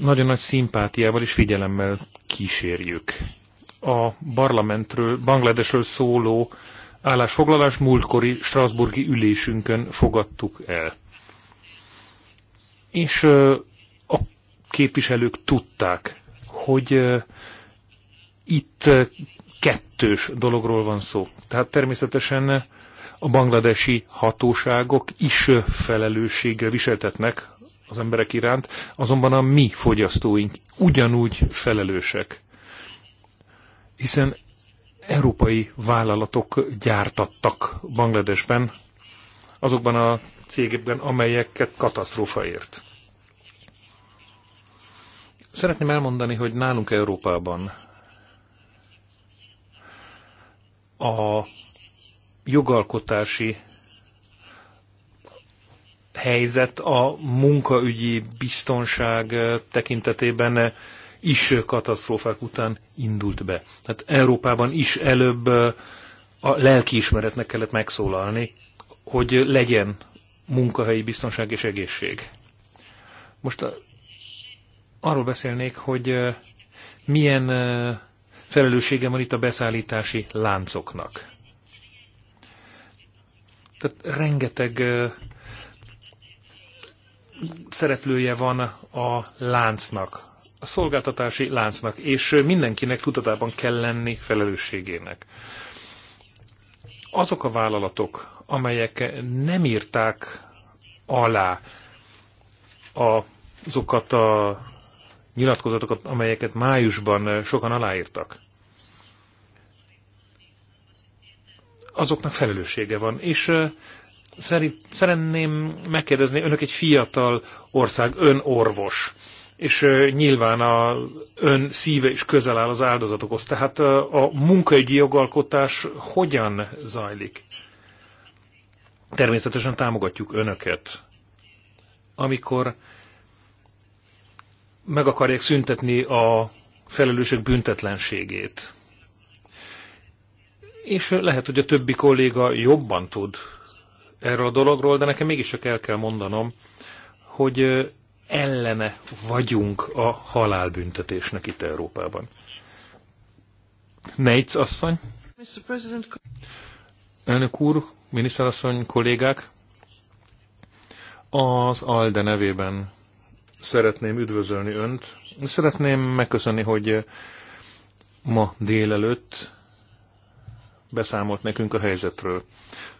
nagyon nagy szimpátiával és figyelemmel kísérjük. A parlamentről, Bangladesről szóló állásfoglalás múltkori Strasburgi ülésünkön fogadtuk el. És a képviselők tudták, hogy itt kettős dologról van szó. Tehát természetesen a bangladesi hatóságok is felelősséggel viseltetnek az emberek iránt, azonban a mi fogyasztóink ugyanúgy felelősek. Hiszen európai vállalatok gyártattak Bangladesben, azokban a cégekben, amelyeket katasztrófa ért. Szeretném elmondani, hogy nálunk Európában a jogalkotási helyzet a munkaügyi biztonság tekintetében is katasztrófák után indult be. Tehát Európában is előbb a lelkiismeretnek kellett megszólalni, hogy legyen munkahelyi biztonság és egészség. Most arról beszélnék, hogy milyen felelőssége van itt a beszállítási láncoknak. Tehát rengeteg szereplője van a láncnak, a szolgáltatási láncnak, és mindenkinek tudatában kell lenni felelősségének. Azok a vállalatok, amelyek nem írták alá azokat a nyilatkozatokat, amelyeket májusban sokan aláírtak, azoknak felelőssége van, és szerint, szeretném megkérdezni, önök egy fiatal ország, ön orvos, és nyilván a ön szíve is közel áll az áldozatokhoz. Tehát a munkaügyi jogalkotás hogyan zajlik? Természetesen támogatjuk önöket, amikor meg akarják szüntetni a felelősök büntetlenségét. És lehet, hogy a többi kolléga jobban tud erről a dologról, de nekem mégiscsak el kell mondanom, hogy ellene vagyunk a halálbüntetésnek itt Európában. Neitz asszony. Mr. President. Elnök úr, miniszterasszony, kollégák. Az ALDE nevében szeretném üdvözölni Önt. Szeretném megköszönni, hogy ma délelőtt beszámolt nekünk a helyzetről.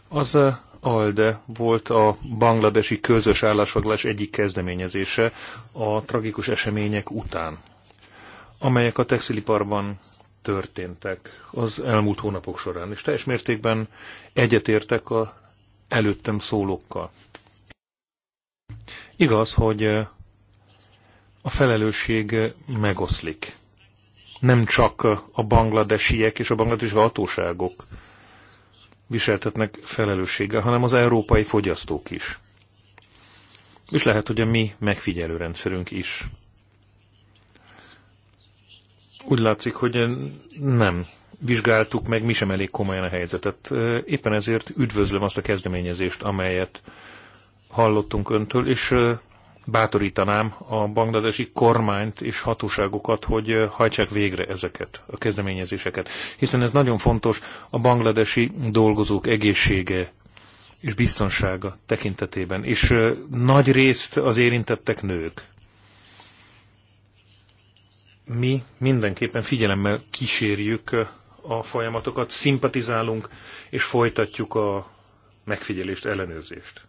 Az ALDE volt a bangladesi közös állásfoglalás egyik kezdeményezése a tragikus események után, amelyek a textiliparban történtek az elmúlt hónapok során, és teljes mértékben egyetértek a előttem szólókkal. Igaz, hogy eh, a felelősség megoszlik. Nem csak a bangladesiek és a bangladesi hatóságok viseltetnek felelősséggel, hanem az európai fogyasztók is. És lehet, hogy a mi megfigyelő rendszerünk is. Úgy látszik, hogy nem vizsgáltuk meg mi sem elég komolyan a helyzetet. Éppen ezért üdvözlöm azt a kezdeményezést, amelyet hallottunk öntől, és bátorítanám a bangladesi kormányt és hatóságokat, hogy hajtsák végre ezeket a kezdeményezéseket. Hiszen ez nagyon fontos a bangladesi dolgozók egészsége és biztonsága tekintetében. És nagy részt az érintettek nők. Mi mindenképpen figyelemmel kísérjük a folyamatokat, szimpatizálunk és folytatjuk a megfigyelést, ellenőrzést.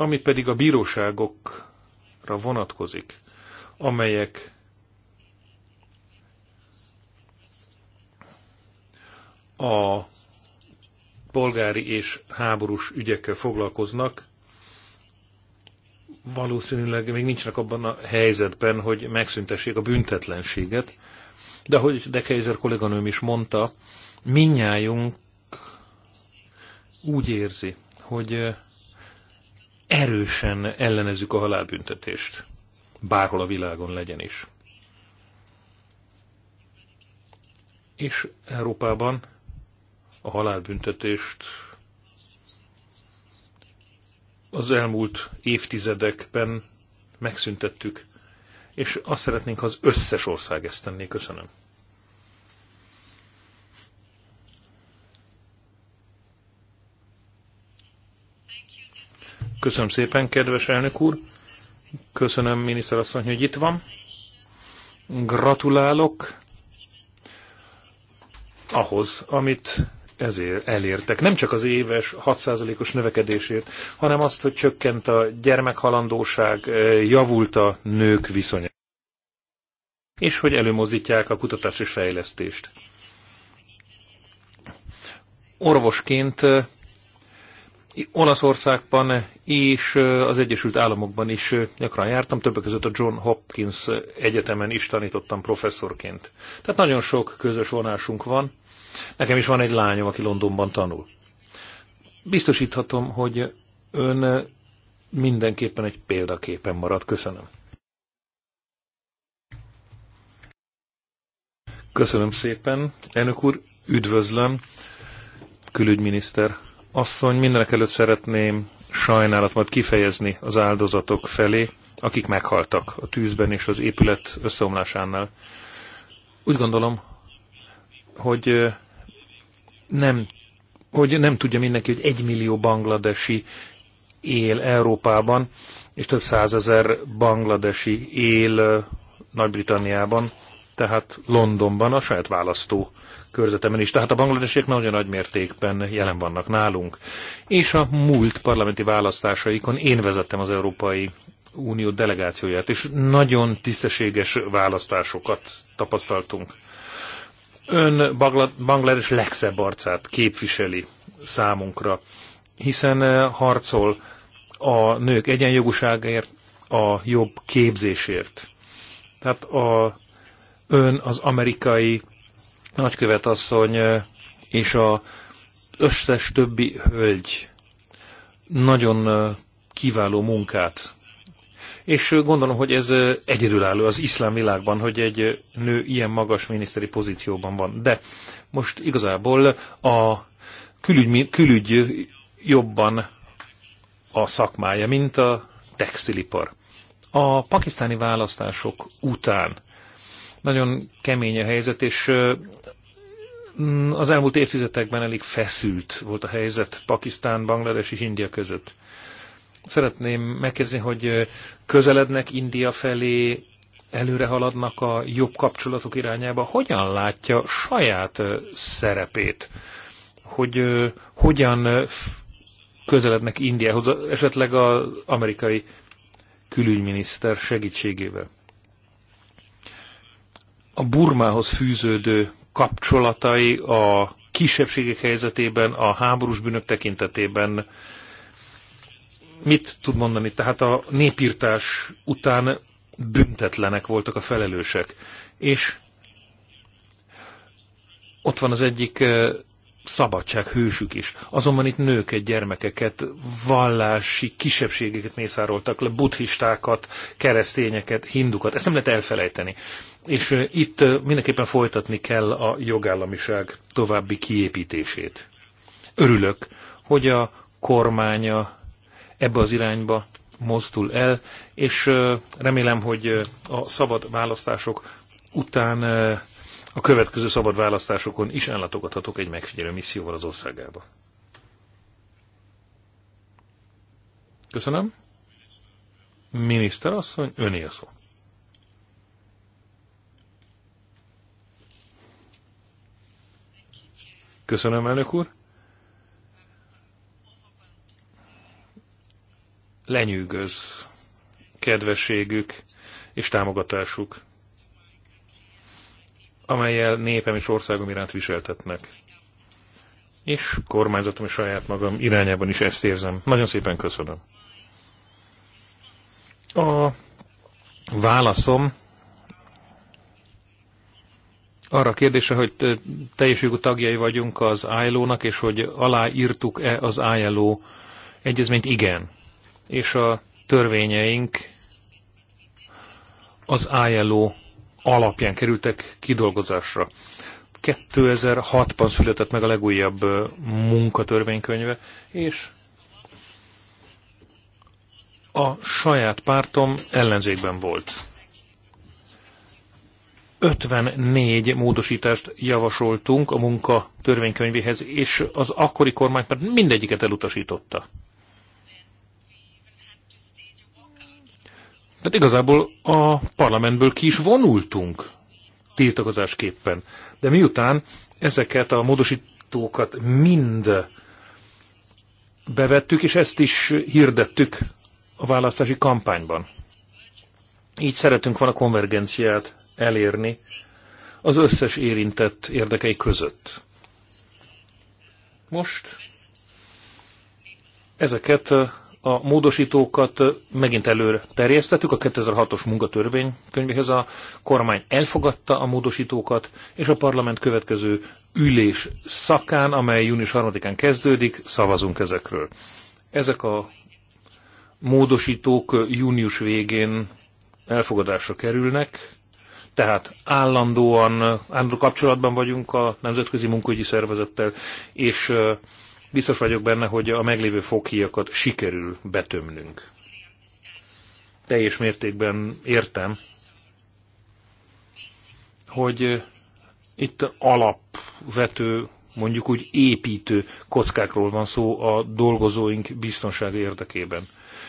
Ami pedig a bíróságokra vonatkozik, amelyek a polgári és háborús ügyekkel foglalkoznak, valószínűleg még nincsenek abban a helyzetben, hogy megszüntessék a büntetlenséget. De ahogy De kolléganőm is mondta, minnyájunk úgy érzi, hogy erősen ellenezzük a halálbüntetést, bárhol a világon legyen is. És Európában a halálbüntetést az elmúlt évtizedekben megszüntettük, és azt szeretnénk, ha az összes ország ezt tenné. Köszönöm. Köszönöm szépen, kedves elnök úr. Köszönöm, miniszterasszony, hogy itt van. Gratulálok ahhoz, amit ezért elértek. Nem csak az éves 6%-os növekedésért, hanem azt, hogy csökkent a gyermekhalandóság, javult a nők viszonya. És hogy előmozdítják a kutatás és fejlesztést. Orvosként Olaszországban és az Egyesült Államokban is gyakran jártam, többek között a John Hopkins Egyetemen is tanítottam professzorként. Tehát nagyon sok közös vonásunk van. Nekem is van egy lányom, aki Londonban tanul. Biztosíthatom, hogy ön mindenképpen egy példaképen marad. Köszönöm. Köszönöm szépen. Elnök úr, üdvözlöm, külügyminiszter asszony, mindenek előtt szeretném sajnálatomat kifejezni az áldozatok felé, akik meghaltak a tűzben és az épület összeomlásánál. Úgy gondolom, hogy nem, hogy nem tudja mindenki, hogy egy millió bangladesi él Európában, és több százezer bangladesi él Nagy-Britanniában, tehát Londonban, a saját választó körzetemen is. Tehát a bangladesiek nagyon nagy mértékben jelen vannak nálunk. És a múlt parlamenti választásaikon én vezettem az Európai Unió delegációját, és nagyon tisztességes választásokat tapasztaltunk. Ön Banglades legszebb arcát képviseli számunkra, hiszen eh, harcol a nők egyenjogúságért, a jobb képzésért. Tehát a, ön az amerikai nagykövet asszony és a összes többi hölgy nagyon kiváló munkát. És gondolom, hogy ez egyedülálló az iszlám világban, hogy egy nő ilyen magas miniszteri pozícióban van. De most igazából a külügy, külügy jobban a szakmája, mint a textilipar. A pakisztáni választások után nagyon kemény a helyzet, és Mm, az elmúlt évtizedekben elég feszült volt a helyzet Pakisztán, Banglades és India között. Szeretném megkérdezni, hogy közelednek India felé, előre haladnak a jobb kapcsolatok irányába. Hogyan látja saját szerepét? Hogy hogyan közelednek Indiához, esetleg az amerikai külügyminiszter segítségével? A Burmához fűződő kapcsolatai a kisebbségek helyzetében, a háborús bűnök tekintetében mit tud mondani? Tehát a népírtás után büntetlenek voltak a felelősek. És ott van az egyik eh, szabadság hősük is. Azonban itt nőket, gyermekeket, vallási kisebbségeket mészároltak le, buddhistákat, keresztényeket, hindukat. Ezt nem lehet elfelejteni. És itt mindenképpen folytatni kell a jogállamiság további kiépítését. Örülök, hogy a kormánya ebbe az irányba mozdul el, és remélem, hogy a szabad választások után a következő szabad választásokon is ellátogathatok egy megfigyelő misszióval az országába. Köszönöm. Miniszter asszony, öné a szó. Köszönöm, elnök úr. Lenyűgöz kedvességük és támogatásuk, amelyel népem és országom iránt viseltetnek. És kormányzatom és saját magam irányában is ezt érzem. Nagyon szépen köszönöm. A válaszom arra a kérdése, hogy teljes jogú tagjai vagyunk az ILO-nak, és hogy aláírtuk-e az ILO egyezményt, igen. És a törvényeink az ILO alapján kerültek kidolgozásra. 2006-ban született meg a legújabb munkatörvénykönyve, és a saját pártom ellenzékben volt. 54 módosítást javasoltunk a munka törvénykönyvéhez, és az akkori kormány már mindegyiket elutasította. Tehát igazából a parlamentből ki is vonultunk tiltakozásképpen. De miután ezeket a módosítókat mind bevettük, és ezt is hirdettük a választási kampányban. Így szeretünk van a konvergenciát elérni az összes érintett érdekei között. Most ezeket a módosítókat megint előre terjesztettük a 2006-os munkatörvénykönyvéhez. A kormány elfogadta a módosítókat, és a parlament következő ülés szakán, amely június 3-án kezdődik, szavazunk ezekről. Ezek a módosítók június végén elfogadásra kerülnek, tehát állandóan, állandó kapcsolatban vagyunk a Nemzetközi Munkaügyi Szervezettel, és biztos vagyok benne, hogy a meglévő fokhíjakat sikerül betömnünk. Teljes mértékben értem, hogy itt alapvető, mondjuk úgy építő kockákról van szó a dolgozóink biztonsága érdekében,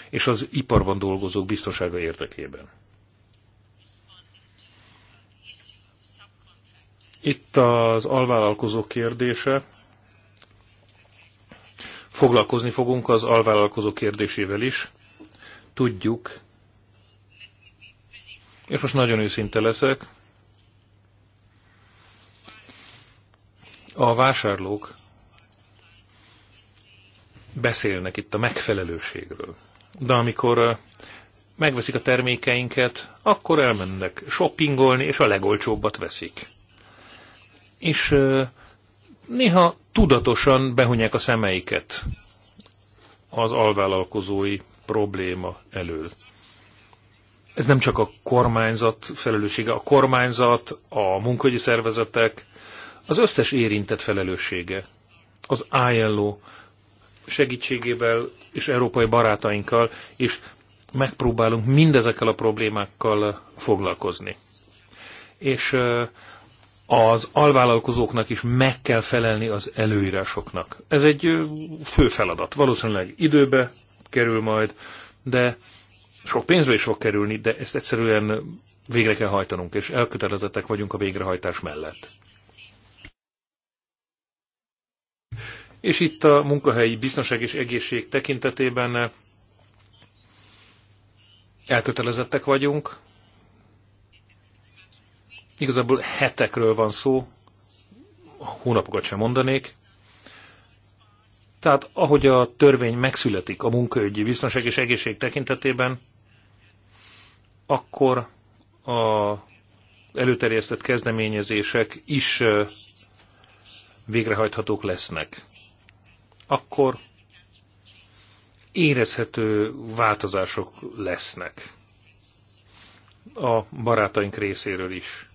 és az iparban dolgozók biztonsága érdekében. Itt az alvállalkozó kérdése. Foglalkozni fogunk az alvállalkozó kérdésével is. Tudjuk, és most nagyon őszinte leszek, a vásárlók beszélnek itt a megfelelőségről. De amikor eh, megveszik a termékeinket, akkor elmennek shoppingolni, és a legolcsóbbat veszik és néha tudatosan behunyják a szemeiket az alvállalkozói probléma elől. Ez nem csak a kormányzat felelőssége, a kormányzat, a munkahogyi szervezetek, az összes érintett felelőssége. Az ILO segítségével és európai barátainkkal, és megpróbálunk mindezekkel a problémákkal foglalkozni. És az alvállalkozóknak is meg kell felelni az előírásoknak. Ez egy fő feladat. Valószínűleg időbe kerül majd, de sok pénzbe is fog kerülni, de ezt egyszerűen végre kell hajtanunk, és elkötelezettek vagyunk a végrehajtás mellett. És itt a munkahelyi biztonság és egészség tekintetében elkötelezettek vagyunk, Igazából hetekről van szó, hónapokat sem mondanék. Tehát ahogy a törvény megszületik a munkaügyi biztonság és egészség tekintetében, akkor a előterjesztett kezdeményezések is végrehajthatók lesznek. Akkor érezhető változások lesznek a barátaink részéről is.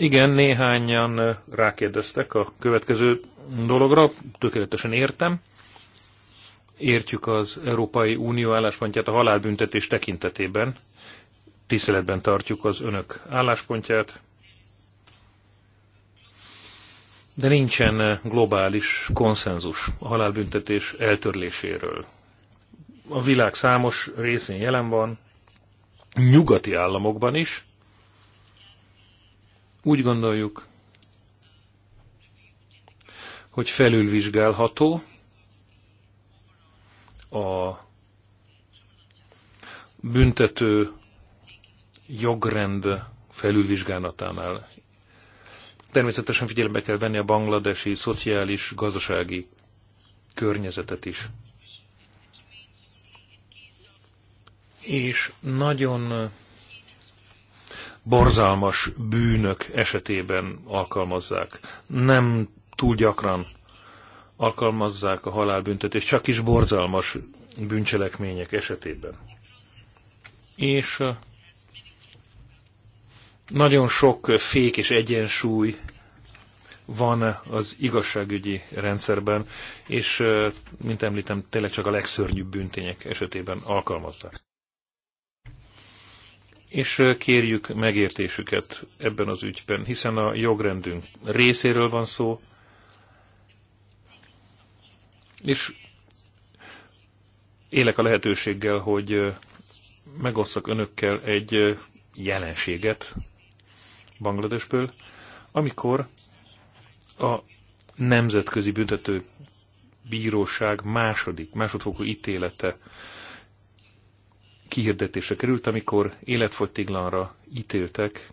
Igen, néhányan rákérdeztek a következő dologra, tökéletesen értem. Értjük az Európai Unió álláspontját a halálbüntetés tekintetében. Tiszteletben tartjuk az önök álláspontját. De nincsen globális konszenzus a halálbüntetés eltörléséről. A világ számos részén jelen van, nyugati államokban is, úgy gondoljuk, hogy felülvizsgálható a büntető jogrend felülvizsgálatánál. Természetesen figyelembe kell venni a bangladesi szociális, gazdasági környezetet is. És nagyon borzalmas bűnök esetében alkalmazzák. Nem túl gyakran alkalmazzák a halálbüntetést, csak is borzalmas bűncselekmények esetében. És nagyon sok fék és egyensúly van az igazságügyi rendszerben, és mint említem, tényleg csak a legszörnyűbb bűntények esetében alkalmazzák és kérjük megértésüket ebben az ügyben, hiszen a jogrendünk részéről van szó, és élek a lehetőséggel, hogy megosszak önökkel egy jelenséget Bangladesből, amikor a Nemzetközi Büntető Bíróság második, másodfokú ítélete kihirdetése került, amikor életfogytiglanra ítéltek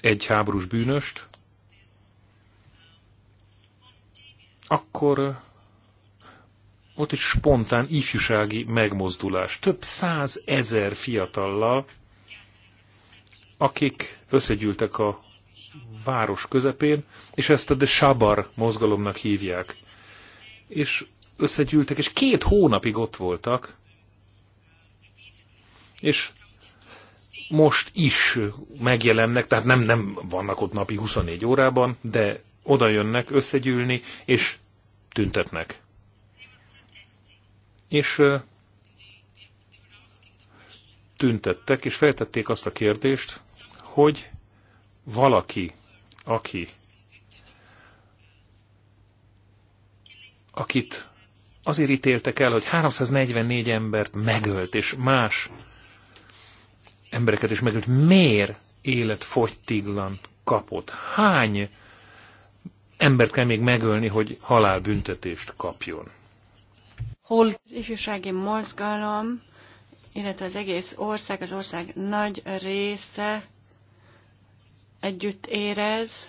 egy háborús bűnöst, akkor ott egy spontán ifjúsági megmozdulás. Több száz ezer fiatallal, akik összegyűltek a város közepén, és ezt a de Sabar mozgalomnak hívják. És összegyűltek, és két hónapig ott voltak, és most is megjelennek, tehát nem, nem vannak ott napi 24 órában, de oda jönnek összegyűlni, és tüntetnek. És tüntettek, és feltették azt a kérdést, hogy valaki, aki, akit azért ítéltek el, hogy 344 embert megölt, és más embereket is megölt. Miért életfogytiglan kapott? Hány embert kell még megölni, hogy halálbüntetést kapjon? Hol az ifjúsági mozgalom, illetve az egész ország, az ország nagy része együtt érez.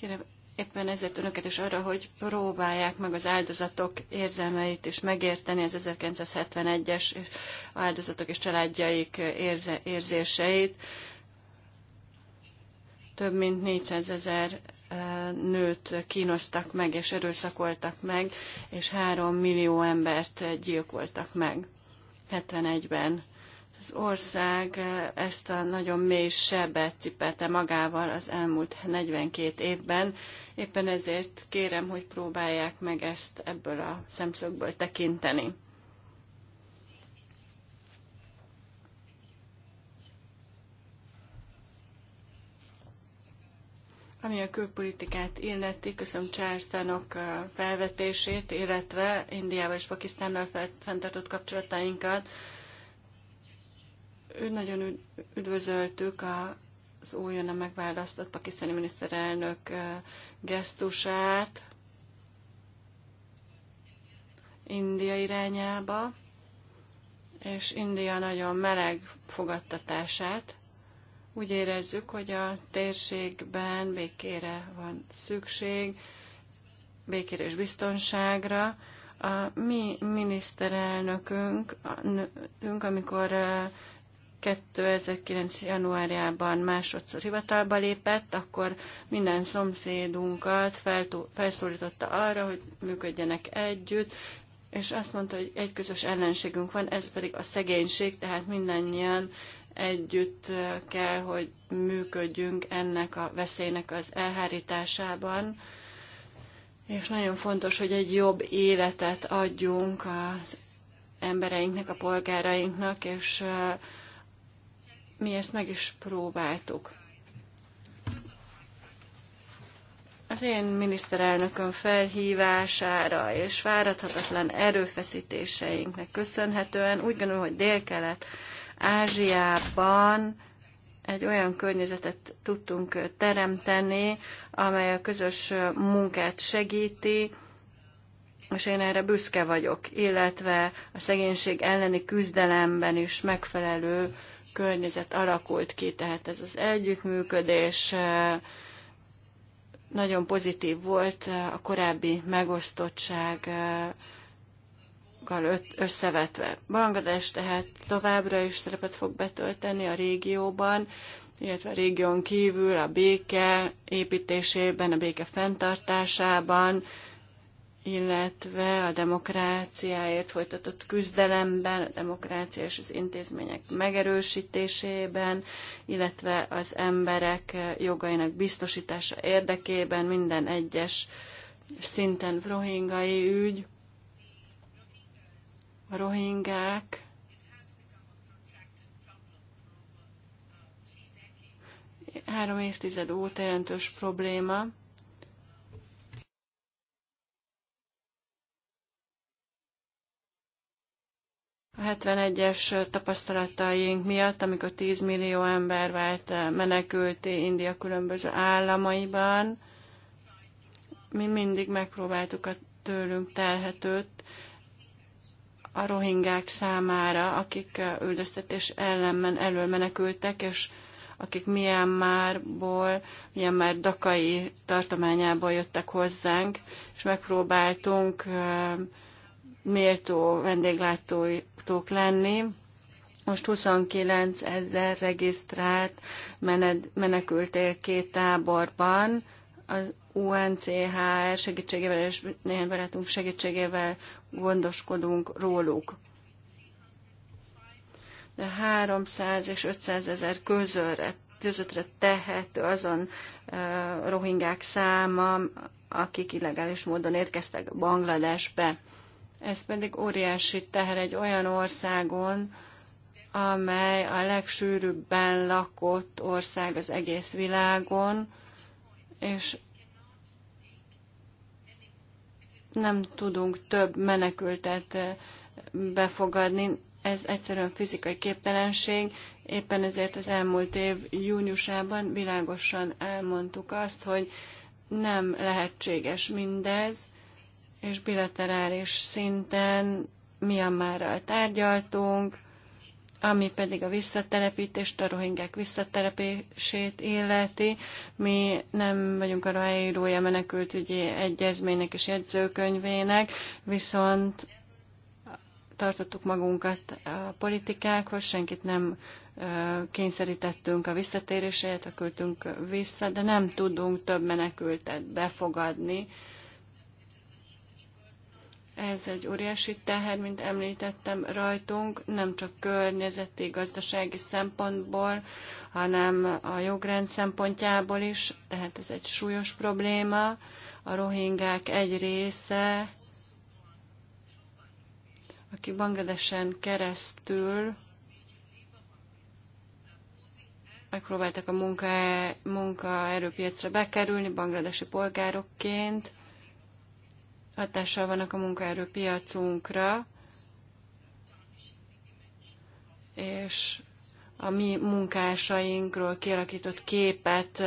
Kérem, Éppen ezért önöket is arra, hogy próbálják meg az áldozatok érzelmeit is megérteni, az 1971-es áldozatok és családjaik érze, érzéseit. Több mint 400 ezer eh, nőt kínoztak meg és erőszakoltak meg, és 3 millió embert gyilkoltak meg 71-ben. Az ország eh, ezt a nagyon mély sebet cipelte magával az elmúlt 42 évben, Éppen ezért kérem, hogy próbálják meg ezt ebből a szemszögből tekinteni. Ami a külpolitikát illeti, köszönöm Charles Tanok felvetését, illetve Indiával és Pakisztánnal fenntartott kapcsolatainkat. Ő nagyon üdvözöltük a az újonnan megválasztott pakisztáni miniszterelnök eh, gesztusát India irányába, és India nagyon meleg fogadtatását. Úgy érezzük, hogy a térségben békére van szükség, békére és biztonságra. A mi miniszterelnökünk, amikor eh, 2009. januárjában másodszor hivatalba lépett, akkor minden szomszédunkat felszólította arra, hogy működjenek együtt, és azt mondta, hogy egy közös ellenségünk van, ez pedig a szegénység, tehát mindannyian együtt kell, hogy működjünk ennek a veszélynek az elhárításában. És nagyon fontos, hogy egy jobb életet adjunk az embereinknek, a polgárainknak, és mi ezt meg is próbáltuk. Az én miniszterelnököm felhívására és fáradhatatlan erőfeszítéseinknek köszönhetően úgy gondolom, hogy délkelet Ázsiában egy olyan környezetet tudtunk teremteni, amely a közös munkát segíti, és én erre büszke vagyok, illetve a szegénység elleni küzdelemben is megfelelő környezet alakult ki, tehát ez az együttműködés eh, nagyon pozitív volt eh, a korábbi megosztottsággal összevetve. Bangladesh tehát továbbra is szerepet fog betölteni a régióban, illetve a régión kívül a béke építésében, a béke fenntartásában, illetve a demokráciáért folytatott küzdelemben, a demokrácia és az intézmények megerősítésében, illetve az emberek jogainak biztosítása érdekében minden egyes szinten rohingai ügy, a rohingák, három évtized óta jelentős probléma. 71-es tapasztalataink miatt, amikor 10 millió ember vált eh, menekülté India különböző államaiban, mi mindig megpróbáltuk a tőlünk telhetőt a rohingák számára, akik eh, üldöztetés ellenben elől menekültek, és akik Myanmarból, Myanmar Dakai tartományából jöttek hozzánk, és megpróbáltunk eh, méltó vendéglátói szkeptók lenni. Most 29 ezer regisztrált menekültél két táborban, az UNCHR segítségével és néhány barátunk segítségével gondoskodunk róluk. De 300 és 500 ezer közölre, közöttre tehető azon uh, rohingák száma, akik illegális módon érkeztek Bangladesbe. Ez pedig óriási teher egy olyan országon, amely a legsűrűbben lakott ország az egész világon, és nem tudunk több menekültet eh, befogadni. Ez egyszerűen fizikai képtelenség. Éppen ezért az elmúlt év júniusában világosan elmondtuk azt, hogy nem lehetséges mindez, és bilaterális szinten Myanmarral tárgyaltunk, ami pedig a visszatelepítést, a rohingyák visszatelepését illeti. Mi nem vagyunk a aláírója menekültügyi egyezménynek és jegyzőkönyvének, viszont tartottuk magunkat a politikákhoz, senkit nem kényszerítettünk a visszatérésre, a küldtünk vissza, de nem tudunk több menekültet befogadni, ez egy óriási teher, mint említettem, rajtunk, nem csak környezeti, gazdasági szempontból, hanem a jogrend szempontjából is, tehát ez egy súlyos probléma. A rohingák egy része, aki Bangladesen keresztül megpróbáltak a munka, munkaerőpiacra bekerülni bangladesi polgárokként, hatással vannak a munkaerőpiacunkra, és a mi munkásainkról kialakított képet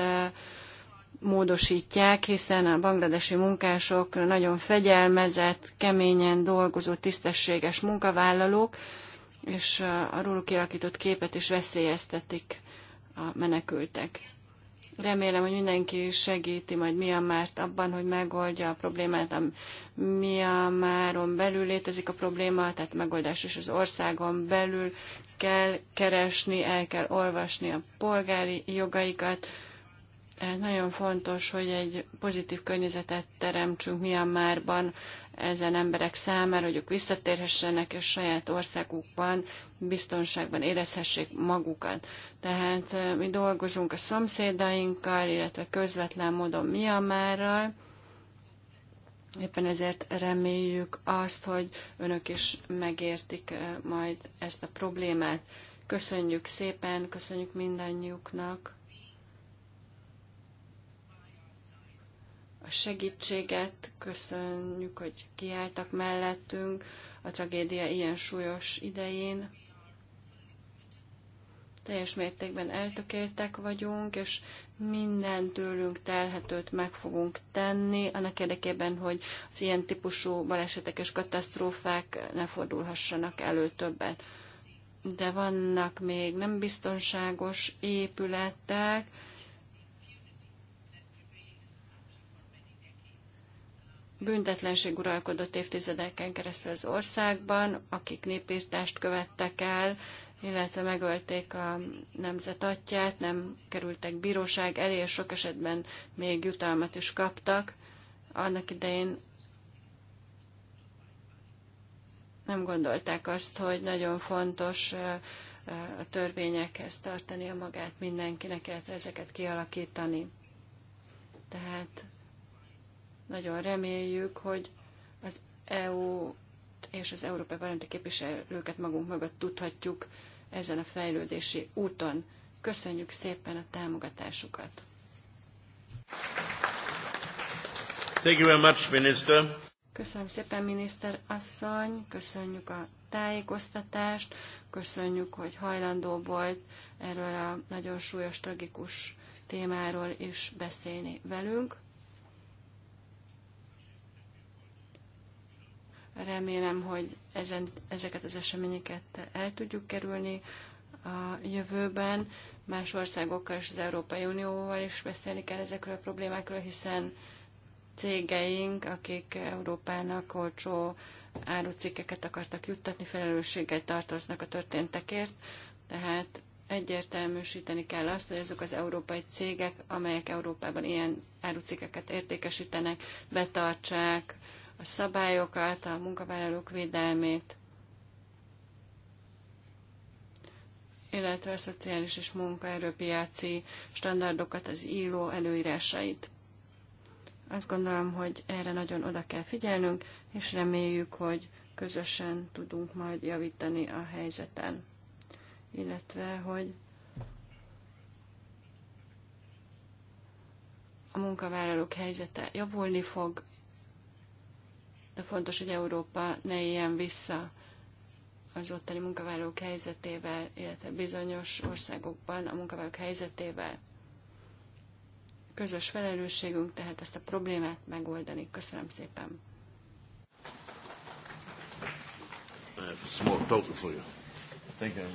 módosítják, hiszen a bangladesi munkások nagyon fegyelmezett, keményen dolgozó, tisztességes munkavállalók, és a róluk kialakított képet is veszélyeztetik a menekültek. Remélem, hogy mindenki segíti majd Mianmárt abban, hogy megoldja a problémát. A Mianmáron belül létezik a probléma, tehát megoldás is az országon belül kell keresni, el kell olvasni a polgári jogaikat. Nagyon fontos, hogy egy pozitív környezetet teremtsünk Mianmárban ezen emberek számára, hogy ők visszatérhessenek és saját országukban biztonságban érezhessék magukat. Tehát mi dolgozunk a szomszédainkkal, illetve közvetlen módon Miamárral, Éppen ezért reméljük azt, hogy önök is megértik majd ezt a problémát. Köszönjük szépen, köszönjük mindannyiuknak. a segítséget, köszönjük, hogy kiálltak mellettünk a tragédia ilyen súlyos idején. Teljes mértékben eltökéltek vagyunk, és minden tőlünk telhetőt meg fogunk tenni, annak érdekében, hogy az ilyen típusú balesetek és katasztrófák ne fordulhassanak elő többet. De vannak még nem biztonságos épületek, büntetlenség uralkodott évtizedeken keresztül az országban, akik népírtást követtek el, illetve megölték a nemzet atyát, nem kerültek bíróság elé, és sok esetben még jutalmat is kaptak. Annak idején nem gondolták azt, hogy nagyon fontos a törvényekhez tartani a magát mindenkinek, illetve ezeket kialakítani. Tehát nagyon reméljük, hogy az EU és az Európai Parlamenti képviselőket magunk mögött tudhatjuk ezen a fejlődési úton. Köszönjük szépen a támogatásukat! Thank you very much, Minister. Köszönöm szépen, miniszter asszony, köszönjük a tájékoztatást, köszönjük, hogy hajlandó volt erről a nagyon súlyos, tragikus témáról is beszélni velünk. Remélem, hogy ezen, ezeket az eseményeket el tudjuk kerülni a jövőben. Más országokkal és az Európai Unióval is beszélni kell ezekről a problémákról, hiszen cégeink, akik Európának olcsó árucikkeket akartak juttatni, felelősséggel tartoznak a történtekért. Tehát egyértelműsíteni kell azt, hogy azok az európai cégek, amelyek Európában ilyen árucikkeket értékesítenek, betartsák a szabályokat, a munkavállalók védelmét, illetve a szociális és munkaerőpiaci standardokat, az ILO előírásait. Azt gondolom, hogy erre nagyon oda kell figyelnünk, és reméljük, hogy közösen tudunk majd javítani a helyzeten, illetve hogy a munkavállalók helyzete javulni fog, de fontos, hogy Európa ne éljen vissza az ottani munkavállalók helyzetével, illetve bizonyos országokban a munkavállalók helyzetével. Közös felelősségünk tehát ezt a problémát megoldani. Köszönöm szépen! Thank you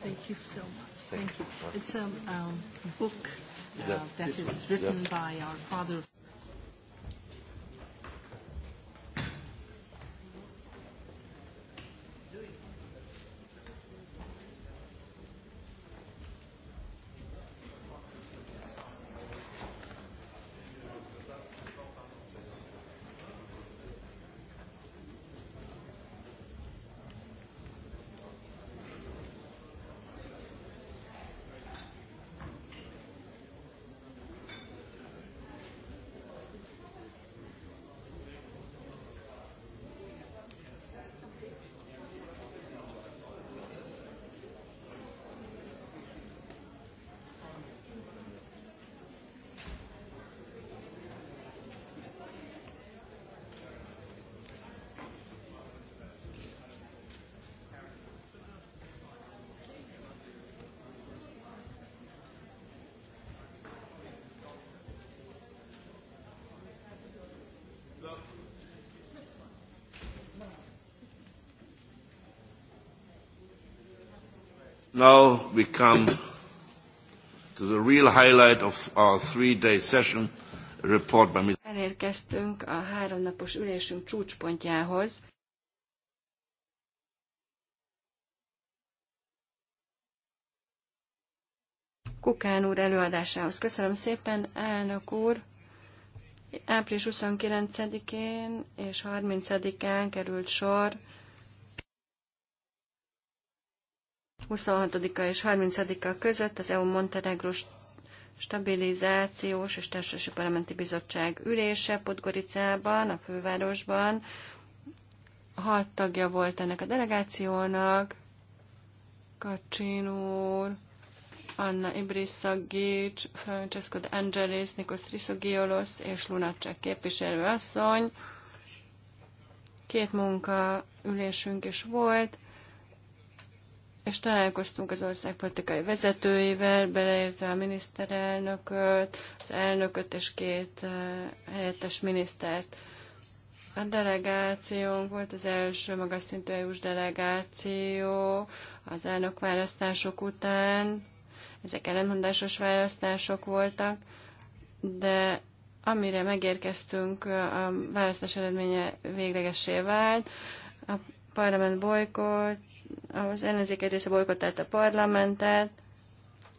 Thank you so much. Thank you. It's um, um, a um, book uh, that is written by our father. Now we come to the real highlight of our three-day session report by Mr. Elérkeztünk a háromnapos ülésünk csúcspontjához. Kukán úr előadásához. Köszönöm szépen, elnök úr! Április 29-én és 30-án került sor 26-a és 30-a között az EU Montenegro Stabilizációs és Társadalmi Parlamenti Bizottság ülése Podgoricában, a fővárosban. Hat tagja volt ennek a delegációnak, Kacsin úr, Anna Ibriszagics, Francesco de Angelis, Nikos Trisogiolos és Lunacek képviselőasszony. Két ülésünk is volt, és találkoztunk az ország politikai vezetőivel, beleértve a miniszterelnököt, az elnököt és két eh, helyettes minisztert. A delegációnk volt az első magas szintű eu delegáció az elnök választások után. Ezek ellenmondásos választások voltak, de amire megérkeztünk, eh, a választás eredménye véglegesé vált. A parlament bolykott az ellenzék része bolykottált a parlamentet,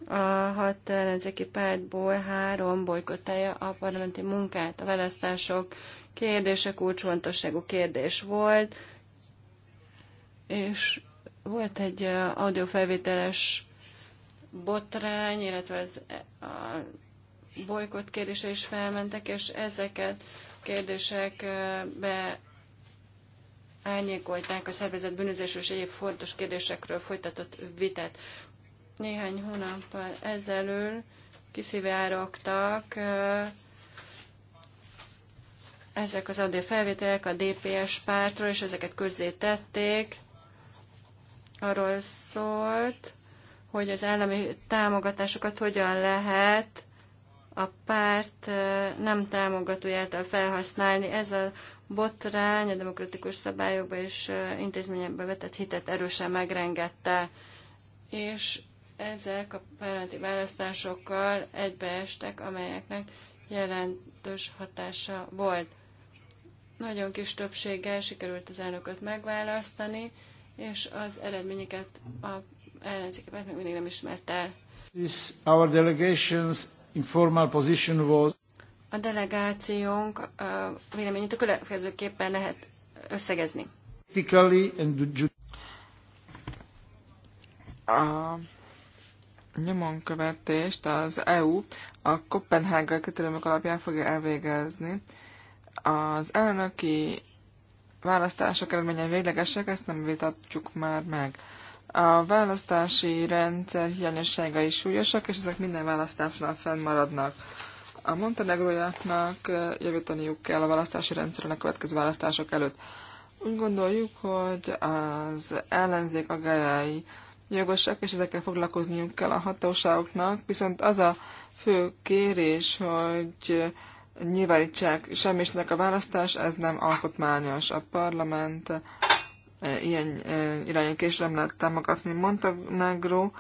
a hat ellenzéki pártból három bolykottálja a parlamenti munkát. A választások kérdése kulcsfontosságú kérdés volt, és volt egy audiofelvételes botrány, illetve az, a bolykott kérdése is felmentek, és ezeket kérdésekbe árnyékolták a szervezet bűnözésről és egyéb fontos kérdésekről folytatott vitát. Néhány hónappal ezelől kiszivárogtak ezek az audio felvételek a DPS pártról, és ezeket közzé tették. Arról szólt, hogy az állami támogatásokat hogyan lehet a párt nem támogatójától felhasználni. Ez a botrány a demokratikus szabályokba és intézményekbe vetett hitet erősen megrengette, és ezek a parlamenti választásokkal egybeestek, amelyeknek jelentős hatása volt. Nagyon kis többséggel sikerült az elnököt megválasztani, és az eredményeket a ellenzékepárt még mindig nem ismert el. This our delegation's informal position was a delegációnk véleményét a következőképpen lehet összegezni. A nyomonkövetést az EU a Kopenhága kötelemek alapján fogja elvégezni. Az elnöki választások eredménye véglegesek, ezt nem vitatjuk már meg. A választási rendszer hiányosságai súlyosak, és ezek minden választásnál fennmaradnak. A montenegróiaknak javítaniuk kell a választási rendszeren a következő választások előtt. Úgy gondoljuk, hogy az ellenzék agályai jogosak, és ezekkel foglalkozniuk kell a hatóságoknak, viszont az a fő kérés, hogy nyilvánítsák semmisnek a választás, ez nem alkotmányos. A parlament ilyen irányú késre nem lehet támogatni. Montenegró,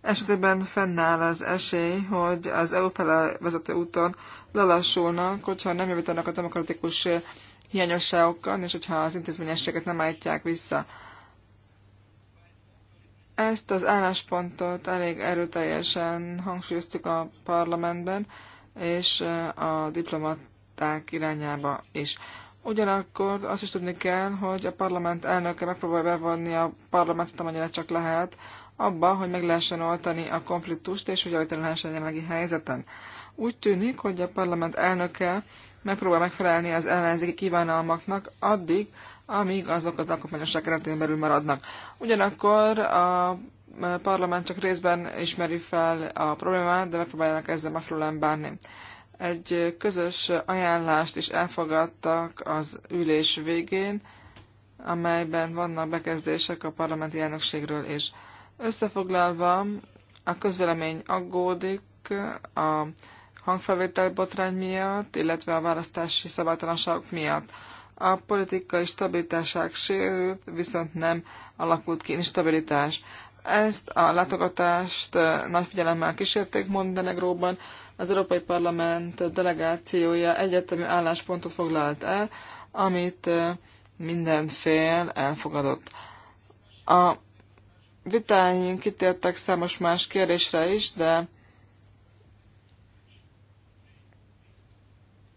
esetében fennáll az esély, hogy az EU fele vezető úton lelassulnak, hogyha nem javítanak a demokratikus hiányosságokkal, és hogyha az intézményességet nem állítják vissza. Ezt az álláspontot elég erőteljesen hangsúlyoztuk a parlamentben, és a diplomaták irányába is. Ugyanakkor azt is tudni kell, hogy a parlament elnöke megpróbálja bevonni a parlamentet, amennyire csak lehet, abba, hogy meg lehessen oltani a konfliktust, és hogy ajtani lehessen a jelenlegi helyzeten. Úgy tűnik, hogy a parlament elnöke megpróbál megfelelni az ellenzéki kívánalmaknak addig, amíg azok az alkotmányosság keretén belül maradnak. Ugyanakkor a parlament csak részben ismeri fel a problémát, de megpróbálják ezzel megfelelően bánni. Egy közös ajánlást is elfogadtak az ülés végén, amelyben vannak bekezdések a parlamenti elnökségről és Összefoglalva, a közvélemény aggódik a hangfelvétel botrány miatt, illetve a választási szabálytalanságok miatt. A politikai stabilitásság sérült, viszont nem alakult ki instabilitás. Ezt a látogatást nagy figyelemmel kísérték Montenegróban. Az Európai Parlament delegációja egyetemű álláspontot foglalt el, amit minden fél elfogadott. A vitáink kitértek számos más kérdésre is, de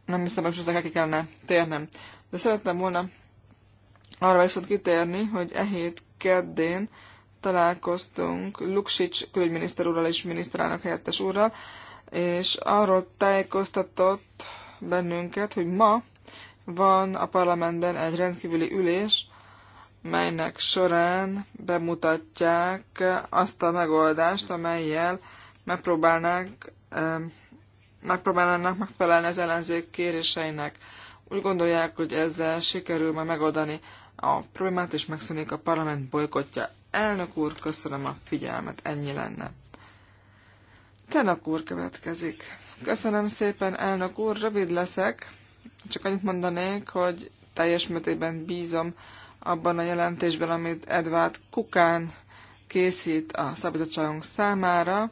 nem hiszem, hogy ezek ki kellene térnem. De szerettem volna arra viszont kitérni, hogy e hét keddén találkoztunk Luksics külügyminiszter úrral és miniszterelnök helyettes úrral, és arról tájékoztatott bennünket, hogy ma van a parlamentben egy rendkívüli ülés, melynek során bemutatják azt a megoldást, amelyel megpróbálnák, megpróbálnának megfelelni az ellenzék kéréseinek. Úgy gondolják, hogy ezzel sikerül majd megoldani a problémát, és megszűnik a parlament bolykotja. Elnök úr, köszönöm a figyelmet, ennyi lenne. Tenak úr következik. Köszönöm szépen, elnök úr, rövid leszek. Csak annyit mondanék, hogy teljes mértékben bízom abban a jelentésben, amit Edvard Kukán készít a szabadságunk számára,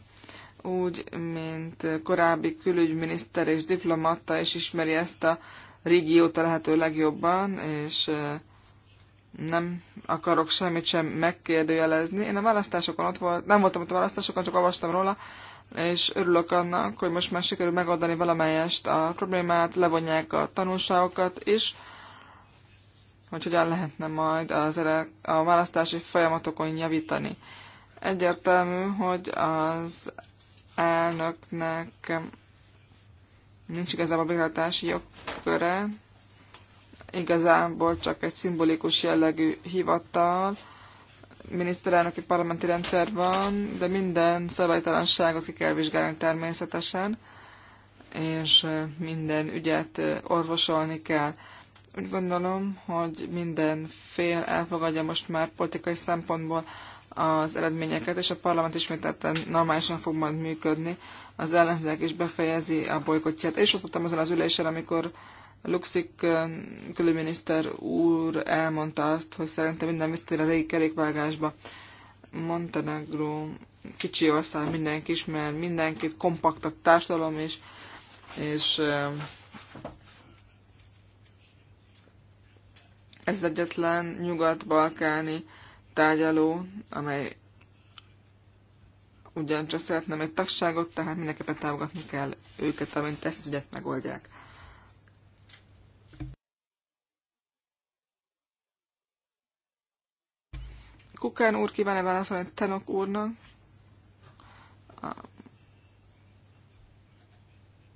úgy, mint korábbi külügyminiszter és diplomata, és ismeri ezt a régiót a lehető legjobban, és nem akarok semmit sem megkérdőjelezni. Én a választásokon ott volt, nem voltam ott a választásokon, csak olvastam róla, és örülök annak, hogy most már sikerül megoldani valamelyest a problémát, levonják a tanulságokat, és hogy hogyan lehetne majd az ele- a választási folyamatokon javítani. Egyértelmű, hogy az elnöknek nincs igazából bírálatási jogköre, igazából csak egy szimbolikus jellegű hivatal, miniszterelnöki parlamenti rendszer van, de minden szabálytalanságot ki kell vizsgálni természetesen, és minden ügyet orvosolni kell. Úgy gondolom, hogy minden fél elfogadja most már politikai szempontból az eredményeket, és a parlament ismételten normálisan fog majd működni. Az ellenzék is befejezi a bolykotját. És ott voltam azon az ülésen, amikor Luxik külügyminiszter úr elmondta azt, hogy szerintem minden visszatér a régi kerékvágásba. Montenegro kicsi ország, mindenki ismer, mindenkit kompakt a társadalom, és, és Ez egyetlen nyugat-balkáni tárgyaló, amely ugyancsak szeretne egy tagságot, tehát mindenképpen támogatni kell őket, amint ezt az ügyet megoldják. Kukán úr kíván-e válaszolni Tenok úrnak?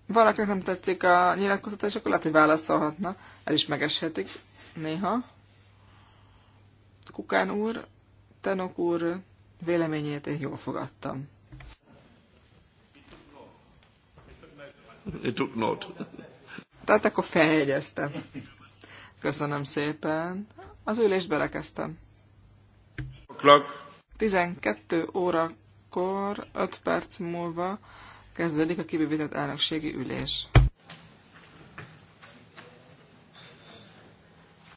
Valakinek nem tetszik a nyilatkozata, és akkor lehet, hogy válaszolhatna. El is megeshetik néha. Kukán úr, Tenok úr véleményét én jól fogadtam. It took note. Tehát akkor feljegyeztem. Köszönöm szépen. Az ülést berekeztem. 12 órakor, 5 perc múlva kezdődik a kibővített elnökségi ülés.